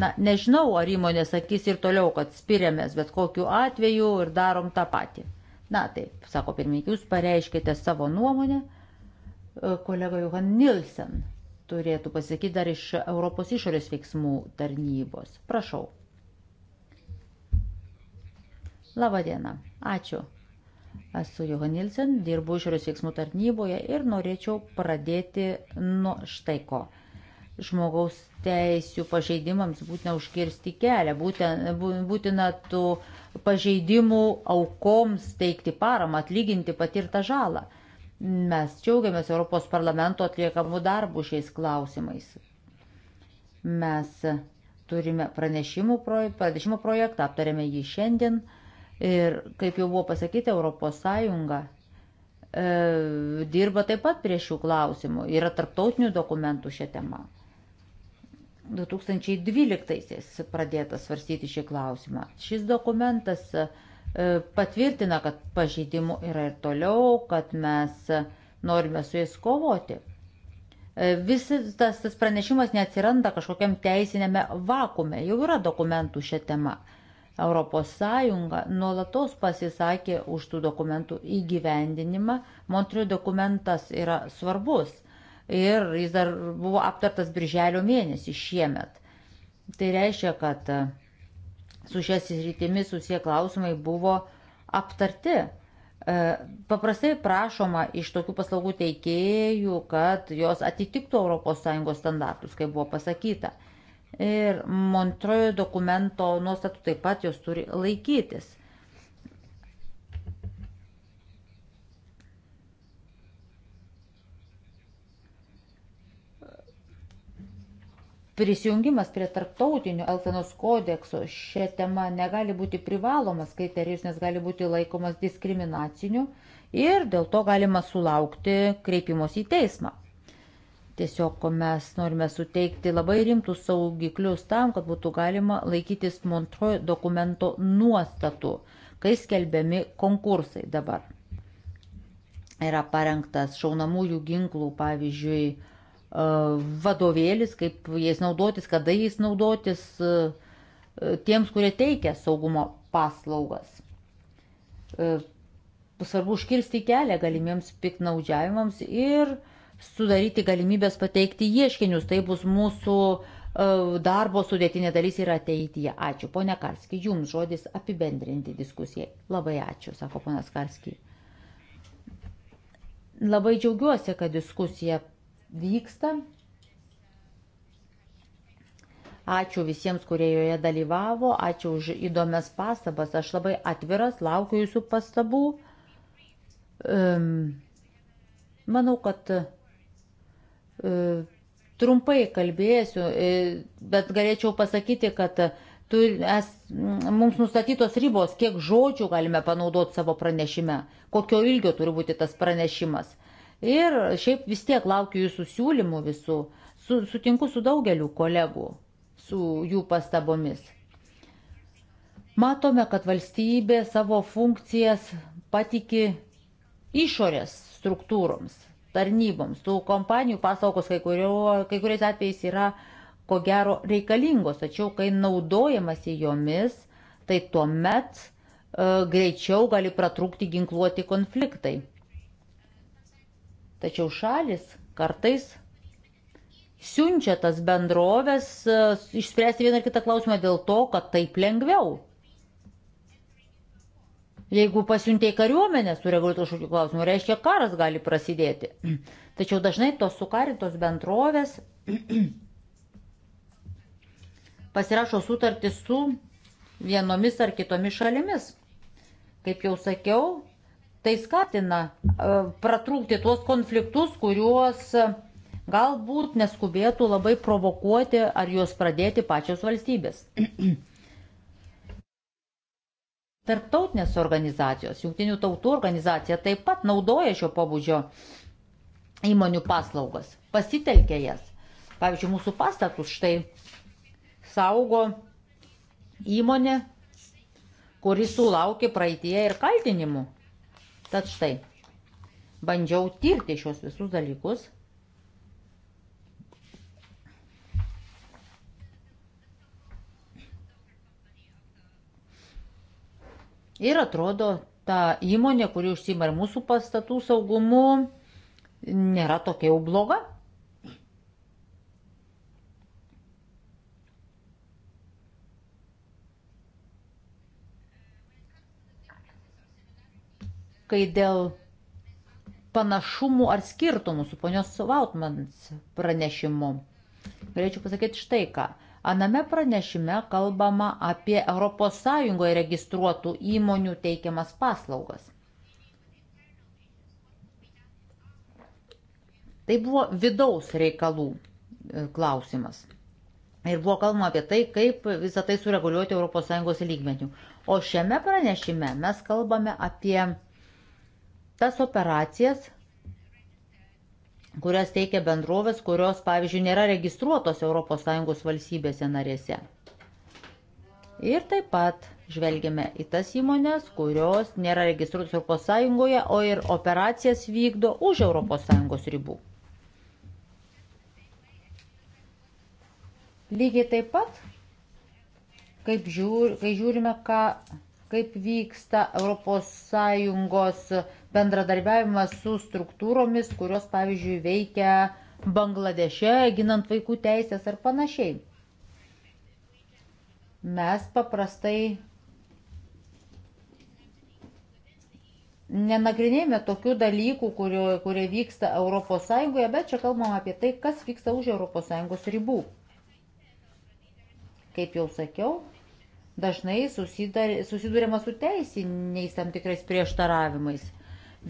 Na, nežinau, ar įmonė sakys ir toliau, kad spiriamės, bet kokiu atveju ir darom tą patį. Na taip, sako pirmininkė, jūs pareiškite savo nuomonę, e, kolega Johan Nilsen turėtų pasakyti dar iš Europos išorės veiksmų tarnybos. Prašau. Labadiena. Ačiū. Esu Johan Nilsen, dirbu išorės veiksmų tarnyboje ir norėčiau pradėti nuo štai ko. Žmogaus teisių pažeidimams būtina užkirsti kelią, būtina, būtina tų pažeidimų aukoms teikti paramą, atlyginti patirtą žalą. Mes džiaugiamės Europos parlamento atliekamų darbų šiais klausimais. Mes turime pranešimų, proje, pranešimų projektą, aptarėme jį šiandien ir, kaip jau buvo pasakyta, Europos Sąjunga e, dirba taip pat prie šių klausimų. Yra tarptautinių dokumentų šią temą. 2012 pradėtas svarstyti šį klausimą. Šis dokumentas e, E, patvirtina, kad pažeidimų yra ir toliau, kad mes norime su jais kovoti. E, Visas tas, tas pranešimas neatsiranda kažkokiam teisinėme vakume, jau yra dokumentų šią temą. ES nuolatos pasisakė už tų dokumentų įgyvendinimą, Montrių dokumentas yra svarbus ir jis dar buvo aptartas birželio mėnesį šiemet. Tai reiškia, kad su šias rytimi susiję klausimai buvo aptarti. E, paprastai prašoma iš tokių paslaugų teikėjų, kad jos atitiktų ES standartus, kaip buvo pasakyta. Ir Montrojo dokumento nuostatų taip pat jos turi laikytis. Prisijungimas prie tarptautinių Elksenos kodekso šią temą negali būti privalomas kriterijus, nes gali būti laikomas diskriminaciniu ir dėl to galima sulaukti kreipimos į teismą. Tiesiog mes norime suteikti labai rimtus saugiklius tam, kad būtų galima laikytis Montrojo dokumento nuostatų, kai skelbiami konkursai dabar. Yra parengtas šaunamųjų ginklų, pavyzdžiui, vadovėlis, kaip jais naudotis, kada jais naudotis e, e, tiems, kurie teikia saugumo paslaugas. E, svarbu užkirsti kelią galimiems piknaudžiavimams ir sudaryti galimybės pateikti ieškinius. Tai bus mūsų darbo sudėtinė dalis yra ateityje. Ačiū, ponia Karski, jums žodis apibendrinti diskusijai. Labai ačiū, sako ponas Karski. Labai džiaugiuosi, kad diskusija vyksta. Ačiū visiems, kurie joje dalyvavo, ačiū už įdomias pastabas. Aš labai atviras, laukiu jūsų pastabų. Um, manau, kad um, trumpai kalbėsiu, e, bet galėčiau pasakyti, kad e, tu, es, mums nustatytos ribos, kiek žodžių galime panaudoti savo pranešime, kokio ilgio turi būti tas pranešimas. Ir šiaip vis tiek laukiu jūsų siūlymų visų. Su, sutinku su daugeliu kolegų, su jų pastabomis. Matome, kad valstybė savo funkcijas patiki išorės struktūroms, tarnyboms. Tų kompanijų paslaugos kai, kurio, kai kuriais atvejais yra ko gero reikalingos, tačiau kai naudojamasi jomis, tai tuomet e, greičiau gali pratrūkti ginkluoti konfliktai. Tačiau šalis kartais siunčia tas bendrovės e, išspręsti vieną ar kitą klausimą dėl to, kad taip lengviau. Jeigu pasiuntė į kariuomenę sureguliuoti kažkokiu klausimu, reiškia, karas gali prasidėti. Tačiau dažnai tos sukarintos bendrovės pasirašo sutartį su vienomis ar kitomis šalimis. Kaip jau sakiau, Tai skatina e, pratrūkti tuos konfliktus, kuriuos e, galbūt neskubėtų labai provokuoti ar juos pradėti pačios valstybės. Tarptautinės organizacijos, jungtinių tautų organizacija taip pat naudoja šio pabudžio įmonių paslaugas, pasitelkia jas. Pavyzdžiui, mūsų pastatus štai saugo įmonė, kuri sulaukė praeitie ir kaltinimų Tad štai, bandžiau tirti šios visus dalykus. Ir atrodo, ta įmonė, kuri užsima ir mūsų pastatų saugumu, nėra tokia jau bloga. kai dėl panašumų ar skirtumų su ponios Vautmans pranešimu. Galėčiau pasakyti štai ką. Aname pranešime kalbama apie ES registruotų įmonių teikiamas paslaugas. Tai buvo vidaus reikalų e, klausimas. Ir buvo kalbama apie tai, kaip visą tai sureguliuoti ES lygmenių. O šiame pranešime mes kalbame apie tas operacijas, kurias teikia bendrovės, kurios, pavyzdžiui, nėra registruotos ES valstybėse narėse. Ir taip pat žvelgiame į tas įmonės, kurios nėra registruotos ES, o ir operacijas vykdo už ES ribų. Lygiai taip pat, kaip žiūr, kai žiūrime, ką, kaip vyksta ES bendradarbiavimas su struktūromis, kurios, pavyzdžiui, veikia Bangladeše, ginant vaikų teisės ar panašiai. Mes paprastai nenagrinėjame tokių dalykų, kurio, kurie vyksta ES, bet čia kalbam apie tai, kas vyksta už ES ribų. Kaip jau sakiau, dažnai susidurėma su teisiniais tam tikrais prieštaravimais.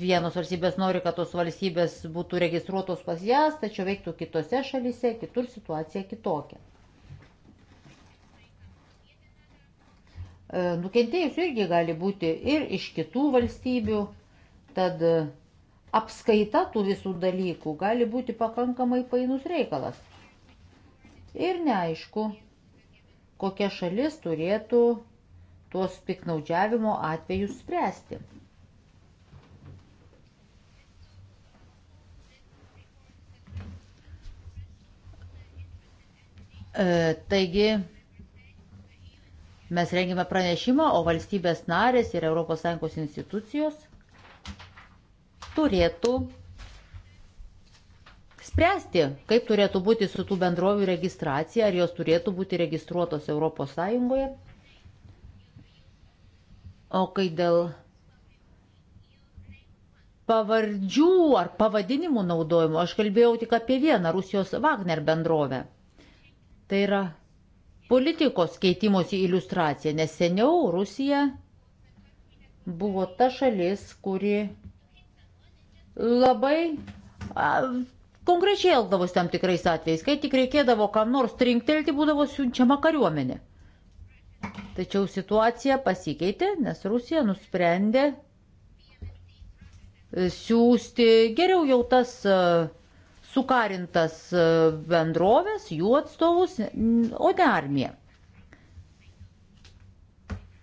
Vienos valstybės nori, kad tos valstybės būtų registruotos pas jas, tačiau veiktų kitose šalyse, kitur situacija kitokia. E, nukentėjusių irgi gali būti ir iš kitų valstybių, tad apskaita tų visų dalykų gali būti pakankamai painus reikalas. Ir neaišku, kokia šalis turėtų tuos piknaudžiavimo atvejus spręsti. E, taigi, mes rengime pranešimą, o valstybės narės ir ES institucijos turėtų spręsti, kaip turėtų būti su tų bendrovių registracija, ar jos turėtų būti registruotos ES. O kai dėl pavardžių ar pavadinimų naudojimo, aš kalbėjau tik apie vieną Rusijos Wagner bendrovę. Tai yra politikos keitimosi iliustracija, nes seniau Rusija buvo ta šalis, kuri labai a, konkrečiai elgdavosi tam tikrais atvejais, kai tik reikėdavo kam nors trinktelti, būdavo siunčiama kariuomenė. Tačiau situacija pasikeitė, nes Rusija nusprendė siūsti geriau jau tas uh, sukarintas e, bendrovės, jų atstovus, o ne armiją.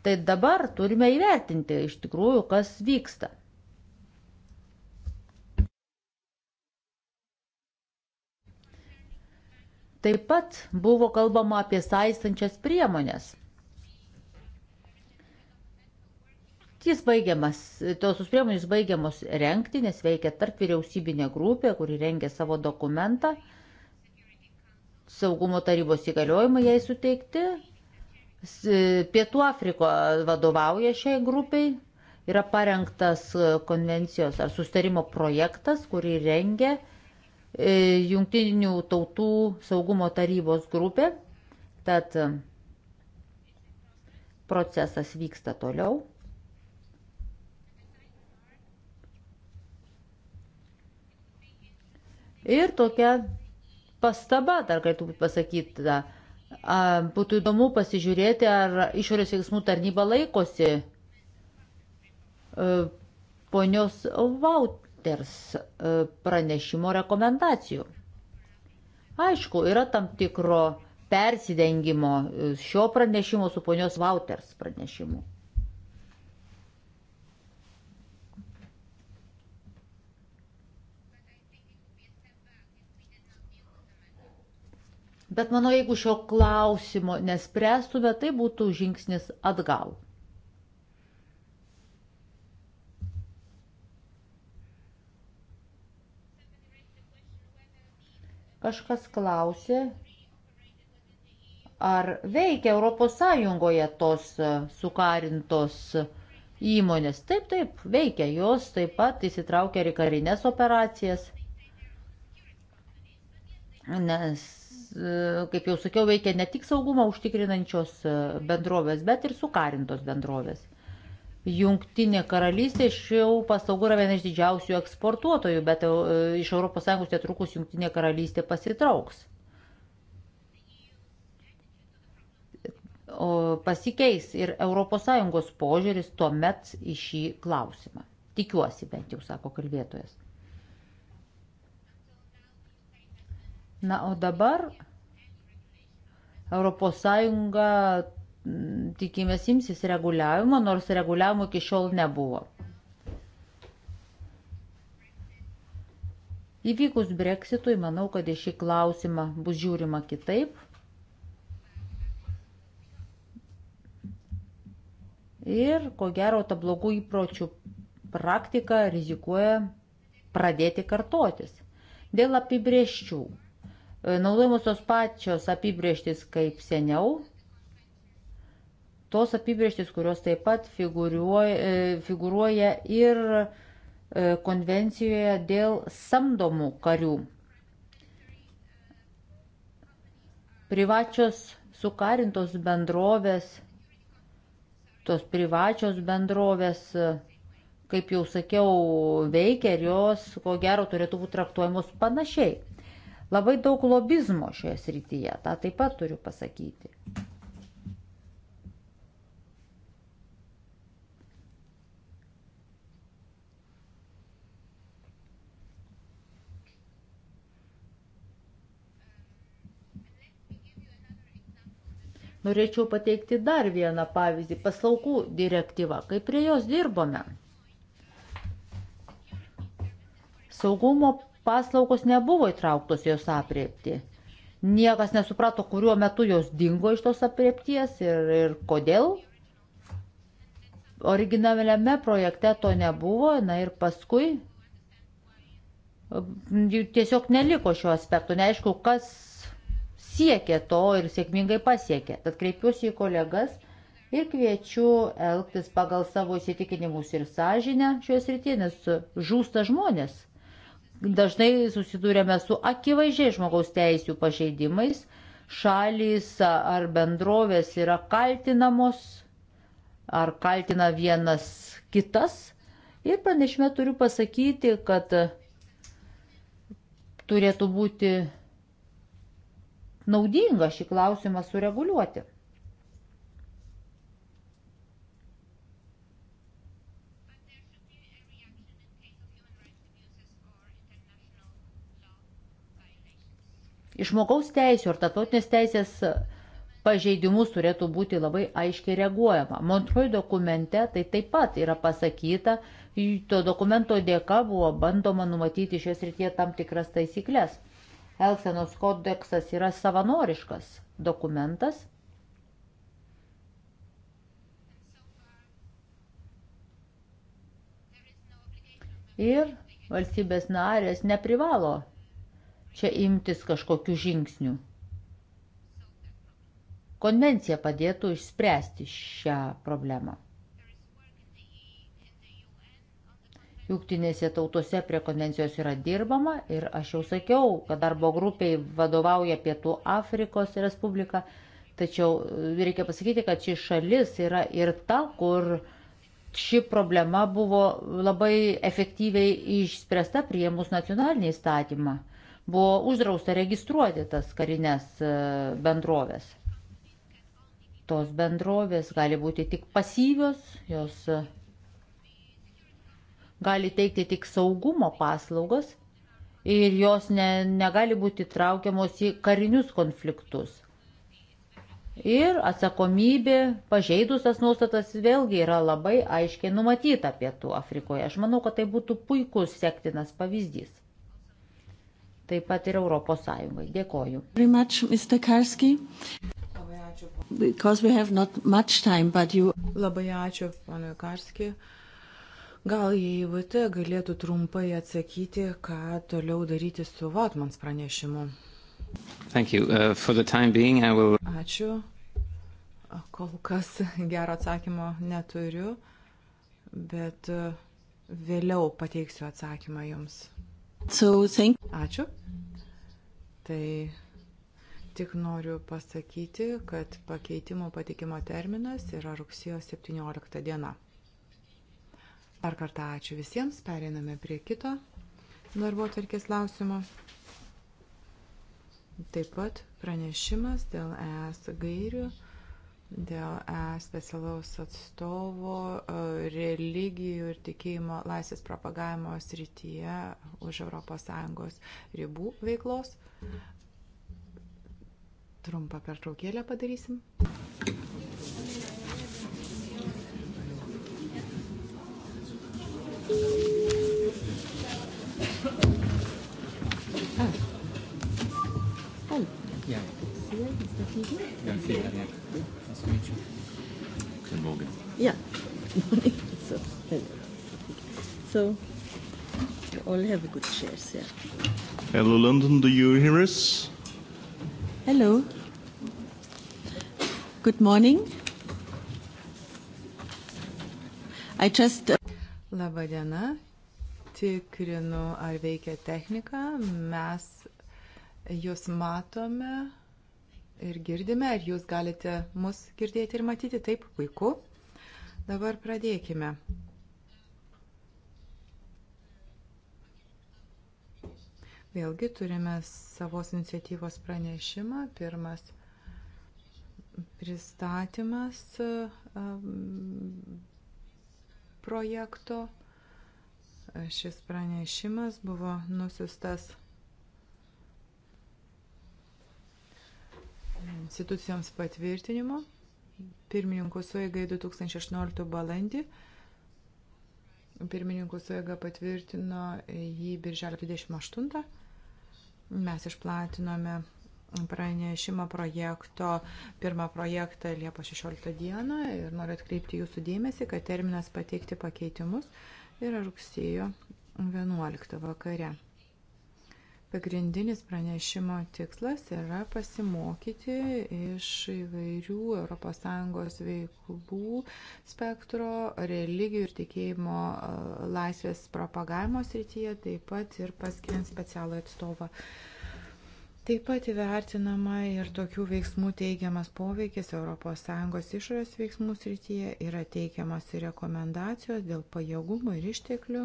Tai dabar turime įvertinti iš tikrųjų, kas vyksta. Taip pat buvo kalbama apie saistančias priemonės. Jis baigiamas, tos priemonės baigiamos renkti, nes veikia tarp vyriausybinė grupė, kuri rengia savo dokumentą. Saugumo tarybos įgaliojimai jai suteikti. Pietų Afriko vadovauja šiai grupiai. Yra parengtas konvencijos ar sustarimo projektas, kurį rengia e, Jungtinių tautų saugumo tarybos grupė. Tad procesas vyksta toliau. Ir tokia pastaba, dar galėtų būti pasakyta, būtų įdomu pasižiūrėti, ar išorės veiksmų tarnyba laikosi e, ponios Vauters e, pranešimo rekomendacijų. Aišku, yra tam tikro persidengimo e, šio pranešimo su ponios Vauters pranešimu. Bet manau, jeigu šio klausimo nespręstume, tai būtų žingsnis atgal. Kažkas klausė, ar veikia ES tos sukarintos įmonės. Taip, taip, veikia jos, taip pat įsitraukia ir karinės operacijas nes, e, kaip jau sakiau, veikia ne tik saugumą užtikrinančios e, bendrovės, bet ir sukarintos bendrovės. Jungtinė karalystė šių paslaugų yra viena iš didžiausių eksportuotojų, bet e, iš ES netrukus Jungtinė karalystė pasitrauks. O pasikeis ir ES požiūris tuo met į šį klausimą. Tikiuosi bent jau, sako kalbėtojas. Na, o dabar ES tikimės imsis reguliavimo, nors reguliavimo iki šiol nebuvo. Įvykus breksitui, manau, kad į šį klausimą bus žiūrima kitaip. Ir ko gero, ta blogų įpročių praktika rizikuoja pradėti kartotis. Dėl apibrieščių E, naudojamos tos pačios apibrieštis kaip seniau, tos apibrieštis, kurios taip pat figūruoja, e, figūruoja ir e, konvencijoje dėl samdomų karių. Privačios sukarintos bendrovės, tos privačios bendrovės, kaip jau sakiau, veikia ir jos, ko gero, turėtų būti traktuojamos panašiai. Labai daug lobizmo šioje srityje, tą taip pat turiu pasakyti. Norėčiau pateikti dar vieną pavyzdį - paslaugų direktyva, kaip prie jos dirbome. Saugumo paslaugos nebuvo įtrauktos jos apriepti. Niekas nesuprato, kuriuo metu jos dingo iš tos apriepties ir, ir kodėl. Originaliame projekte to nebuvo, na ir paskui tiesiog neliko šio aspekto, neaišku, kas siekė to ir sėkmingai pasiekė. Tad kreipiuosi į kolegas ir kviečiu elgtis pagal savo įsitikinimus ir sąžinę šioje srityje, nes žūsta žmonės dažnai susidūrėme su akivaizdžiai žmogaus teisų pažeidimais. Šalys ar bendrovės yra kaltinamos ar kaltina vienas kitas. Ir pranešime turiu pasakyti, kad turėtų būti naudinga šį klausimą sureguliuoti. žmogaus teisų ir tarptautinės teisės pažeidimus turėtų būti labai aiškiai reaguojama. Montroj dokumente tai taip pat yra pasakyta, to dokumento dėka buvo bandoma numatyti šios rytie tam tikras taisyklės. Elksenos kodeksas yra savanoriškas dokumentas. Ir valstybės narės neprivalo čia imtis kažkokių žingsnių. Konvencija padėtų išspręsti šią problemą. Jungtinėse tautose prie konvencijos yra dirbama ir aš jau sakiau, kad darbo grupiai vadovauja Pietų Afrikos Respublika, tačiau e, reikia pasakyti, kad ši šalis yra ir ta, kur ši problema buvo labai efektyviai išspręsta prieimus nacionalinį įstatymą buvo uždrausta registruoti tas karinės e, bendrovės. Tos bendrovės gali būti tik pasyvios, jos e, gali teikti tik saugumo paslaugas ir jos ne, negali būti traukiamos į karinius konfliktus. Ir atsakomybė pažeidus tas nuostatas vėlgi yra labai aiškiai numatyta pietų Afrikoje. Aš manau, kad tai būtų puikus sektinas pavyzdys taip pat ir Europos Sąjungai. Dėkoju. Much, time, you... Labai ačiū, ponui Karski. Gal EIVT galėtų trumpai atsakyti, ką toliau daryti su Vatmans pranešimu. Uh, being, will... Ačiū. Kol kas gero atsakymo neturiu, bet uh, vėliau pateiksiu atsakymą jums. So, thank... Ačiū. Tai tik noriu pasakyti, kad pakeitimo patikimo terminas yra rugsėjo 17 diena. Dar kartą ačiū visiems, pereiname prie kito darbo tvarkės klausimo. Taip pat pranešimas dėl ES gairių dėl e specialaus atstovo e, religijų ir tikėjimo laisvės propagavimo srityje už ES ribų veiklos. Trumpą pertraukėlę padarysim. Ah. Oh. Ja. Sehr, ist das nicht? Ja, vielen Dank. Nice to meet you. Good morning. Yeah. Good morning. So, hello. So, you all have a good chairs, yeah. Hello, London. Do you hear us? Hello. Good morning. I just. Uh, Labą dieną. Tikrinu, ar veikia technika. Mes jūs matome ir girdime, ar jūs galite mus girdėti ir matyti. Taip, puiku. Dabar pradėkime. Vėlgi turime savos iniciatyvos pranešimą. Pirmas pristatymas um, projekto. Šis pranešimas buvo nusistas institucijoms patvirtinimo pirmininkų suėgai 2018 balandį. Pirmininkų suėga patvirtino jį birželio 28. Mes išplatinome pranešimo projekto, pirmą projektą Liepo 16 dieną ir noriu atkreipti jūsų dėmesį, kad terminas pateikti pakeitimus yra rugsėjo 11 vakare. Pagrindinis pranešimo tikslas yra pasimokyti iš įvairių ES veiklų spektro, religijų ir tikėjimo laisvės propagavimo srityje, taip pat ir paskiriant specialų atstovą Taip pat įvertinama ir tokių veiksmų teigiamas poveikis ES išorės veiksmų srityje yra teikiamas ir rekomendacijos dėl pajėgumų ir išteklių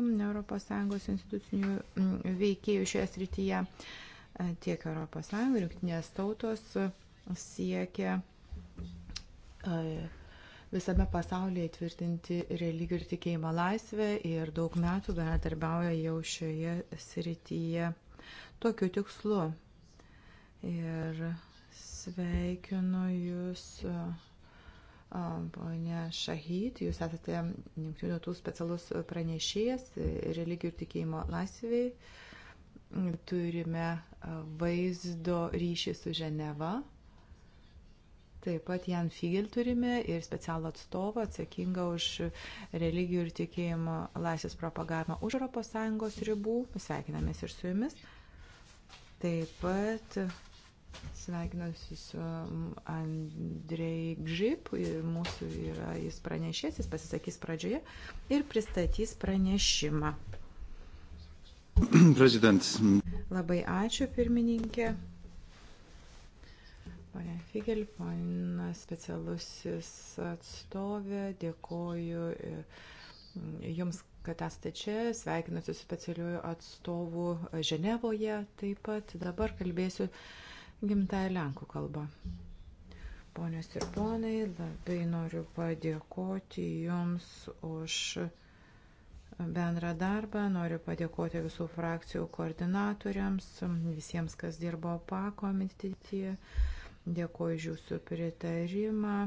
ES institucinių mm, veikėjų šioje srityje. Tiek ES ir jungtinės tautos siekia visame pasaulyje įtvirtinti religijų ir tikėjimo laisvę ir daug metų bendradarbiauja jau šioje srityje. Tokiu tikslu ir sveikinu Jūs, ponė Šahid, Jūs esate Junktinių tautų specialus pranešėjas religijų ir tikėjimo laisviai. Turime vaizdo ryšį su Ženeva. Taip pat Jan Figel turime ir specialų atstovą atsakingą už religijų ir tikėjimo laisvės propagavimą už ES ribų. Sveikinamės ir su jumis. Taip pat sveikinuosi su mm, Andrei Gžip, mūsų yra jis pranešės, jis pasisakys pradžioje ir pristatys pranešimą. Prezident. Labai ačiū, pirmininkė. Pane Figel, pana specialusis atstovė, dėkoju e, Jums kad esate čia. Sveikinuosi su specialiuoju atstovu e, Ženevoje taip pat. Dabar kalbėsiu gimtąją lenkų kalbą. Ponios ir ponai, labai noriu padėkoti Jums už bendrą darbą. Noriu padėkoti visų frakcijų koordinatoriams, visiems, kas dirbo pakomitetyje. Dėkuoju už Jūsų pritarimą,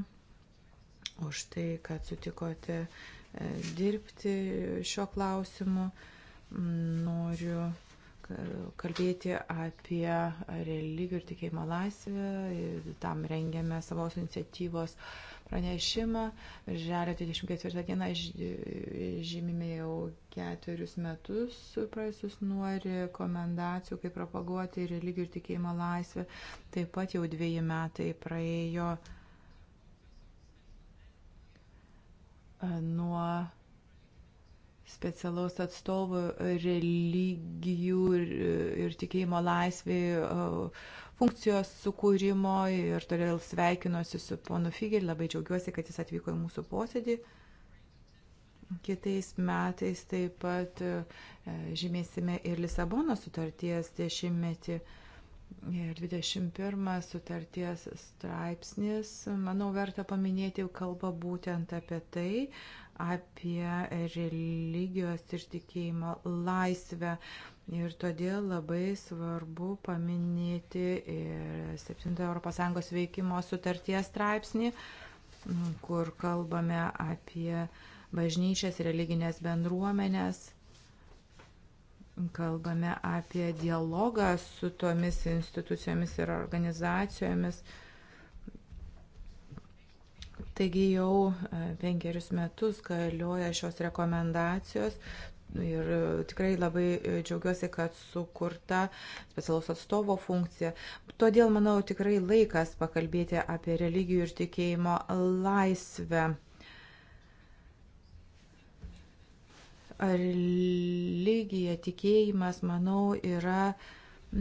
už tai, kad sutikote uh, E, dirbti šio klausimu. Mm, noriu kalbėti apie religijų ir tikėjimo laisvę. Tam rengėme savos iniciatyvos pranešimą. Birželio 24 dieną e, žymime jau ketverius metus praėjusius nuo rekomendacijų, kaip propaguoti religijų ir tikėjimo laisvę. Taip pat jau dviejai metai praėjo nuo specialaus atstovų religijų ir, ir tikėjimo laisvė e, funkcijos sukūrimo ir todėl sveikinuosi su ponu Figel, labai džiaugiuosi, kad jis atvyko į mūsų posėdį. Kitais metais taip pat e, žymėsime ir Lisabono sutarties dešimtmetį. Tai Ir 21 sutarties straipsnis, manau, verta paminėti, kalba būtent apie tai, apie religijos ir tikėjimo laisvę. Ir todėl labai svarbu paminėti ir 7 ES veikimo sutarties straipsnį, kur kalbame apie bažnyčias, religinės bendruomenės kalbame apie dialogą su tomis institucijomis ir organizacijomis. Taigi jau e, penkerius metus galioja šios rekomendacijos. Ir e, tikrai labai e, džiaugiuosi, kad sukurta specialaus atstovo funkcija. Todėl, manau, tikrai laikas pakalbėti apie religijų ir tikėjimo laisvę. religija, tikėjimas, manau, yra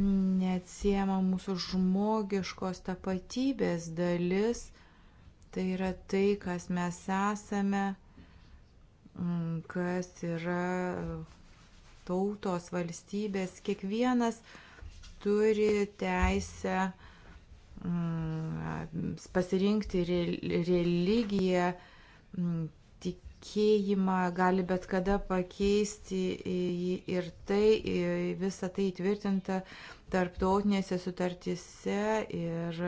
neatsiema mūsų žmogiškos tapatybės dalis. Tai yra tai, kas mes esame, mm, kas yra tautos, valstybės. Kiekvienas turi teisę mm, pasirinkti religiją, mm, tikėjimą gali bet kada pakeisti ir tai, visa tai įtvirtinta tarptautinėse sutartyse ir,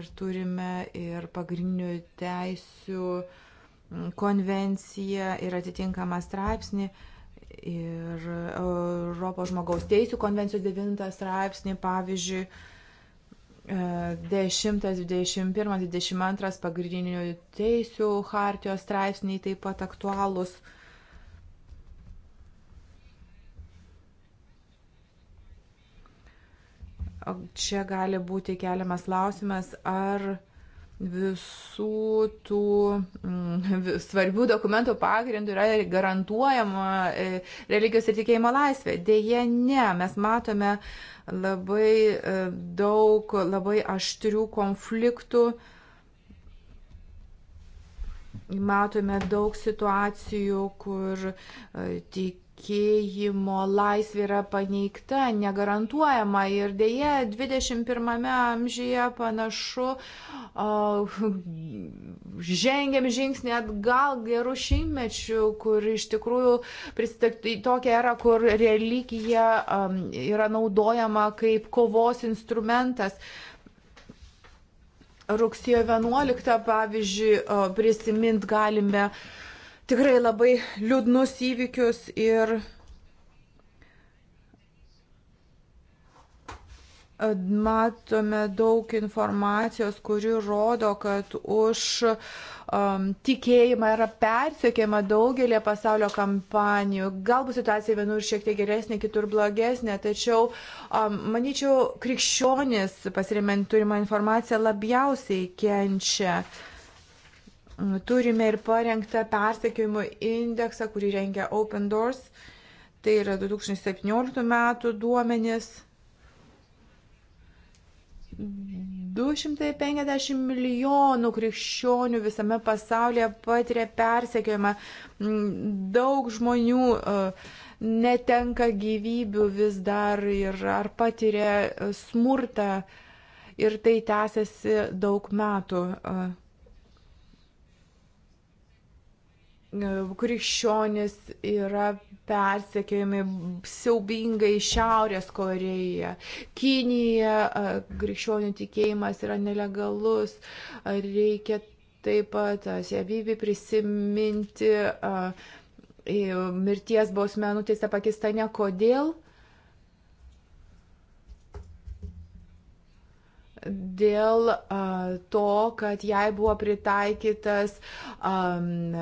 ir turime ir pagrindinių teisių konvenciją ir atitinkamą straipsnį ir e, Europos žmogaus teisų konvencijos 9 straipsnį, pavyzdžiui, 10.21.22 pagrindinių teisių hartijos straipsniai taip pat aktualūs. Čia gali būti keliamas klausimas, ar visų tų mm, svarbių dokumentų pagrindų yra garantuojama e, religijos ir tikėjimo laisvė. Deja, ne, mes matome labai e, daug labai aštrių konfliktų, matome daug situacijų, kur e, tikėjimas tikėjimo laisvė yra paneigta, negarantuojama ir dėje 21-ame amžiuje panašu uh, žengiam žingsnį atgal gerų šimtmečių, kur iš tikrųjų pristatyti tokią erą, kur religija um, yra naudojama kaip kovos instrumentas. Rugsėjo 11, pavyzdžiui, prisimint galime uh, tikrai labai liūdnus įvykius ir e, matome daug informacijos, kuri rodo, kad už um, tikėjimą yra persiekiama daugelį pasaulio kampanijų. Galbūt situacija vienur šiek tiek geresnė, kitur blogesnė, tačiau, um, manyčiau, krikščionis pasiriment turimą informaciją labiausiai kenčia. Uh, Turime ir parengtą persekiojimo indeksą, kurį rengia Open Doors. Tai yra 2017 metų duomenis. 250 milijonų krikščionių visame pasaulyje patiria persekiojimą. Mm, daug žmonių e, netenka gyvybių vis dar ir ar patiria smurtą. Ir tai tęsiasi daug metų. E. krikščionis yra persekiojami siaubingai Šiaurės Koreja, Kinija, krikščionių tikėjimas yra nelegalus, reikia taip pat Asebybį prisiminti mirties bausmę nuteista Pakistane. Kodėl? dėl to, kad jai buvo pritaikytas um,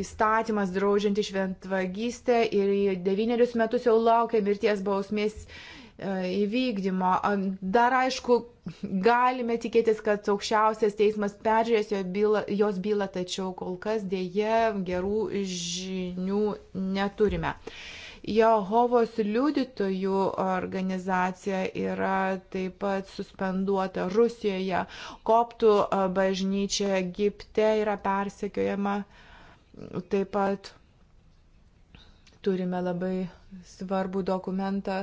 įstatymas draužinti šventvagystę ir devynerius metus jau laukia mirties bausmės įvykdymo. Dar aišku, galime tikėtis, kad aukščiausias teismas peržiūrės jo bylą, jos bylą, tačiau kol kas dėje gerų žinių neturime. Uh, Jehovos liudytojų organizacija yra taip pat suspenduota Rusijoje, koptų bažnyčia Egipte yra persekiojama. Taip pat turime labai svarbų dokumentą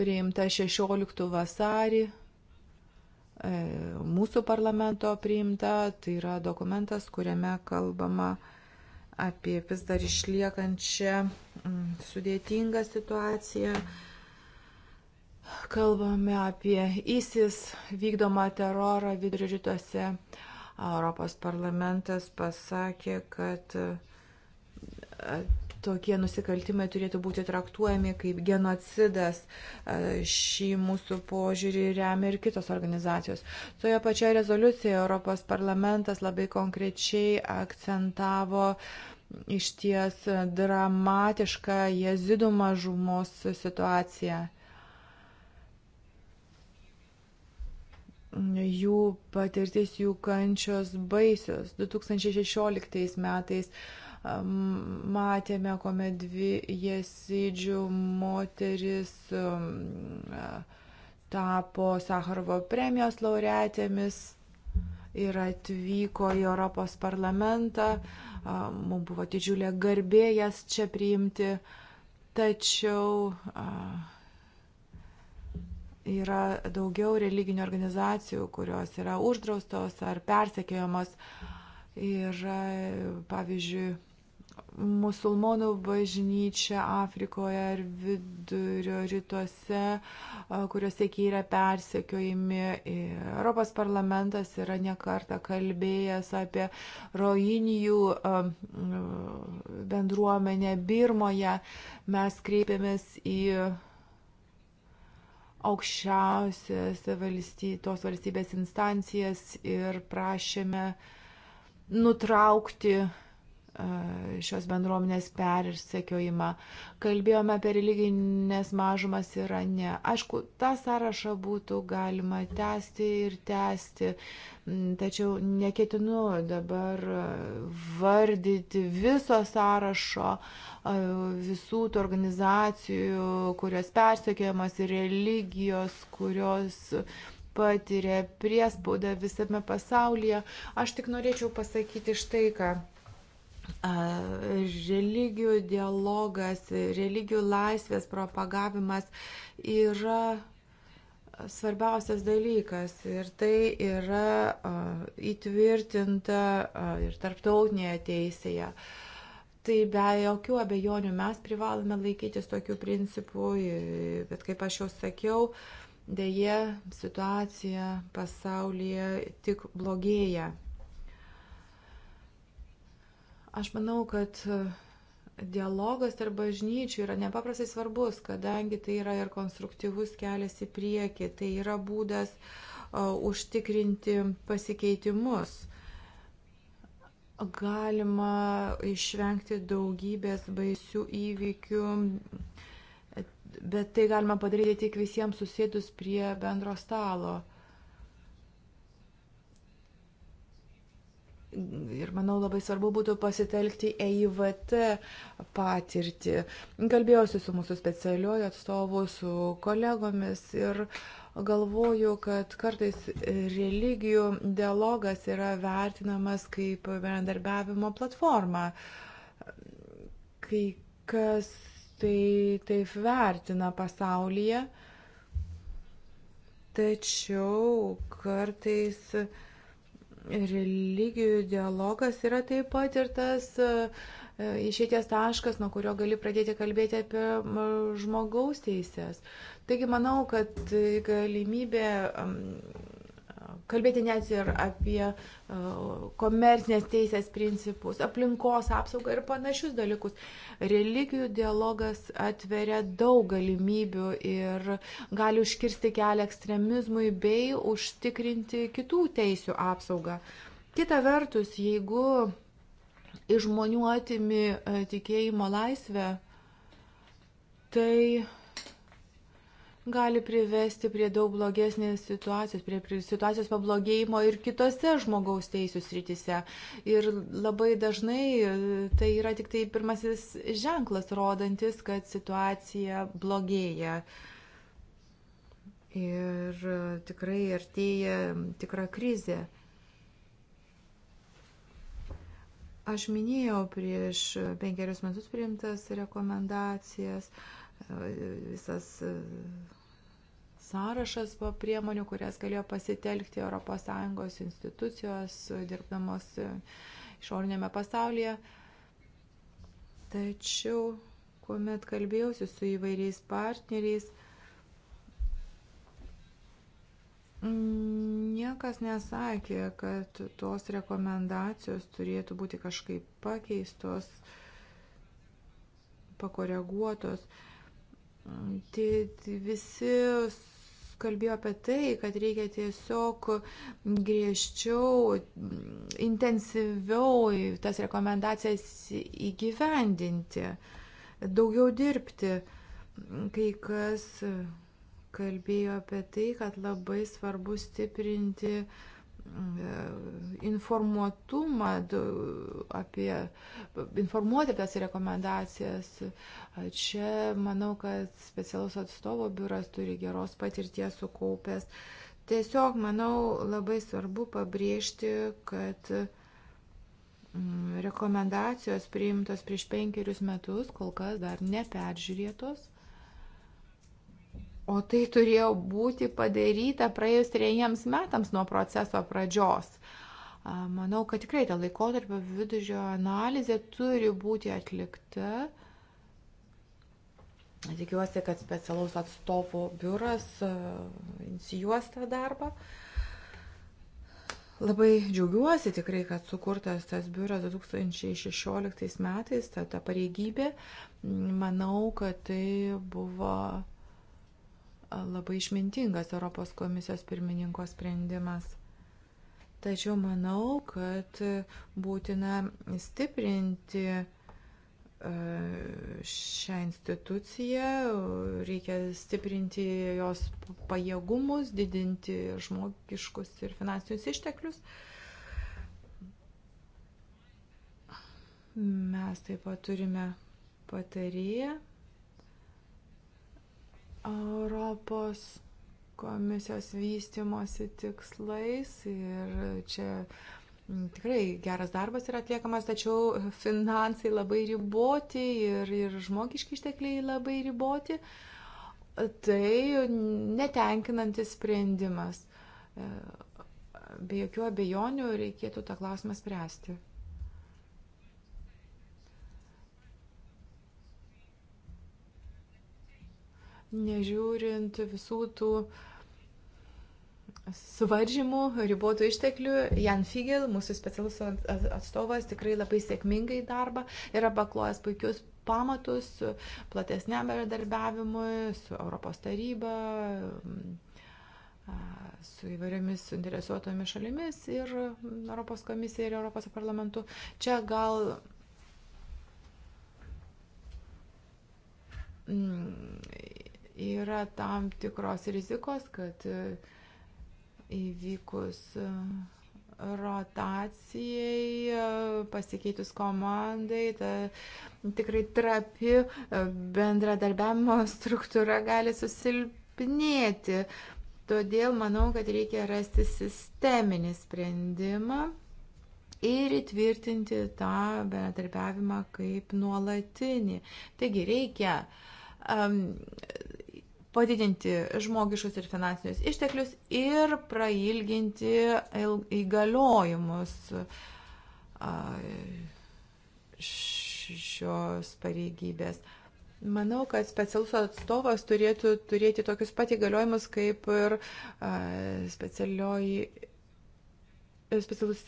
priimtą 16 vasarį e, mūsų parlamento priimta, tai yra dokumentas, kuriame kalbama apie vis dar išliekančią mm, sudėtingą situaciją. Kalbame apie ISIS vykdomą terorą vidurio rytuose. Europos parlamentas pasakė, kad tokie nusikaltimai turėtų būti traktuojami kaip genocidas. Šį mūsų požiūrį remia ir kitos organizacijos. Toje pačioje rezoliucijoje Europos parlamentas labai konkrečiai akcentavo iš ties dramatišką jezidų mažumos situaciją. Jų patirtis, jų kančios baisios. 2016 metais matėme, kuomet dvi jesidžių moteris tapo Sakarovo premijos laureatėmis ir atvyko į Europos parlamentą. Mums buvo didžiulė garbė jas čia priimti, tačiau yra daugiau religinių organizacijų, kurios yra uždraustos ar persekiojamos. Ir pavyzdžiui, musulmonų bažnyčia Afrikoje ir vidurio rytuose, kuriuose siekiai yra persekiojami. Europos parlamentas yra nekarta kalbėjęs apie roinijų bendruomenę Birmoje. Mes kreipėmės į aukščiausias valstybės, tos valstybės instancijas ir prašėme nutraukti uh, šios bendruomenės persekiojimą. Kalbėjome apie religinės mažumas Irane. Aišku, tą sąrašą būtų galima tęsti ir tęsti, tačiau neketinu dabar vardyti viso sąrašo visų tų organizacijų, kurios persekiojamas ir religijos, kurios patiria priespaudą visame pasaulyje. Aš tik norėčiau pasakyti štai ką religijų dialogas, religijų laisvės propagavimas yra svarbiausias dalykas ir tai yra įtvirtinta ir tarptautinėje teisėje. Tai be jokių abejonių mes privalome laikytis tokių principų, bet kaip aš jau sakiau, dėje situacija pasaulyje tik blogėja. Aš manau, kad e, dialogas tarp bažnyčių yra nepaprastai svarbus, kadangi tai yra ir konstruktyvus kelias į priekį, tai yra būdas uh, užtikrinti pasikeitimus. Galima išvengti daugybės baisių įvykių, bet tai galima padaryti tik visiems susėdus prie bendro stalo. Ir manau labai svarbu būtų pasitelkti EIVT patirtį. Kalbėjausi su mūsų specialiuoju atstovu, su kolegomis ir galvoju, kad kartais religijų dialogas yra vertinamas kaip bendarbiavimo platforma. Kai kas tai taip vertina pasaulyje, tačiau kartais religijų dialogas yra taip pat ir tas e, išėties taškas, nuo kurio gali pradėti kalbėti apie žmogaus teisės. Taigi manau, kad galimybė kalbėti net ir apie e, komercinės teisės principus, aplinkos apsaugą ir panašius dalykus. Religijų dialogas atveria daug galimybių ir gali užkirsti kelią ekstremizmui bei užtikrinti kitų teisių apsaugą. Kita vertus, jeigu iš žmonių atimi e, tikėjimo laisvę, tai gali privesti prie daug blogesnės situacijos, prie, prie situacijos pablogėjimo ir kitose žmogaus teisų srityse. Ir labai dažnai e, tai yra tik tai pirmasis ženklas, rodantis, kad situacija blogėja. Ir e, tikrai artėja tikra krizė. Aš minėjau prieš penkerius metus priimtas rekomendacijas, e, visas sąrašas buvo priemonių, kurias galėjo pasitelkti ES institucijos, dirbdamos išorinėme pasaulyje. Tačiau, kuomet kalbėjausi su įvairiais partneriais, niekas nesakė, kad tos rekomendacijos turėtų būti kažkaip pakeistos, pakoreguotos. Tai visi kalbėjo apie tai, kad reikia tiesiog griežčiau, intensyviau tas rekomendacijas įgyvendinti, daugiau dirbti. Kai kas kalbėjo apie tai, kad labai svarbu stiprinti uh, E, informuotumą apie, informuoti tas rekomendacijas. Čia manau, kad specialus atstovo biuras turi geros patirties sukaupęs. Tiesiog, manau, labai svarbu pabrėžti, kad mm, rekomendacijos priimtos prieš penkerius metus kol kas dar neperžiūrėtos. O tai turėjo būti padaryta praėjus trejiems metams nuo proceso pradžios. Manau, kad tikrai ta laikotarpio viduržio analizė turi būti atlikta. Tikiuosi, kad specialaus atstovų biuras inicijuos tą darbą. Labai džiaugiuosi tikrai, kad sukurtas tas biuras 2016 metais, ta, ta pareigybė. Manau, kad tai buvo labai išmintingas Europos komisijos pirmininko sprendimas. Tačiau manau, kad būtina stiprinti e, šią instituciją, reikia stiprinti jos pajėgumus, didinti žmogiškus ir finansinius išteklius. Mes taip pat turime patarėją Europos komisijos vystimosi tikslais ir čia tikrai geras darbas yra atliekamas, tačiau finansai labai riboti ir, ir žmogiški ištekliai labai riboti. Tai netenkinantis sprendimas. E, be jokių abejonių reikėtų tą klausimą spręsti. nežiūrint visų tų suvaržymų, ribotų išteklių, Jan Figel, mūsų specialus atstovas, tikrai labai sėkmingai darbą yra paklojęs puikius pamatus platesniam bendradarbiavimui su Europos taryba, su įvairiomis suinteresuotomis šalimis ir Europos komisija ir Europos parlamentu. Čia gal mm, yra tam tikros rizikos, kad e, įvykus e, rotacijai, e, pasikeitus komandai, ta tikrai trapi bendradarbiavimo struktūra gali susilpnėti. Todėl manau, kad reikia rasti sisteminį sprendimą ir įtvirtinti tą bendradarbiavimą kaip nuolatinį. Taigi reikia um, padidinti žmogiškus ir finansinius išteklius ir prailginti įgaliojimus šios pareigybės. Manau, kad specialus atstovas turėtų turėti tokius pat įgaliojimus kaip ir specialioji, specialus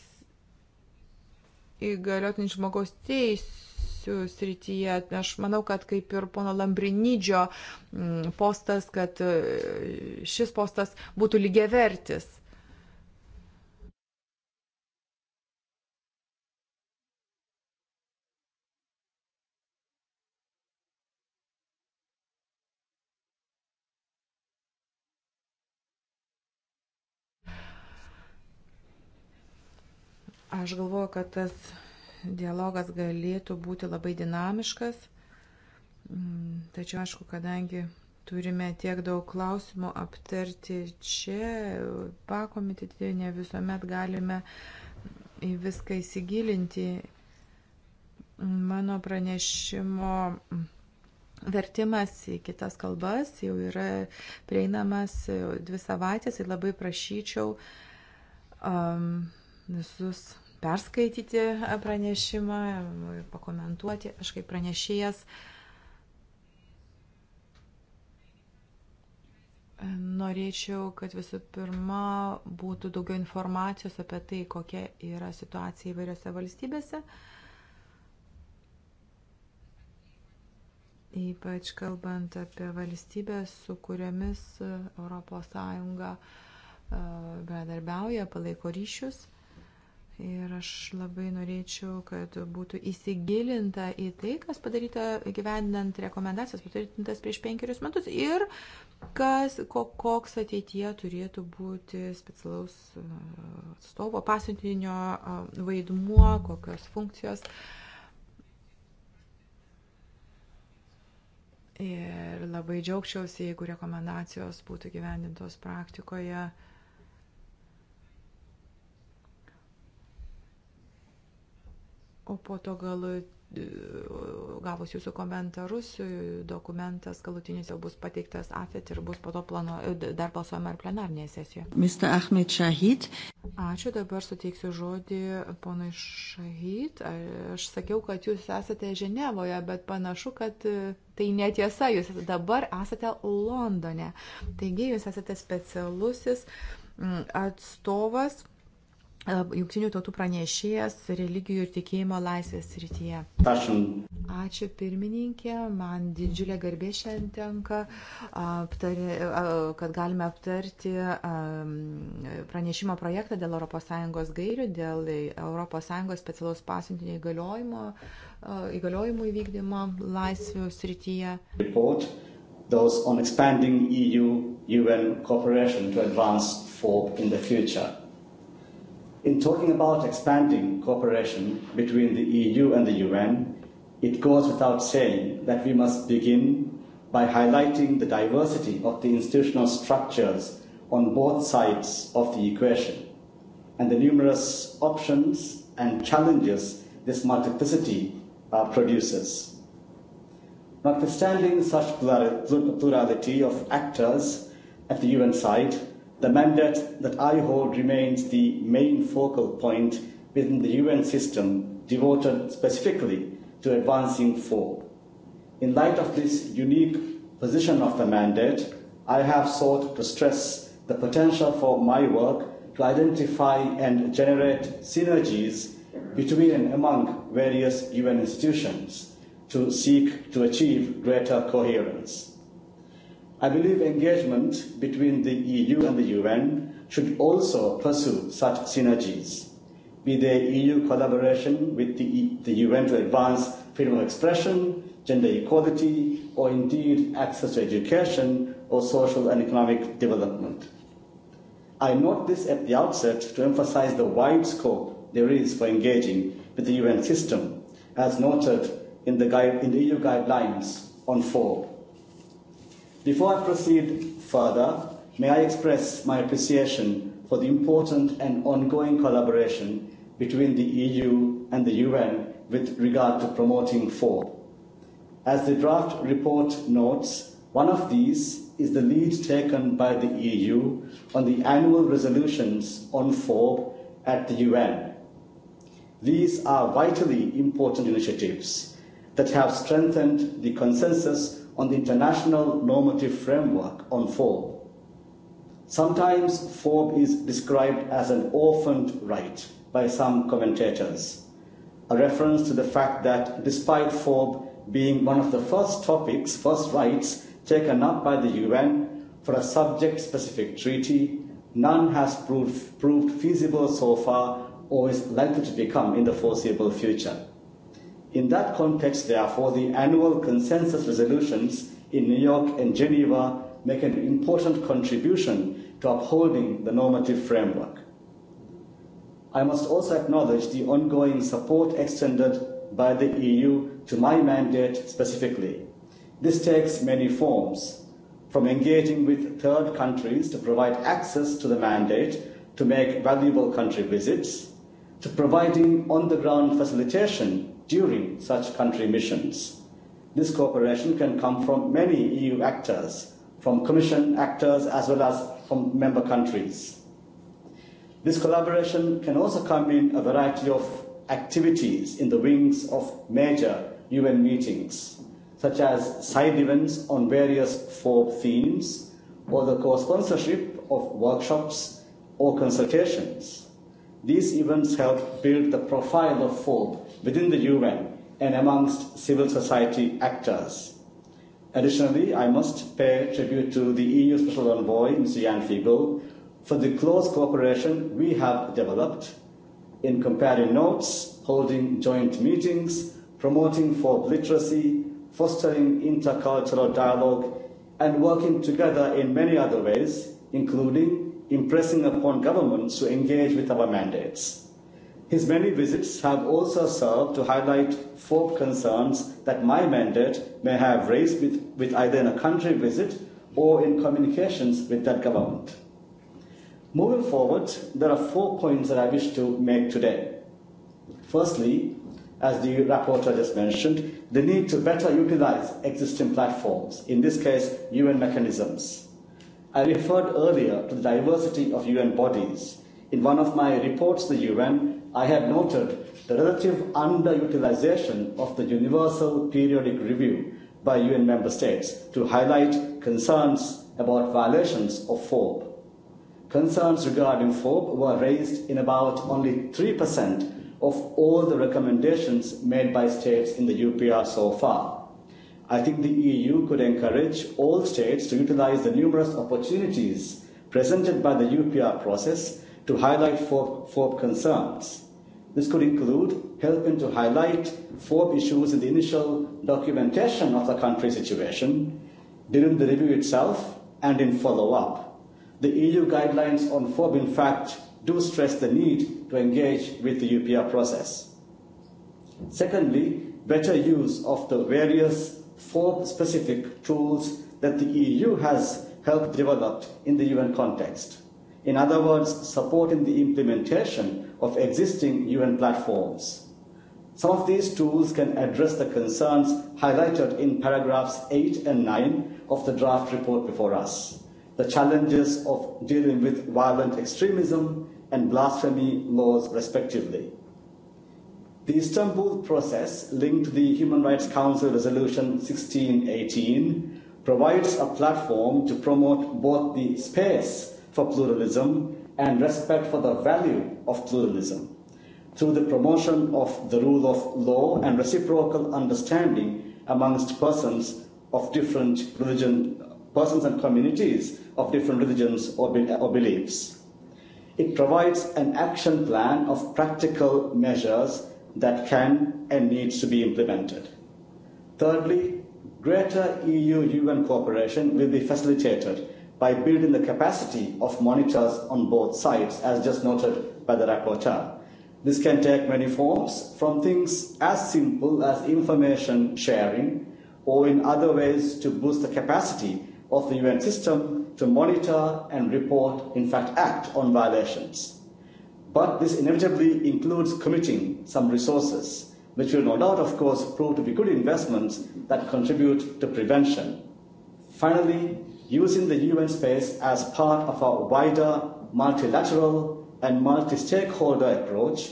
įgaliotinis žmogaus teisų teisų srityje. Aš manau, kad kaip ir pono Lambrinidžio mm, postas, kad e, šis postas būtų lygiavertis. aš galvoju, kad tas dialogas galėtų būti labai dinamiškas, mm, tačiau aišku, kadangi turime tiek daug klausimų aptarti čia, pakomitėti, ne visuomet galime į viską įsigilinti. Mano pranešimo vertimas į kitas kalbas jau yra prieinamas dvi savaitės ir labai prašyčiau um, visus perskaityti pranešimą, pakomentuoti, aš kaip pranešėjas. Norėčiau, kad visų pirma būtų daugiau informacijos apie tai, kokia yra situacija įvairiose valstybėse. Ypač kalbant apie valstybės, su kuriamis ES e, bendarbiauja, palaiko ryšius. Ir aš labai norėčiau, kad būtų įsigilinta į tai, kas padaryta gyvendant rekomendacijas patvirtintas prieš penkerius metus ir kas, ko, koks ateitie turėtų būti specialaus uh, atstovo pasiuntinio uh, vaidmuo, kokios funkcijos. Ir labai džiaugčiausi, jeigu rekomendacijos būtų gyvendintos praktikoje. O po to gal e, gavus jūsų komentarus, e, dokumentas galutinis jau bus pateiktas AFET ir bus po to plano, e, dar balsuojama ir plenarnėje sesijoje. Mr. Ahmed Shahid. Ačiū, dabar suteiksiu žodį ponui Šahid. Aš sakiau, kad jūs esate Ženevoje, bet panašu, kad tai netiesa, jūs dabar esate Londone. Taigi jūs esate specialusis atstovas Junktinių tautų pranešėjas religijų ir tikėjimo laisvės rytyje. Ačiū pirmininkė, man didžiulė garbė šiandien tenka, aptari, kad galime aptarti pranešimo projektą dėl ES gairių, dėl ES specialaus pasiuntinio įgaliojimo, įgaliojimų įvykdymo laisvių srityje. Report, those on expanding EU-UN cooperation to advance forward in the future. In talking about expanding cooperation between the EU and the UN, it goes without saying that we must begin by highlighting the diversity of the institutional structures on both sides of the equation and the numerous options and challenges this multiplicity uh, produces. Notwithstanding such plurality of actors at the UN side, The mandate that I hold remains the main focal point within the UN system devoted specifically to advancing four. In light of this unique position of the mandate, I have sought to stress the potential for my work to identify and generate synergies between and among various UN institutions to seek to achieve greater coherence. I believe engagement between the EU and the UN should also pursue such synergies, be they EU collaboration with the, e- the UN to advance freedom of expression, gender equality, or indeed access to education or social and economic development. I note this at the outset to emphasize the wide scope there is for engaging with the UN system, as noted in the, guide, in the EU guidelines on four Before I proceed further, may I express my appreciation for the important and ongoing collaboration between the EU and the UN with regard to promoting four. As the draft report notes, one of these is the lead taken by the EU on the annual resolutions on FOB at the UN. These are vitally important initiatives that have strengthened the consensus on the international normative framework on FOB. Sometimes FOB is described as an orphaned right by some commentators, a reference to the fact that despite FOB being one of the first topics, first rights taken up by the UN for a subject specific treaty, none has proved, proved feasible so far or is likely to become in the foreseeable future. In that context, therefore, the annual consensus resolutions in New York and Geneva make an important contribution to upholding the normative framework. I must also acknowledge the ongoing support extended by the EU to my mandate specifically. This takes many forms, from engaging with third countries to provide access to the mandate to make valuable country visits, to providing on the ground facilitation during such country missions. This cooperation can come from many EU actors, from Commission actors as well as from member countries. This collaboration can also come in a variety of activities in the wings of major UN meetings, such as side events on various four themes, or the co-sponsorship of workshops or consultations. These events help build the profile of FOB within the UN and amongst civil society actors. Additionally, I must pay tribute to the EU Special Envoy, Mr. Jan Fiegel, for the close cooperation we have developed in comparing notes, holding joint meetings, promoting folk literacy, fostering intercultural dialogue, and working together in many other ways, including impressing upon governments to engage with our mandates. His many visits have also served to highlight four concerns that my mandate may have raised with, with either in a country visit or in communications with that government. Moving forward, there are four points that I wish to make today. Firstly, as the rapporteur just mentioned, the need to better utilize existing platforms, in this case, UN mechanisms. I referred earlier to the diversity of UN bodies. In one of my reports, the UN I had noted the relative underutilization of the Universal Periodic Review by UN member states to highlight concerns about violations of FOB. Concerns regarding FOB were raised in about only 3% of all the recommendations made by states in the UPR so far. I think the EU could encourage all states to utilize the numerous opportunities presented by the UPR process to highlight FOB, FOB concerns. This could include helping to highlight FOB issues in the initial documentation of the country situation, during the review itself, and in follow-up. The EU guidelines on FOB, in fact, do stress the need to engage with the UPR process. Secondly, better use of the various FOB-specific tools that the EU has helped develop in the UN context. In other words, support in the implementation of existing UN platforms. Some of these tools can address the concerns highlighted in paragraphs 8 and 9 of the draft report before us. The challenges of dealing with violent extremism and blasphemy laws respectively. The Istanbul process linked to the Human Rights Council Resolution 1618 provides a platform to promote both the space for pluralism and respect for the value of pluralism through the promotion of the rule of law and reciprocal understanding amongst persons of different religion, persons and communities of different religions or, be, or beliefs. It provides an action plan of practical measures that can and needs to be implemented. Thirdly, greater EU-UN cooperation will be facilitated by building the capacity of monitors on both sides, as just noted by the rapporteur. This can take many forms, from things as simple as information sharing or in other ways to boost the capacity of the UN system to monitor and report, in fact, act on violations. But this inevitably includes committing some resources, which will no doubt, of course, prove to be good investments that contribute to prevention. Finally, using the UN space as part of our wider multilateral and multi-stakeholder approach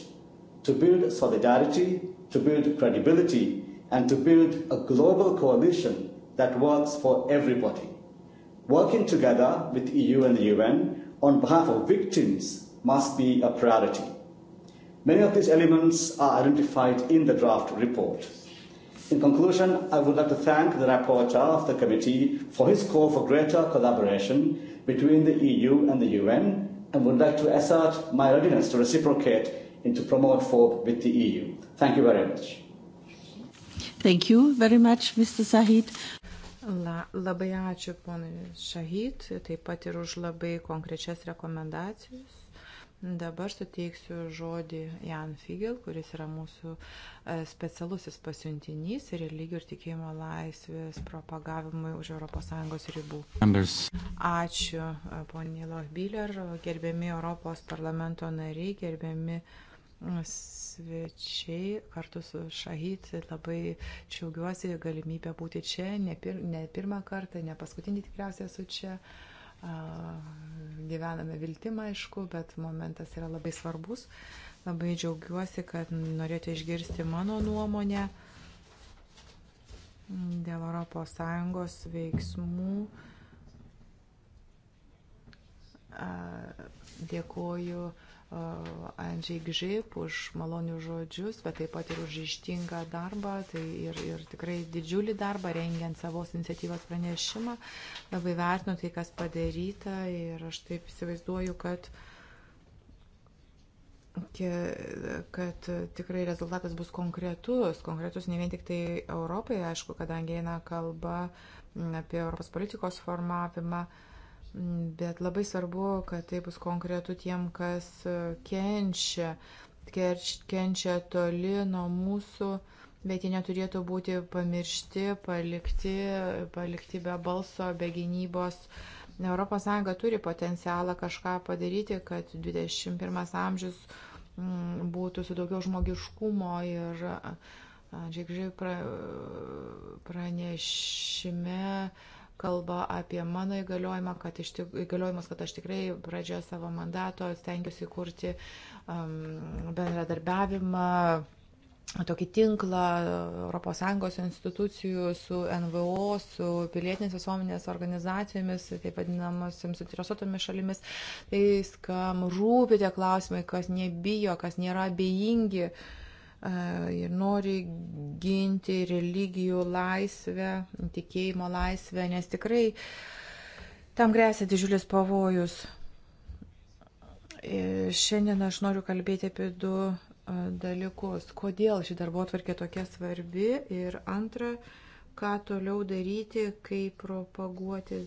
to build solidarity, to build credibility, and to build a global coalition that works for everybody. Working together with EU e and the UN on behalf of victims must be a priority. Many of these elements are identified in the draft report. In conclusion, I would like to thank the rapporteur of the committee for his call for greater collaboration between the EU and the UN and would like to assert my readiness to reciprocate and to promote FOB with the EU. Thank you very much. Thank you very much, Mr. Sahid. La, labai ačiū ponui Šahit, taip pat ir už labai konkrečias rekomendacijas. Dabar suteiksiu žodį Jan Figel, kuris yra mūsų e, specialusis pasiuntinys religijų ir tikėjimo laisvės propagavimui už ES ribų. Anders. Ačiū, e, poniai Lohbiller, gerbiami Europos parlamento nariai, gerbiami svečiai kartu su Šahit. Labai džiaugiuosi galimybę būti čia, ne, pir, ne pirmą kartą, ne paskutinį tikriausiai esu čia. Uh, Gyvename viltim, aišku, bet momentas yra labai svarbus. Labai džiaugiuosi, kad norėtų išgirsti mano nuomonę dėl ES veiksmų. Dėkuoju Andžiai Gžip už malonių žodžius, bet taip pat ir už ištingą darbą, tai ir, ir tikrai didžiulį darbą rengiant savos iniciatyvos pranešimą. Labai vertinu tai, kas padaryta ir aš taip įsivaizduoju, kad kad tikrai rezultatas bus konkretus, konkretus ne vien tik tai Europai, aišku, kadangi eina kalba apie Europos politikos formavimą, uh, Bet labai svarbu, kad tai bus konkretu tiem, kas e, kenčia, kenčia toli nuo mūsų, bet jie neturėtų būti pamiršti, palikti, palikti be balso, be gynybos. ES turi potencialą kažką padaryti, kad 21 amžius mm, būtų su daugiau žmogiškumo ir Andžiai Gžiai pra, pranešime kalba apie mano įgaliojimą, kad iš, įgaliojimus, kad aš tikrai pradžioje savo mandato stengiuosi kurti um, bendradarbiavimą tokį tinklą ES institucijų su NVO, su pilietinės visuomenės organizacijomis, taip vadinamosiams sutriosotomis šalimis, tais, kam rūpi tie klausimai, kas nebijo, kas nėra abejingi uh, ir nori ginti religijų laisvę, tikėjimo laisvę, nes tikrai tam grėsia didžiulis pavojus. Ir šiandien aš noriu kalbėti apie du dalykus. Kodėl ši darbo atvarkė tokia svarbi ir antra, ką toliau daryti, kaip propaguoti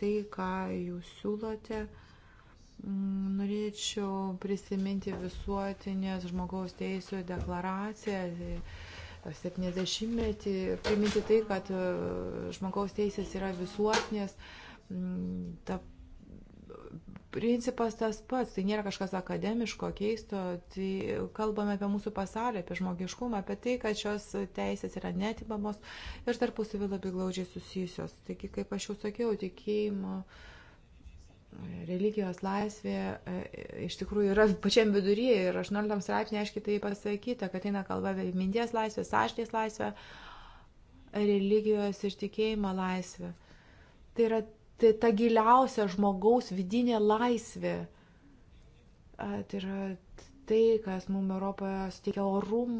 tai, ką jūs siūlote Mm, norėčiau prisiminti visuotinės žmogaus teisų deklaraciją. 70-metį e, ir priminti tai, kad e, žmogaus teisės yra visuotinės, mm, ta principas tas pats, tai nėra kažkas akademiško, keisto, tai kalbame apie mūsų pasaulį, apie žmogiškumą, apie tai, kad šios teisės yra netimamos ir tarpusavį labai glaudžiai susijusios. Taigi, kaip aš jau sakiau, tikėjimo. Uh, religijos laisvė e, iš tikrųjų yra pačiam viduryje ir 18 straipsnė aiškiai tai pasakyta, kad eina kalba apie minties laisvę, sąžinės laisvę, religijos ir tikėjimo laisvę. Tai yra tai ta giliausia žmogaus vidinė laisvė. Tai yra tai, kas mums Europoje suteikia orum,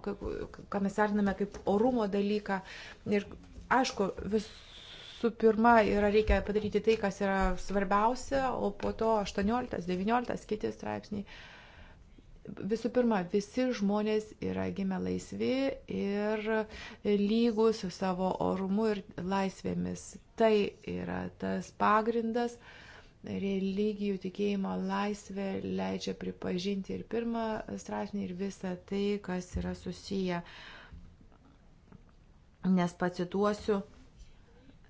ką mes vertiname kaip orumo dalyką. Ir aišku, vis, visų pirma yra reikia padaryti tai, kas yra svarbiausia, o po to 18, 19, kiti straipsniai. Visų pirma, visi žmonės yra gimę laisvi ir lygus su savo orumu ir laisvėmis. Tai yra tas pagrindas. Religijų tikėjimo laisvė leidžia pripažinti ir pirmą straipsnį ir visą tai, kas yra susiję. Nes pacituosiu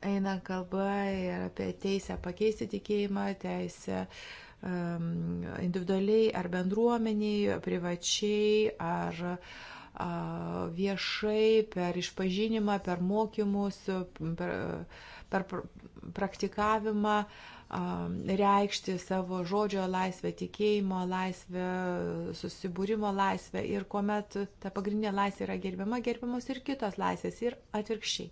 eina kalba ir apie teisę pakeisti tikėjimą, teisę um, individualiai ar bendruomeniai, privačiai ar viešai, per išpažinimą, per mokymus, per, per praktikavimą, reikšti savo žodžio laisvę, tikėjimo laisvę, susibūrimo laisvę ir kuomet ta pagrindinė laisvė yra gerbiama, gerbiamos ir kitos laisvės ir atvirkščiai.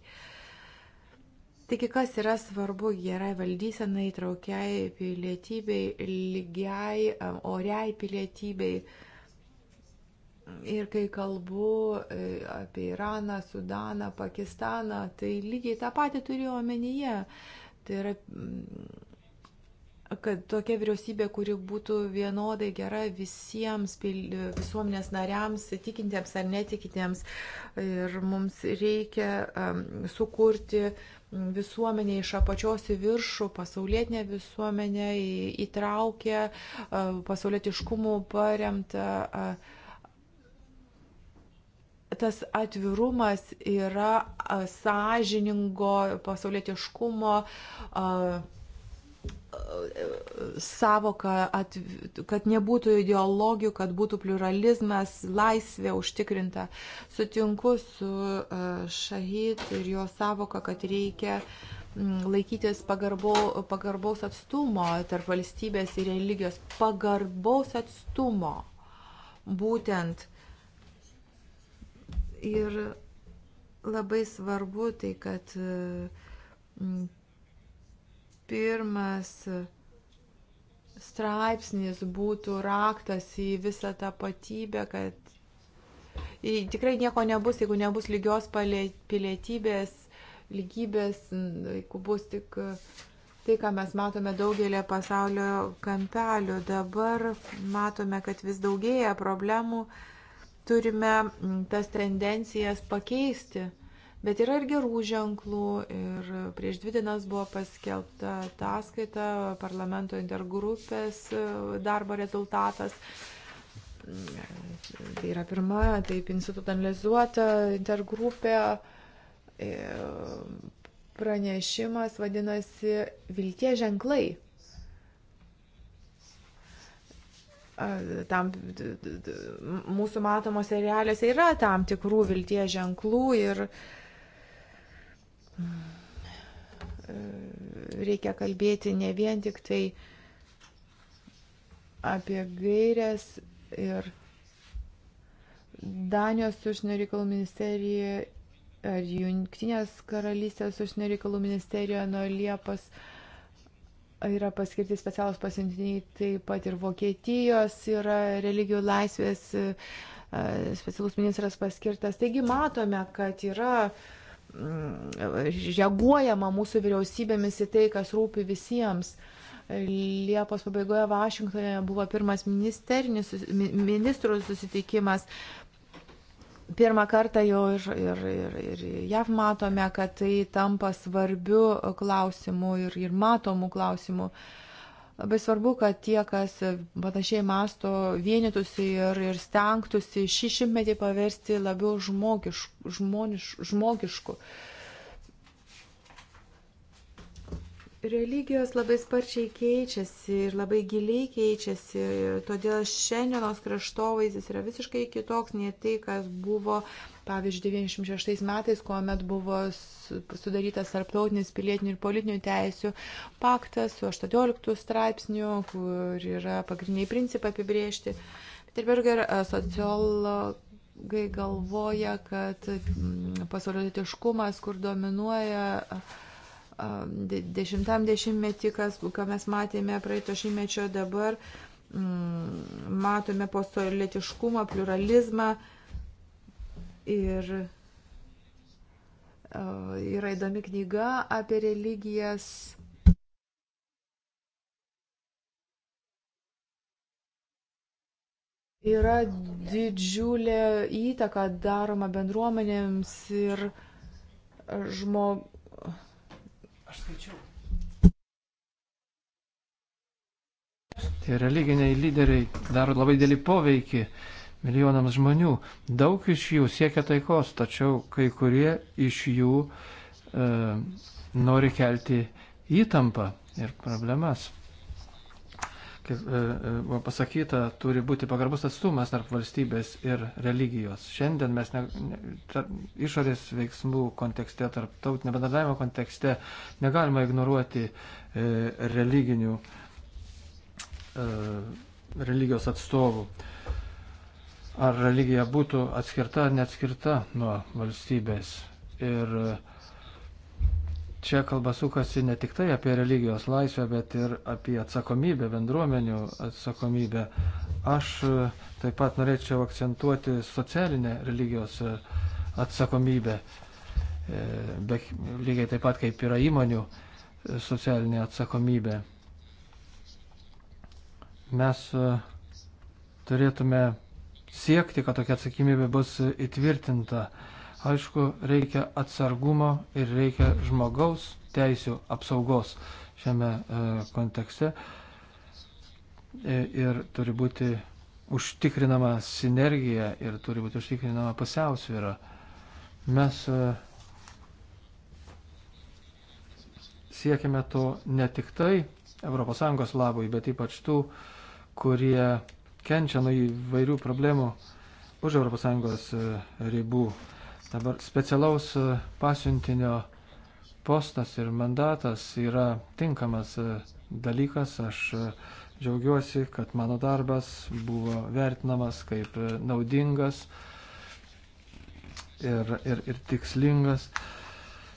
Taigi, kas yra svarbu gerai valdysenai, traukiai pilietybei, lygiai, oriai pilietybei. Ir kai kalbu e, apie Iraną, Sudaną, Pakistaną, tai lygiai tą patį turėjau omenyje. Tai yra, kad tokia vyriausybė, kuri būtų vienodai gera visiems visuomenės nariams, tikintiems ar netikintiems. Ir mums reikia um, sukurti visuomenė iš apačios į viršų, pasaulietinė visuomenė įtraukė pasaulietiškumų paremtą. Tas atvirumas yra sąžiningo pasaulietiškumo savoką, kad nebūtų ideologijų, kad būtų pluralizmas, laisvė užtikrinta. Sutinku su e, Šahid ir jo savoka, kad reikia laikytis pagarbo, pagarbaus atstumo tarp valstybės ir religijos. Pagarbaus atstumo. Būtent. Ir labai svarbu tai, kad pirmas straipsnis būtų raktas į visą tapatybę, kad tikrai nieko nebus, jeigu nebus lygios pilietybės, lygybės, jeigu bus tik tai, ką mes matome daugelį pasaulio kampelių. Dabar matome, kad vis daugėja problemų, turime tas tendencijas pakeisti. Bet yra ir gerų ženklų ir prieš dvi dienas buvo paskelbta ataskaita parlamento intergrupės e, darbo rezultatas. Tai yra pirma, taip institutalizuota intergrupė e, pranešimas vadinasi Viltie ženklai. tam mūsų matomose realiuose yra tam tikrų vilties ženklų ir uh, reikia kalbėti ne vien tik tai apie gairias ir Danijos užsienio reikalų ministerija ar Junktinės karalystės užsienio reikalų ministerijoje nuo Liepos yra paskirti specialus pasiuntiniai, taip pat ir Vokietijos yra religijų laisvės e, specialus ministras paskirtas. Taigi matome, kad yra uh, Mm, reaguojama mūsų vyriausybėmis į tai, kas rūpi visiems. Liepos pabaigoje Vašingtonė buvo pirmas ministrų susitikimas. Pirmą kartą jau ir, ir, ir, ir JAV matome, kad tai tampa svarbiu klausimu ir, ir matomu klausimu. Uh, Labai svarbu, kad tie, kas e, panašiai masto, vienytųsi ir, ir stengtųsi šį šimtmetį paversti labiau žmogiš, žmoniš, žmogišku. Religijos labai sparčiai keičiasi ir labai giliai keičiasi, todėl šiandienos kraštovaizdis yra visiškai kitoks nei tai, kas buvo Pavyzdžiui, 96 metais, kuomet buvo sudarytas tarptautinis pilietinių ir politinių teisių paktas su 18 straipsniu, kur yra pagrindiniai principai apibriežti. Peterberger e, sociologai galvoja, kad mm, pasaulietiškumas, kur dominuoja e, dešimtam dešimtmetį, ką mes matėme praeito šimtmečio dabar, mm, matome postolietiškumą, pluralizmą, Ir e, yra įdomi knyga apie religijas. Yra didžiulė įtaka daroma bendruomenėms ir žmog... Aš skaičiau. Tie religiniai lyderiai daro labai dėlį poveikį milijonams žmonių. Daug iš jų siekia taikos, tačiau kai kurie iš jų e, nori kelti įtampą ir problemas. Kaip e, e buvo e, pasakyta, turi būti pagarbus atstumas tarp valstybės ir religijos. Šiandien mes ne, ne, tar, išorės veiksmų kontekste, tarptautinio bendradavimo kontekste negalima ignoruoti e, religinių, e, religijos atstovų. E, ar religija būtų atskirta ar neatskirta nuo valstybės. Ir čia kalba sukasi ne tik tai apie religijos laisvę, bet ir apie atsakomybę, bendruomenių atsakomybę. Aš taip pat norėčiau akcentuoti socialinę religijos atsakomybę, e, be, lygiai taip pat kaip yra įmonių socialinė atsakomybė. Mes e, turėtume siekti, kad tokia atsakymybė bus įtvirtinta. Aišku, reikia atsargumo ir reikia žmogaus teisų apsaugos šiame e, kontekste. E, ir turi būti užtikrinama sinergija ir turi būti užtikrinama pusiausvyrą. Mes e, siekiame to ne tik tai ES labui, bet ypač tų, kurie kenčia nuo įvairių problemų už ES e, ribų. Dabar specialaus e, pasiuntinio postas ir mandatas yra tinkamas e, dalykas. Aš džiaugiuosi, kad mano darbas buvo vertinamas kaip naudingas ir, ir, ir tikslingas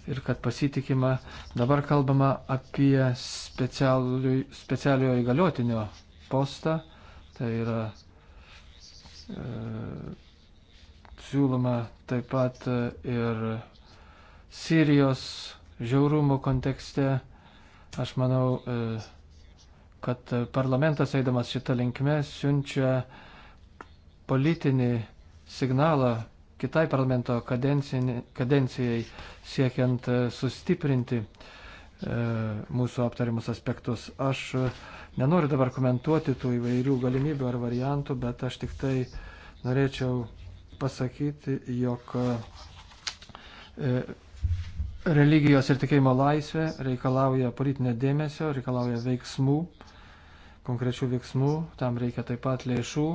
ir kad pasitikima. Dabar kalbama apie specialiojo įgaliotinio postą Tai yra e, siūloma taip pat e, ir Sirijos žiaurumo kontekste. Aš manau, e, kad parlamentas eidamas šitą linkmę siunčia politinį signalą kitai parlamento kadencijai siekiant e, sustiprinti uh, E, mūsų aptarimus aspektus. Aš e, nenoriu dabar komentuoti tų įvairių galimybių ar variantų, bet aš tik tai norėčiau pasakyti, jog e, religijos ir tikėjimo laisvė reikalauja politinio dėmesio, reikalauja veiksmų, konkrečių veiksmų, tam reikia taip pat lėšų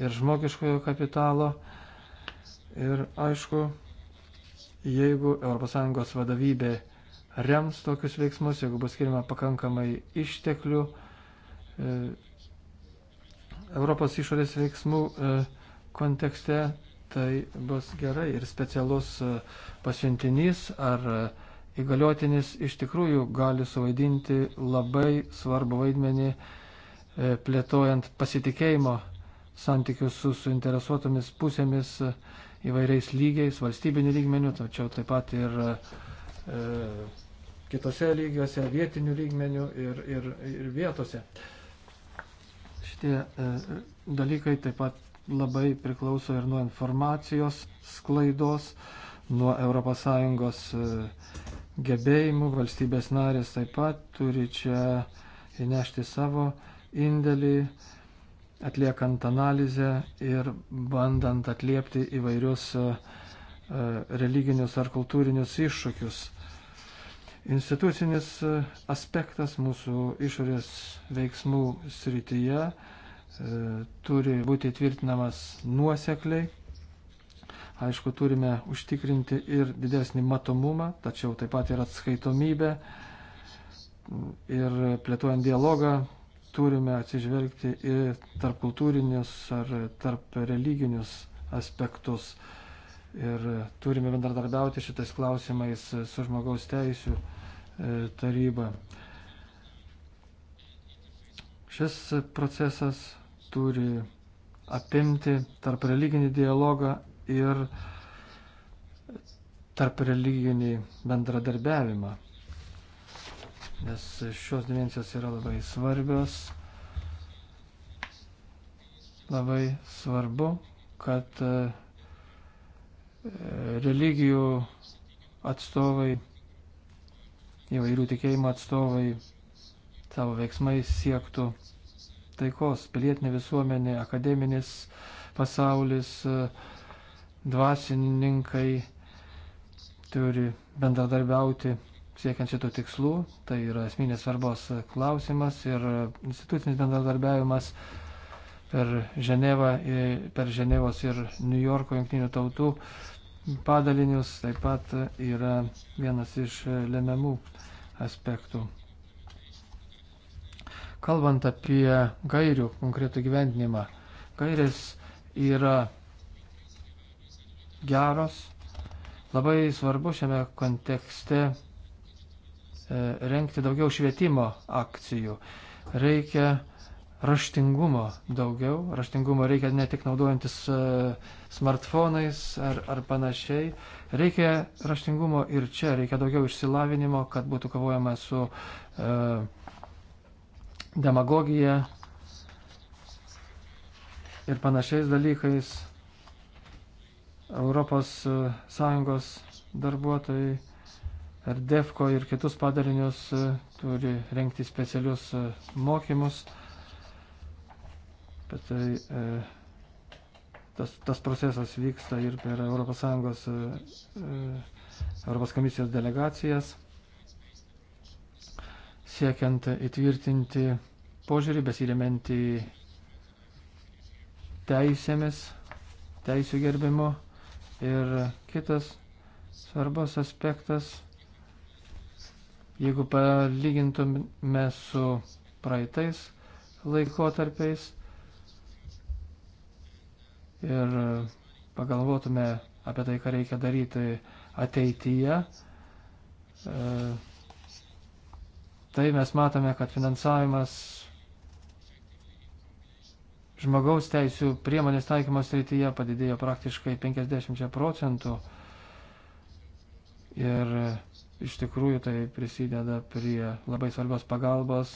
ir žmogiškojo kapitalo. Ir aišku, jeigu ES vadovybė rems tokius veiksmus, jeigu bus skirima pakankamai išteklių. E, Europos išorės veiksmų e, kontekste tai bus gerai ir specialus e, pasiuntinys ar e, įgaliotinis iš tikrųjų gali suvaidinti labai svarbu vaidmenį e, plėtojant pasitikėjimo santykius su suinteresuotomis pusėmis e, įvairiais lygiais, valstybinių lygmenių, tačiau taip pat ir e, E, kitose lygiuose, vietinių lygmenių ir, ir, ir vietose. Šitie e, dalykai taip pat labai priklauso ir nuo informacijos sklaidos, nuo ES e, gebėjimų. Valstybės narės taip pat turi čia įnešti savo indėlį, atliekant analizę ir bandant atliepti įvairius religinius ar kultūrinius iššūkius Institucinis e, aspektas mūsų išorės veiksmų srityje e, turi būti tvirtinamas nuosekliai. Aišku, turime užtikrinti ir didesnį matomumą, tačiau taip pat ir atskaitomybę. Ir plėtojant dialogą turime atsižvelgti į tarpkultūrinius ar tarp religinius aspektus. E, ir turime bendradarbiauti šitais klausimais su žmogaus teisų e, taryba. Šis procesas turi apimti tarp religinį dialogą ir tarp religinį bendradarbiavimą. Nes šios dimensijos yra labai svarbios. Labai svarbu, kad uh, religijų atstovai, įvairių tikėjimų atstovai savo veiksmais siektų taikos, pilietinė visuomenė, akademinis pasaulis, dvasininkai turi bendradarbiauti siekiant šitų tikslų. Tai yra esminės svarbos klausimas ir institucinis bendradarbiavimas per Ženevą, per Ženevos ir New Yorko jungtinių tautų padalinius taip pat yra vienas iš lemiamų aspektų. Kalbant apie gairių konkretų gyvendinimą, gairės yra geros. Labai svarbu šiame kontekste e, renkti daugiau švietimo akcijų. Reikia raštingumo daugiau. Raštingumo reikia ne tik naudojantis e, smartfonais ar, ar panašiai. Reikia raštingumo ir čia, reikia daugiau išsilavinimo, kad būtų kovojama su e, demagogija ir panašiais dalykais. Europos e, Sąjungos darbuotojai per DEFCO ir kitus padalinius e, turi renkti specialius mokymus. Bet tai e, tas, tas procesas vyksta ir per ES, ES e, komisijos delegacijas, siekiant įtvirtinti požiūrį, besiremianti teisėmis, teisų gerbimu. Ir kitas svarbus aspektas, jeigu palygintume su praeitais laikotarpiais, ir pagalvotume apie tai, ką reikia daryti ateityje, e, tai mes matome, kad finansavimas žmogaus teisų priemonės taikymos rytyje padidėjo praktiškai 50 procentų ir iš tikrųjų tai prisideda prie labai svarbios pagalbos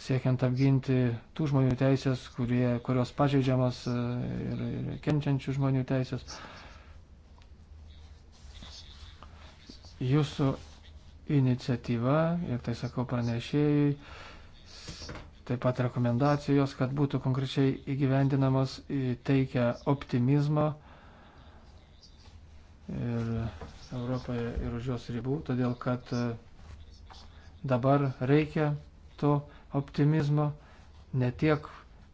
siekiant apginti tų žmonių teisės, kurie, kurios pažeidžiamas e, ir, ir kenčiančių žmonių teisės. Jūsų iniciatyva, ir tai sakau pranešėjai, taip pat rekomendacijos, kad būtų konkrečiai įgyvendinamos, teikia optimizmo ir Europoje ir už jos ribų, todėl kad e, dabar reikia to optimizmo ne tiek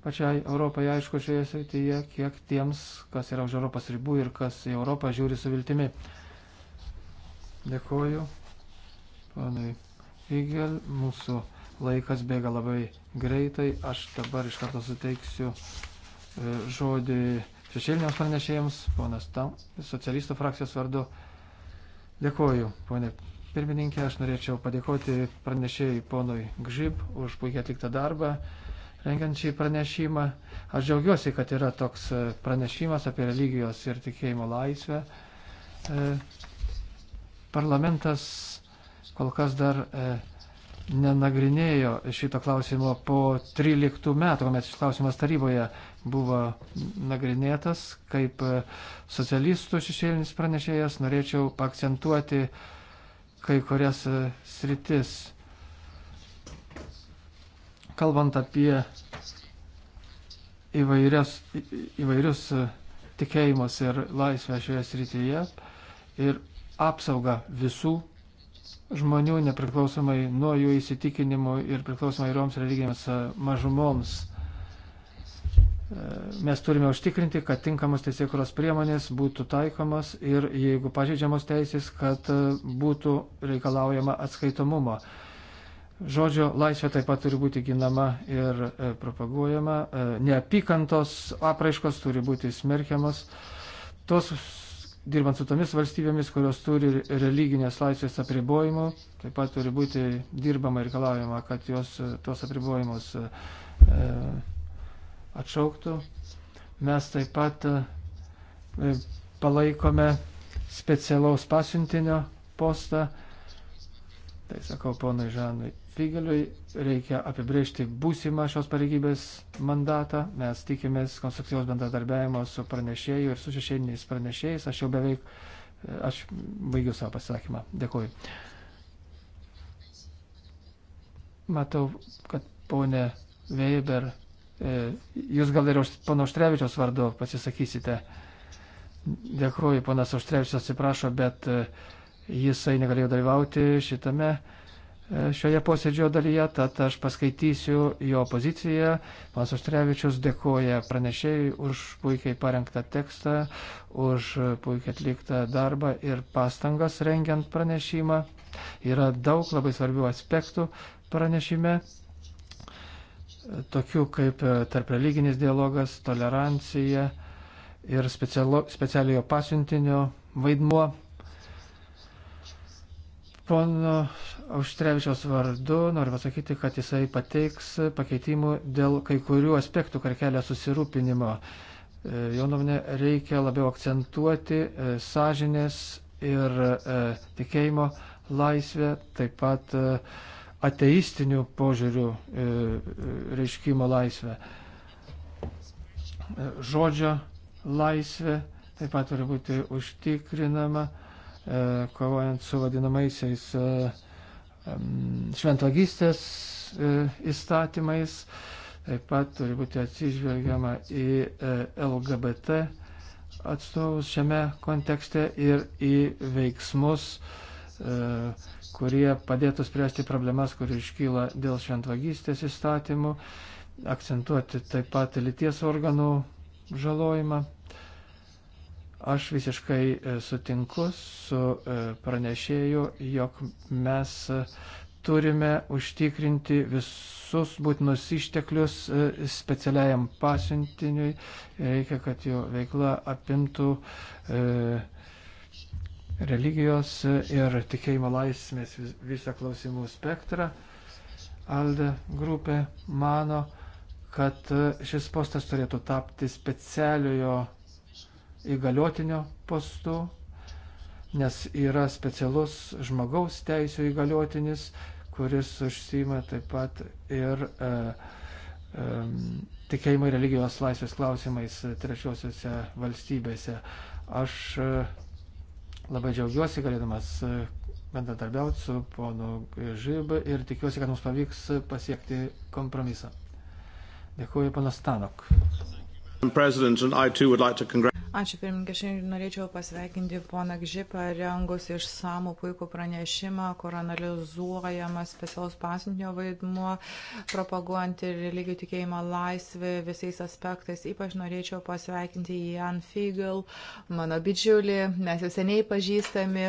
pačiai Europai aišku šioje srityje, kiek tiems, kas yra už Europos ribų ir kas į Europą žiūri su viltimi. Dėkoju, panai Igel, mūsų laikas bėga labai greitai, aš dabar iš karto suteiksiu e, žodį šešėliniams pranešėjams, ponas Tam, socialistų frakcijos vardu. Dėkoju, ponė Pirmininkė, aš norėčiau padėkoti pranešėjai ponui Gžib už puikiai atliktą darbą rengiant šį pranešimą. Aš džiaugiuosi, kad yra toks e, pranešimas apie religijos ir tikėjimo laisvę. E, parlamentas kol kas dar e, nenagrinėjo šito klausimo po 13 metų, kuomet šis klausimas taryboje buvo nagrinėtas, kaip socialistų šešėlinis pranešėjas norėčiau akcentuoti kai kurias e, sritis. Kalbant apie įvairias, įvairius e, tikėjimus ir laisvę šioje srityje ir apsaugą visų žmonių, nepriklausomai nuo jų įsitikinimų ir priklausomai joms religinėms e, mažumoms mes turime užtikrinti, kad tinkamos teisėkuros priemonės būtų taikomas ir jeigu pažeidžiamos teisės, kad e, būtų reikalaujama atskaitomumo. Žodžio laisvė taip pat turi būti ginama ir e, propaguojama, e, neapykantos apraiškos turi būti smerkiamas. Tos, dirbant su tomis valstybėmis, kurios turi religinės laisvės apribojimų, taip pat turi būti dirbama ir reikalaujama, kad jos tuos apribojimus. E, atšauktų. Mes taip pat e, palaikome specialaus pasiuntinio postą. Tai sakau ponui Žanui Figeliui, reikia apibriežti būsimą šios pareigybės mandatą. Mes tikimės konstruktyvos bendradarbiavimo su pranešėju ir su šešėliniais pranešėjais. Aš jau beveik, e, aš baigiu savo pasisakymą. Dėkuoju. Matau, kad ponė Weber E, jūs gal ir pono Štrevičios vardu pasisakysite. Dėkuoju, ponas Oštrevičius atsiprašo, bet e, jisai negalėjo dalyvauti šitame e, šioje posėdžio dalyje, tad aš paskaitysiu jo poziciją. Panas Oštrevičius dėkoja pranešėjai už puikiai parengtą tekstą, už puikiai atliktą darbą ir pastangas rengiant pranešimą. Yra daug labai svarbių aspektų pranešime tokių kaip e, tarpreliginis dialogas, tolerancija ir specialo, specialiojo pasiuntinio vaidmuo. Pono Auštrevičiaus vardu noriu pasakyti, kad jisai pateiks pakeitimų dėl kai kurių aspektų, kurie kelia susirūpinimo. E, jo nuomonė reikia labiau akcentuoti e, sąžinės ir tikėjimo laisvę, taip pat ateistinių požiūrių e, e, reiškimo laisvę. E, žodžio laisvė taip pat turi būti užtikrinama, kovojant su vadinamaisiais šventvagystės įstatymais. Taip pat turi būti atsižvelgiama į LGBT atstovus šiame kontekste ir į veiksmus, uh, kurie padėtų spręsti problemas, kur iškyla dėl šventvagystės įstatymų, akcentuoti taip pat lyties organų žalojimą. Aš visiškai e, sutinku su e, pranešėju, jog mes e, turime užtikrinti visus būtinus išteklius specialiajam pasiuntiniui. Reikia, kad jo veikla apimtų e, religijos ir tikėjimo laisvės visą klausimų spektrą. Alde grupė mano, kad šis postas turėtų tapti specialiojo įgaliotinio postu, nes yra specialus žmogaus teisų įgaliotinis, kuris užsima taip pat ir e, e, tikėjimo ir religijos laisvės klausimais trečiosiuose valstybėse. Aš e, Labai džiaugiuosi galėdamas e, bendradarbiauti su ponu Žyb ir tikiuosi, kad mums pavyks pasiekti kompromisą. Dėkuoju, panas Stanok. President, and I too would like to congratulate Ačiū pirmininkė, šiandien norėčiau pasveikinti poną Gžipą rengus išsamų puikų pranešimą, kur analizuojamas specialus pasintinio vaidmuo, propaguojant ir religijų tikėjimą laisvę visais aspektais. Ypač norėčiau pasveikinti Jan Figel, mano bičiulį, mes jau seniai pažįstami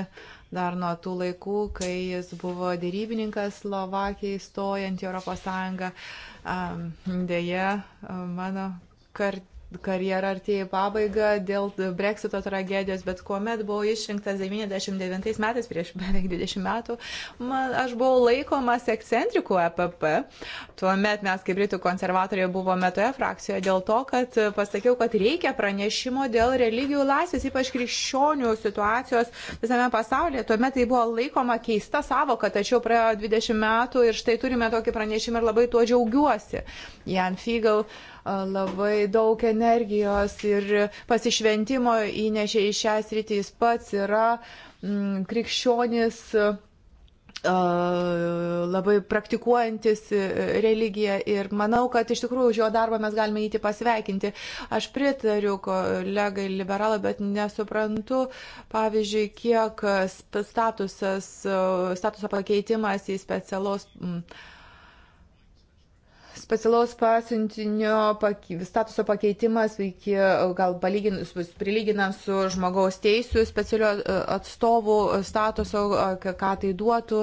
dar nuo tų laikų, kai jis buvo dėrybininkas Slovakijai stojant į ES. Deja, mano kart karjera artėja pabaiga dėl Brexito tragedijos, bet kuomet buvau išrinktas 99 metais, prieš beveik 20 metų, man, aš buvau laikomas ekscentriku EPP. Tuomet mes kaip Britų konservatoriai buvome toje frakcijoje dėl to, kad pasakiau, kad reikia pranešimo dėl religijų laisvės, ypač krikščionių situacijos visame pasaulyje. Tuomet tai buvo laikoma keista savoka, tačiau praėjo 20 metų ir štai turime tokį pranešimą ir labai tuo džiaugiuosi. Jan Figel. Uh, labai daug energijos ir pasišventimo įnešė į šią sritį. Jis pats yra mm, krikščionis labai praktikuojantis e, religiją ir manau, kad iš tikrųjų už jo darbą mes galime jį pasveikinti. Aš pritariu kolegai liberalą, bet nesuprantu, pavyzdžiui, kiek statusas, e, statuso pakeitimas į specialos. Mm, specialaus pasiuntinio statuso pakeitimas, iki, gal prilyginant su žmogaus teisų specialio e, atstovų statuso, ką tai duotų,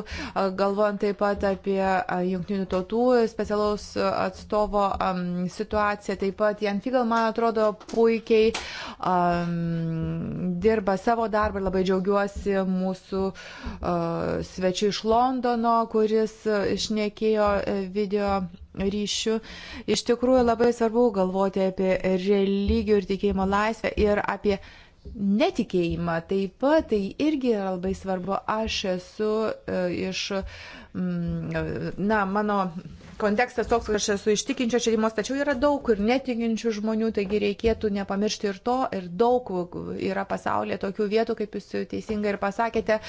galvojant taip pat apie jungtinių tautų specialaus atstovo situaciją, taip pat Jan Figal, man atrodo, puikiai um, dirba savo darbą ir labai džiaugiuosi mūsų uh, svečiu iš Londono, kuris išnekėjo e, e, video ryšių. Iš tikrųjų labai svarbu galvoti apie religijų ir tikėjimo laisvę ir apie netikėjimą taip pat, tai irgi yra labai svarbu. Aš esu e, iš, mm, na, mano kontekstas toks, kad aš esu iš tikinčios šeimos, tačiau yra daug ir netikinčių žmonių, taigi reikėtų nepamiršti ir to, ir daug yra pasaulyje tokių vietų, kaip jūs teisingai ir pasakėte,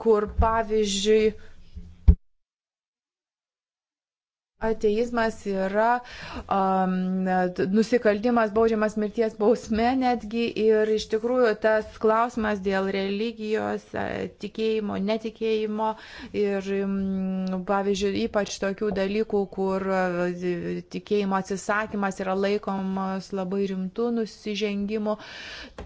kur pavyzdžiui, Ateizmas yra um, nusikaltimas baudžiamas mirties bausme netgi ir iš tikrųjų tas klausimas dėl religijos, e, tikėjimo, netikėjimo ir um, pavyzdžiui ypač tokių dalykų, kur e, tikėjimo atsisakymas yra laikomas labai rimtų nusižengimų,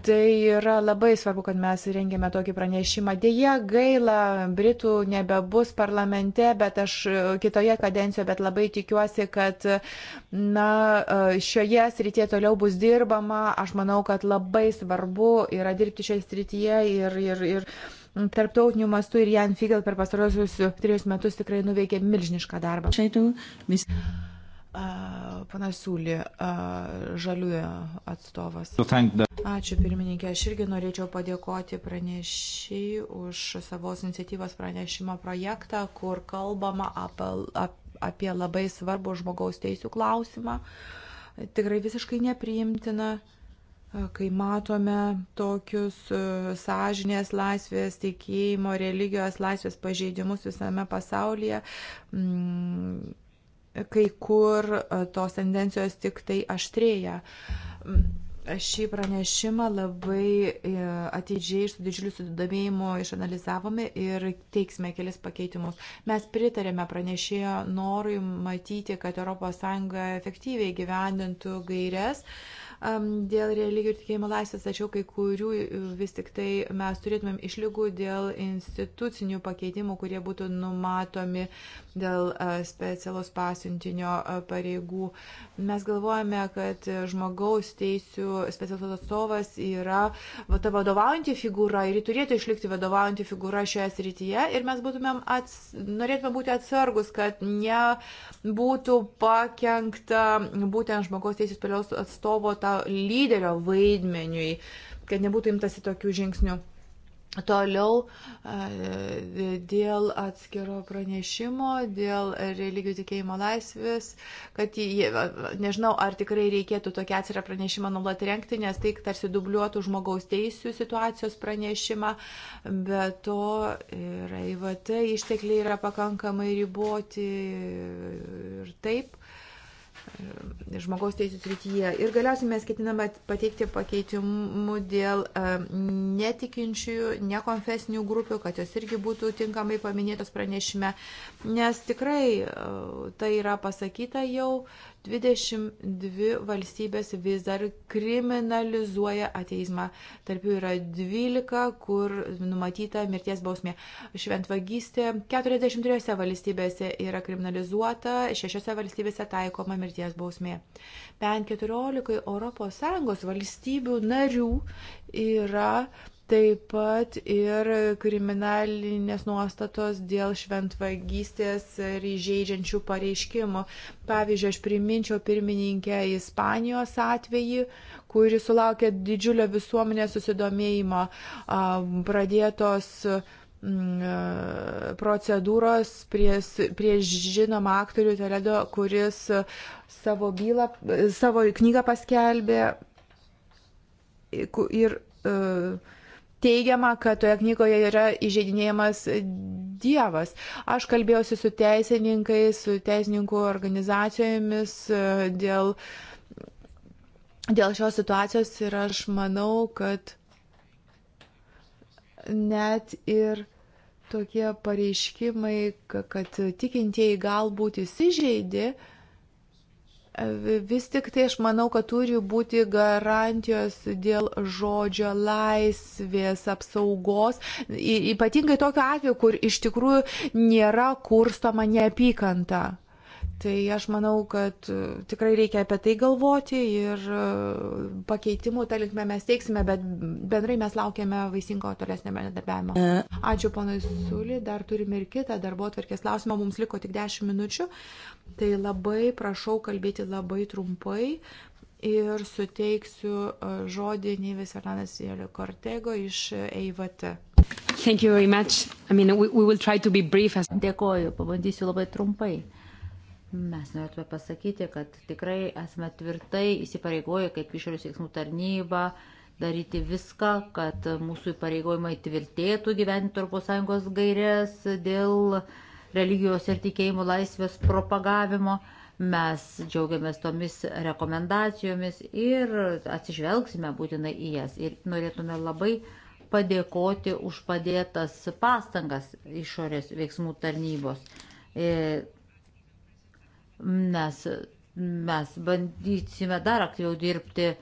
tai yra labai svarbu, kad mes rengėme tokį pranešimą. Deja, gaila, Britų nebebus parlamente, bet aš e, kitoje kadencijoje, bet labai labai tikiuosi, kad na, šioje srityje toliau bus dirbama. Aš manau, kad labai svarbu yra dirbti šioje srityje ir, ir, ir tarptautiniu mastu ir Jan Figel per pastarosius trijus metus tikrai nuveikė milžinišką darbą. Panas Sūly, žaliųjų atstovas. Ačiū pirmininkė, aš irgi norėčiau padėkoti pranešiai už savos iniciatyvos pranešimo projektą, kur kalbama apie, apie apie labai svarbų žmogaus teisų klausimą. Tikrai visiškai nepriimtina, kai matome tokius sąžinės laisvės, tikėjimo, religijos laisvės pažeidimus visame pasaulyje. Mm, kai kur tos tendencijos tik tai aštrėja mm, šį pranešimą labai e, atidžiai ir su didžiuliu sudomėjimu išanalizavome ir teiksime kelis pakeitimus. Mes pritarėme pranešėjo norui matyti, kad ES efektyviai gyvendintų gairias dėl religijų ir tikėjimo laisvės, tačiau kai kurių vis tik tai mes turėtumėm išlygų dėl institucinių pakeitimų, kurie būtų numatomi dėl specialos pasiuntinio pareigų. Mes galvojame, kad žmogaus teisų specialus atstovas yra va, ta vadovaujanti figūra ir turėtų išlikti vadovaujanti figūra šioje srityje ir mes būtumėm ats... norėtume būti atsargus, kad nebūtų pakengta būtent žmogaus teisų specialus atstovo tą lyderio vaidmeniui, kad nebūtų imtasi tokių žingsnių. Toliau e, dėl atskiro pranešimo, dėl religijų tikėjimo laisvės, kad jie, nežinau, ar tikrai reikėtų tokį atskirą pranešimą nulat renkti, nes tai tarsi dubliuotų žmogaus teisų situacijos pranešimą, bet to ir IVT e ištekliai yra pakankamai riboti ir taip. E, žmogaus teisų srityje. Ir galiausiai mes ketiname pateikti pakeitimų dėl e, netikinčiųjų, nekonfesinių grupių, kad jos irgi būtų tinkamai paminėtos pranešime, nes tikrai e, tai yra pasakyta jau 22 valstybės vis dar kriminalizuoja ateizmą. Tarp jų yra 12, kur numatyta mirties bausmė. Šventvagystė 43 valstybėse yra kriminalizuota, 6 valstybėse taikoma mirties bausmė. Bent 14 ES valstybių narių yra Taip pat ir kriminalinės nuostatos dėl šventvagystės ir įžeidžiančių pareiškimų. Pavyzdžiui, aš priminčiau pirmininkę Ispanijos atvejį, kuri sulaukė didžiulio visuomenės susidomėjimo pradėtos mm, procedūros prieš, prieš žinomą aktorių Teledo, kuris savo, bylą, savo knygą paskelbė ir uh, teigiama, kad toje knygoje yra įžeidinėjimas Dievas. Aš kalbėjausi su teisininkais, su teisininkų organizacijomis e, dėl, dėl šios situacijos ir aš manau, kad net ir tokie pareiškimai, kad tikintieji galbūt įsižeidė, uh, Vis tik tai aš manau, kad turi būti garantijos dėl žodžio laisvės apsaugos, ypatingai tokio atveju, kur iš tikrųjų nėra kurstoma neapykanta. Tai aš manau, kad e, tikrai reikia apie tai galvoti ir e, pakeitimų tą linkmę mes teiksime, bet bendrai mes laukiame vaisingo tolesnio bendradarbiavimo. E. Ačiū ponai Sulį, dar turime ir kitą darbo atvarkės klausimą, mums liko tik 10 minučių, tai labai prašau kalbėti labai trumpai ir suteiksiu žodį Nevis Arnanas Jėlio Kortego iš EIVT. I mean, we, we as... Dėkoju, pabandysiu labai trumpai. Uh, Mes norėtume pasakyti, kad tikrai esame tvirtai įsipareigoję kaip išorės veiksmų tarnyba daryti viską, kad mūsų įpareigojimai tvirtėtų gyventi ES gairės dėl religijos ir tikėjimo laisvės propagavimo. Mes džiaugiamės tomis rekomendacijomis ir atsižvelgsime būtinai į jas. Ir norėtume labai padėkoti už padėtas pastangas išorės veiksmų tarnybos. E, Mes, mes bandysime dar aktyviau dirbti e,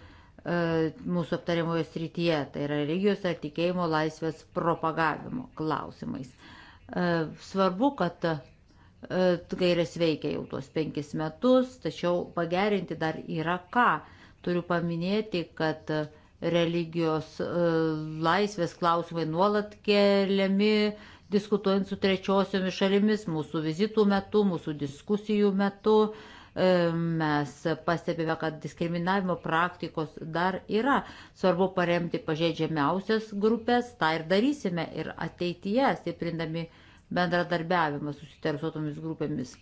mūsų aptariamoje srityje, tai yra religijos ar tikėjimo laisvės propagavimo klausimais. E, svarbu, kad e, gairės veikia jau tuos penkis metus, tačiau pagerinti dar yra ką. Turiu paminėti, kad religijos laisvės klausimai nuolat keliami, diskutuojant su trečiosiomis šalimis, mūsų vizitų metu, mūsų diskusijų metu. E, mes pastebime, kad diskriminavimo praktikos dar yra. Svarbu paremti pažeidžiamiausias grupės, tą ir darysime ir ateityje, stiprindami bendradarbiavimą susitarsotomis grupėmis.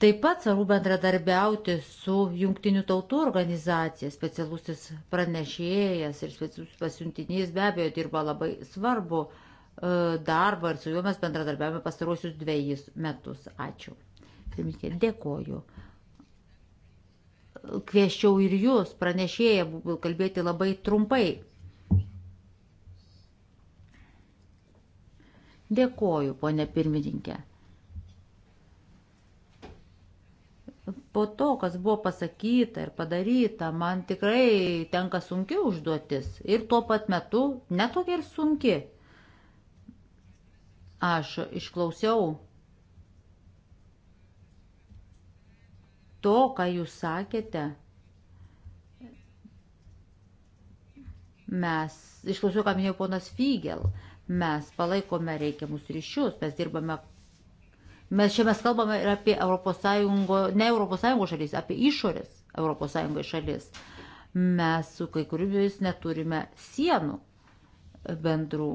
Taip pat svarbu bendradarbiauti su jungtinių tautų organizacija. Specialusis pranešėjas ir specialusis pasiuntinys be abejo dirba labai svarbu E, darbą ir su juo mes bendradarbiavome pastaruosius dviejus metus. Ačiū. Pirmininkė, dėkoju. Kvieščiau ir jūs, pranešėję, kalbėti labai trumpai. Dėkoju, ponė pirmininkė. Po to, kas buvo pasakyta ir padaryta, man tikrai tenka sunki užduotis ir tuo pat metu netokia ir sunki Aš išklausiau to, ką jūs sakėte. Mes, išklausiau, ką minėjo ponas Fygel, mes palaikome reikiamus ryšius, mes dirbame, mes čia mes kalbame ir apie ES, ne ES šalis, apie išorės ES šalis. Mes su kai kuriomis neturime sienų bendrų.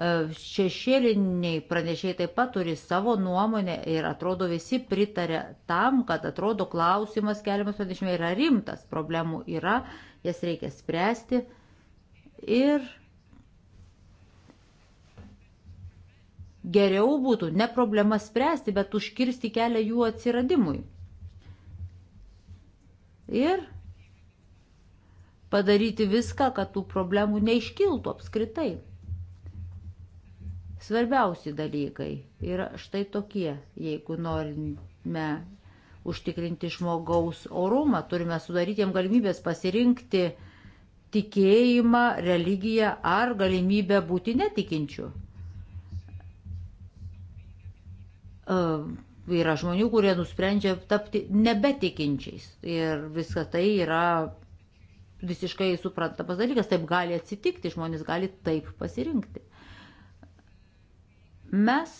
E, šešėliniai pranešiai taip pat turi savo nuomonę ir atrodo visi pritarė tam, kad atrodo klausimas keliamas pranešime yra rimtas, problemų yra, jas reikia spręsti. Ir geriau būtų ne problemas spręsti, bet užkirsti kelią jų atsiradimui. Ir padaryti viską, kad tų problemų neiškiltų apskritai. Svarbiausi dalykai yra štai tokie, jeigu norime užtikrinti žmogaus orumą, turime sudaryti jam galimybės pasirinkti tikėjimą, religiją ar galimybę būti netikinčiu. E, yra žmonių, kurie nusprendžia tapti nebetikinčiais ir visą tai yra visiškai suprantamas dalykas, taip gali atsitikti, žmonės gali taip pasirinkti. Mes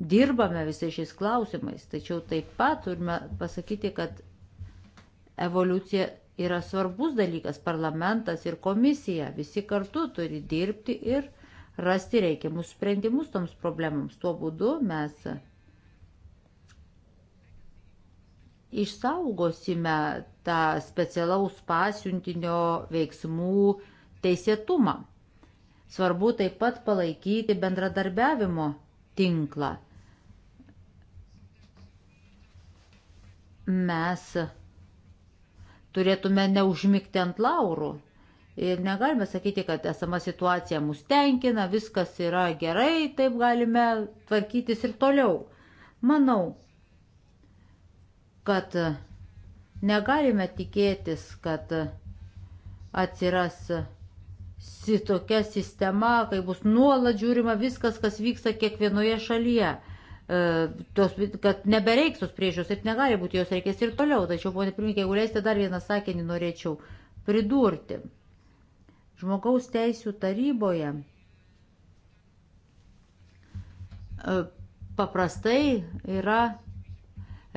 dirbame visais šiais klausimais, tačiau taip pat turime pasakyti, kad evoliucija yra svarbus dalykas. Parlamentas ir komisija visi kartu turi dirbti ir rasti reikiamus sprendimus toms problemams. Tuo būdu mes išsaugosime tą specialaus pasiuntinio veiksmų teisėtumą. Svarbu taip pat palaikyti bendradarbiavimo tinklą. Mes turėtume neužmigti ant laurų ir negalime sakyti, kad esama situacija mus tenkina, viskas yra gerai, taip galime tvarkytis ir toliau. Manau, kad negalime tikėtis, kad atsiras si tokia sistema, kai bus nuolat žiūrima viskas, kas vyksta kiekvienoje šalyje. E, tos, kad nebereiks tos priežiūros ir negali būti jos reikės ir toliau. Tačiau, ponė pirmininkė, jeigu leisite dar vieną sakinį, norėčiau pridurti. Žmogaus teisų taryboje e, paprastai yra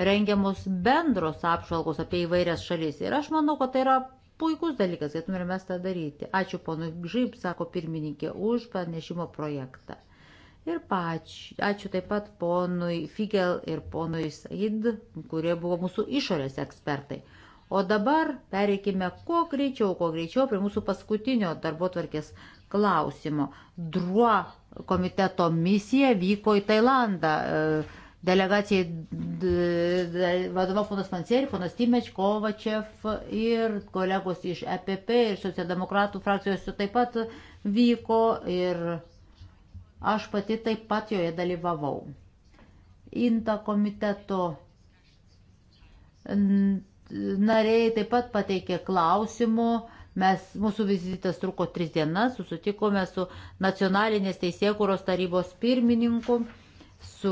rengiamos bendros apžvalgos apie įvairias šalis. Ir aš manau, kad tai yra puikus dalykas, kad norime mes tą daryti. Ačiū ponui Žyb, sako pirmininkė, už pranešimo projektą. Ir pač, ačiū taip pat ponui Figel ir ponui Said, kurie buvo mūsų išorės ekspertai. O dabar pereikime kuo greičiau, kuo greičiau prie mūsų paskutinio darbo tvarkės klausimo. Druo komiteto misija vyko į Tailandą. E, Delegacijai vadovavo ponas Panseri, ponas Timeč, Kovačev ir kolegos iš EPP ir socialdemokratų frakcijos taip pat vyko ir aš pati taip pat joje dalyvavau. Inta komiteto nariai taip pat pateikė klausimų. Mes, mūsų vizitas truko tris dienas, susitikome su nacionalinės teisėkuros tarybos pirmininku, su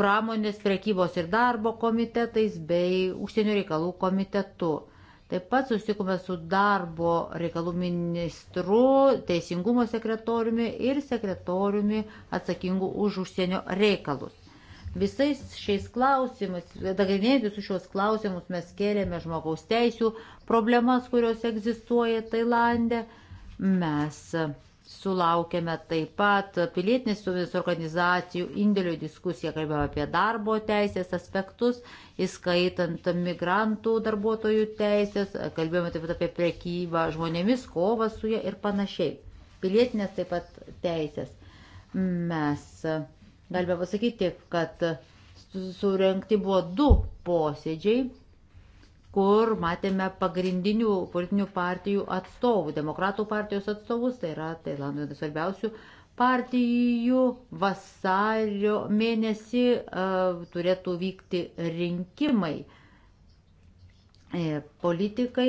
pramonės, prekybos ir darbo komitetais bei užsienio reikalų komitetu. Taip pat susitikome su darbo reikalų ministru, teisingumo sekretoriumi ir sekretoriumi atsakingu už užsienio reikalus. Visais šiais klausimais, nagrinėjant visus šios klausimus, mes kėlėme žmogaus teisų problemas, kurios egzistuoja Tailandė. Mes sulaukėme taip pat pilietinės visuomenės organizacijų indėlių diskusiją, kalbėjome apie darbo teisės aspektus, įskaitant migrantų darbuotojų teisės, kalbėjome taip pat apie priekybą žmonėmis, kovą su jie ir panašiai. Pilietinės taip pat teisės. Mes galime pasakyti, kad surenkti buvo du posėdžiai kur matėme pagrindinių politinių partijų atstovų, demokratų partijos atstovus, tai yra Tailando vienas svarbiausių partijų. Vasario mėnesį uh, turėtų vykti rinkimai. E, politikai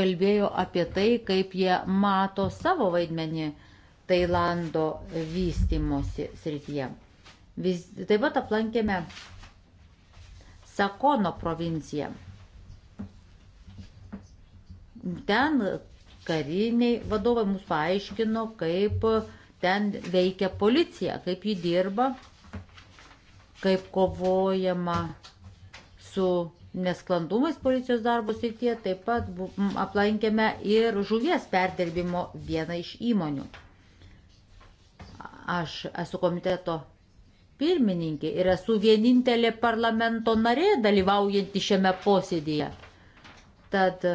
kalbėjo apie tai, kaip jie mato savo vaidmenį Tailando vystimosi srityje. Vis, taip pat aplankėme Sakono provinciją. Ten kariniai vadovai mums paaiškino, kaip ten veikia policija, kaip ji dirba, kaip kovojama su nesklandumais policijos darbo srityje. Taip pat aplankėme ir žuvies perdirbimo vieną iš įmonių. Aš esu komiteto pirmininkė ir esu vienintelė parlamento narė dalyvaujanti šiame posėdėje. Tad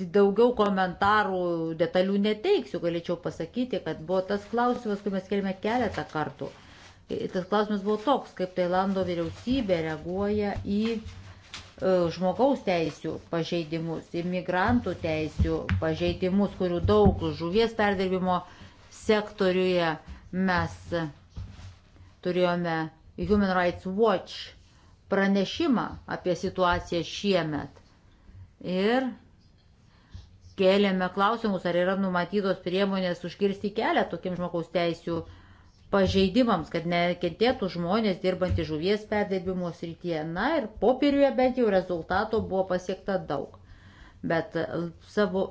Daugiau komentarų detalių neteiksiu, galėčiau pasakyti, kad buvo tas klausimas, kai mes kelime keletą kartų. E, tas klausimas buvo toks, kaip Tailando vyriausybė reaguoja į e, žmogaus teisių pažeidimus, imigrantų teisių pažeidimus, kurių daug žuvies perdirbimo sektoriuje mes turėjome Human Rights Watch pranešimą apie situaciją šiemet ir kėlėme klausimus, ar yra numatytos priemonės užkirsti kelią tokiem žmogaus teisų pažeidimams, kad nekentėtų žmonės dirbantys žuvies perdirbimo srityje. Na ir popieriuje bent jau rezultato buvo pasiekta daug. Bet e, savo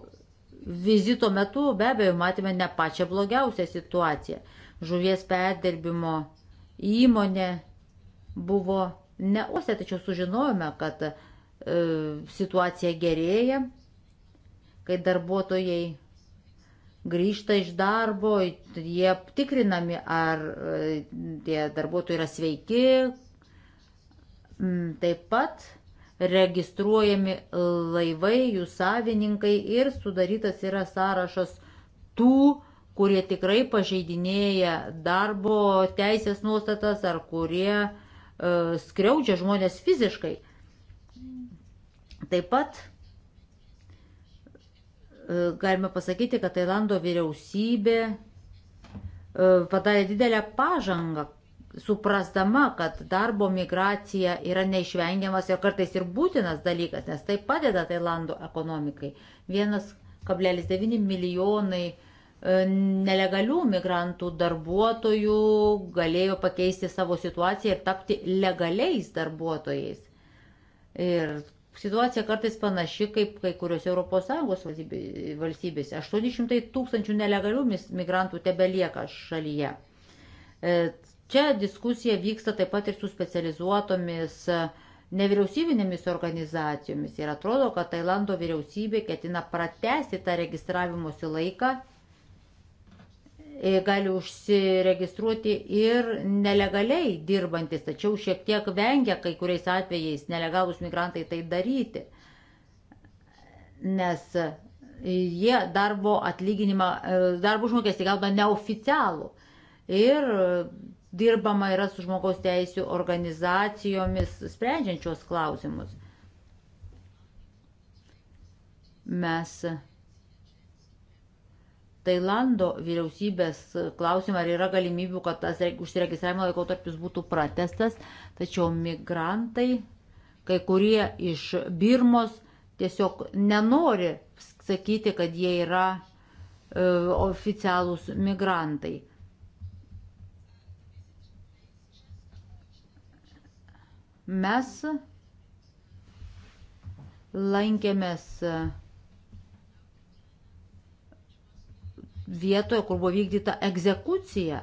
vizito metu be abejo matėme ne pačią blogiausią situaciją. Žuvies perdirbimo įmonė buvo ne uose, tačiau sužinojome, kad E, situacija gerėja, kai darbuotojai grįžta iš darbo, jie tikrinami, ar e, tie darbuotojai yra sveiki. Mm, taip pat registruojami laivai, jų savininkai ir sudarytas yra sąrašas tų, kurie tikrai pažeidinėja darbo teisės nuostatas ar kurie uh, skriaudžia žmonės fiziškai. Taip pat e, galime pasakyti, kad Tailando vyriausybė e, padarė didelę pažangą, suprasdama, kad darbo migracija yra neišvengiamas ir kartais ir būtinas dalykas, nes tai padeda Tailando ekonomikai. 1,9 milijonai e, nelegalių migrantų darbuotojų galėjo pakeisti savo situaciją ir tapti legaliais darbuotojais. Ir Situacija kartais panaši kaip kai kuriuose ES valstybėse. 800 tūkstančių nelegalių migrantų tebelieka šalyje. E, čia diskusija vyksta taip pat ir su specializuotomis e, nevyriausybinėmis organizacijomis ir atrodo, kad Tailando vyriausybė ketina pratesti tą registravimosi laiką E, gali užsiregistruoti ir nelegaliai dirbantis, tačiau šiek tiek vengia kai kuriais atvejais nelegalus migrantai tai daryti, nes jie darbo atlyginimą, e, darbo užmokestį gauna neoficialų ir dirbama yra su žmogaus teisų organizacijomis sprendžiančios klausimus. Mes Tailando vyriausybės klausimą, ar yra galimybių, kad tas užsiregistravimo laikotarpis būtų pratestas, tačiau migrantai, kai kurie iš Birmos tiesiog nenori sakyti, kad jie yra e, oficialūs migrantai. Mes lankėmės vietoje, kur buvo vykdyta egzekucija.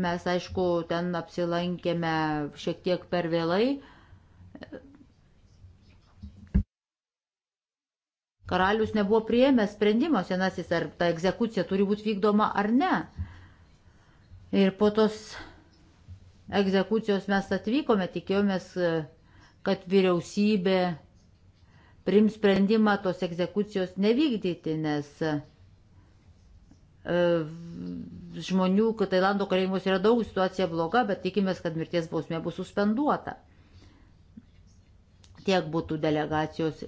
Mes, aišku, ten apsilankėme šiek tiek per vėlai. Karalius nebuvo prieėmęs sprendimo senasis, ar ta egzekucija turi būti vykdoma ar ne. Ir po tos egzekucijos mes atvykome, tikėjomės, kad vyriausybė prims sprendimą tos egzekucijos nevykdyti, nes E, žmonių, kad Tailando kalėjimus yra daug, situacija bloga, bet tikimės, kad mirties bausmė bus suspenduota. Tiek būtų delegacijos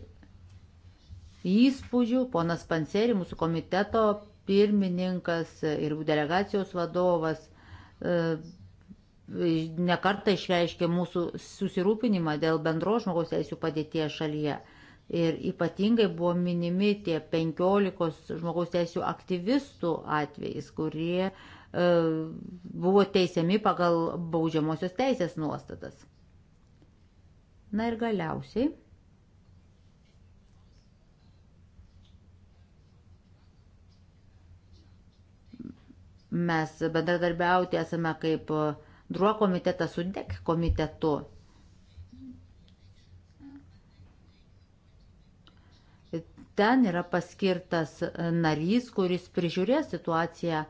įspūdžių. Ponas Panseri, mūsų komiteto pirmininkas ir delegacijos vadovas, e, nekartą išreiškė mūsų susirūpinimą dėl bendro žmogaus teisų padėties šalyje. Ir ypatingai buvo minimi tie 15 žmogaus teisų aktyvistų atvejais, kurie e, buvo teisiami pagal baudžiamosios teisės nuostatas. Na ir galiausiai. Mes bendradarbiauti esame kaip DRUO komitetas su DEK komitetu Ten yra paskirtas e, narys, kuris prižiūrės situaciją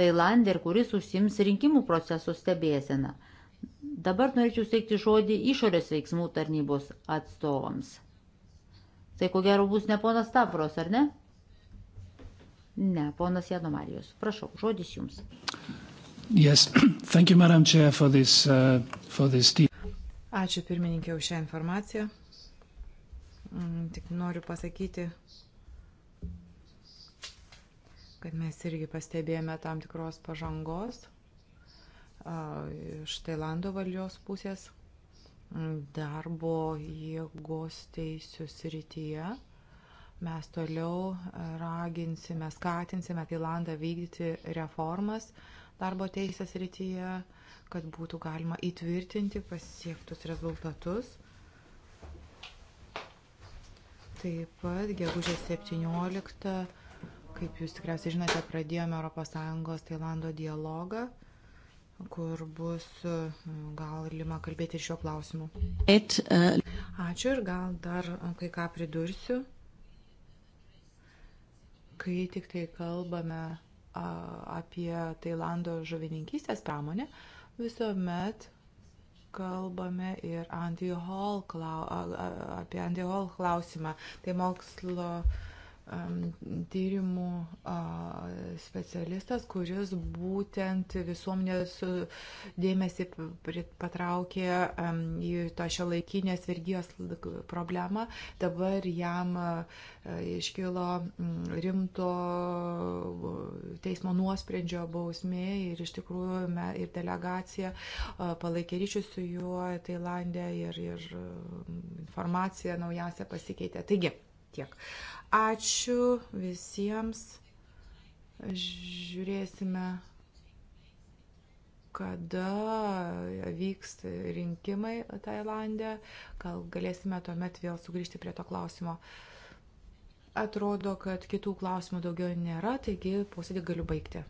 Tailandė ir kuris užsims rinkimų procesų stebėsena. Dabar norėčiau steigti žodį išorės veiksmų tarnybos atstovams. Tai ko gero bus ne ponas Stavros, ar ne? Ne, ponas Janomarijos. Prašau, žodis jums. Yes. Thank you, Madam Chair, for this, uh, for this Ačiū pirmininkė už šią informaciją. Mm, tik noriu pasakyti, kad mes irgi pastebėjome tam tikros pažangos iš Tailando valdžios pusės mm, darbo jėgos teisų srityje. Mes toliau raginsime, skatinsime Tailandą vykdyti reformas darbo teisės srityje, kad būtų galima įtvirtinti pasiektus rezultatus. Taip pat gegužės 17, kaip jūs tikriausiai žinote, pradėjome ES Tailando dialogą, kur bus galima kalbėti ir šiuo klausimu. Et, uh... Ačiū ir gal dar kai ką pridursiu. Kai tik tai kalbame apie Tailando žuvininkystės pramonę, visuomet kalbame ir Andy Hall, apie Andy Hall klausimą. Tai mokslo tyrimų specialistas, kuris būtent visuomenės dėmesį patraukė į tą šio laikinės vergyjos problemą. Dabar jam iškilo rimto teismo nuosprendžio bausmė ir iš tikrųjų ir delegacija palaikė ryšius su juo Tailandė ir, ir informacija naujausia pasikeitė. Taigi, tiek. Ačiū visiems. Žiūrėsime, kada vyks rinkimai Tailandė. Gal galėsime tuomet vėl sugrįžti prie to klausimo. Atrodo, kad kitų klausimų daugiau nėra, taigi posėdį galiu baigti.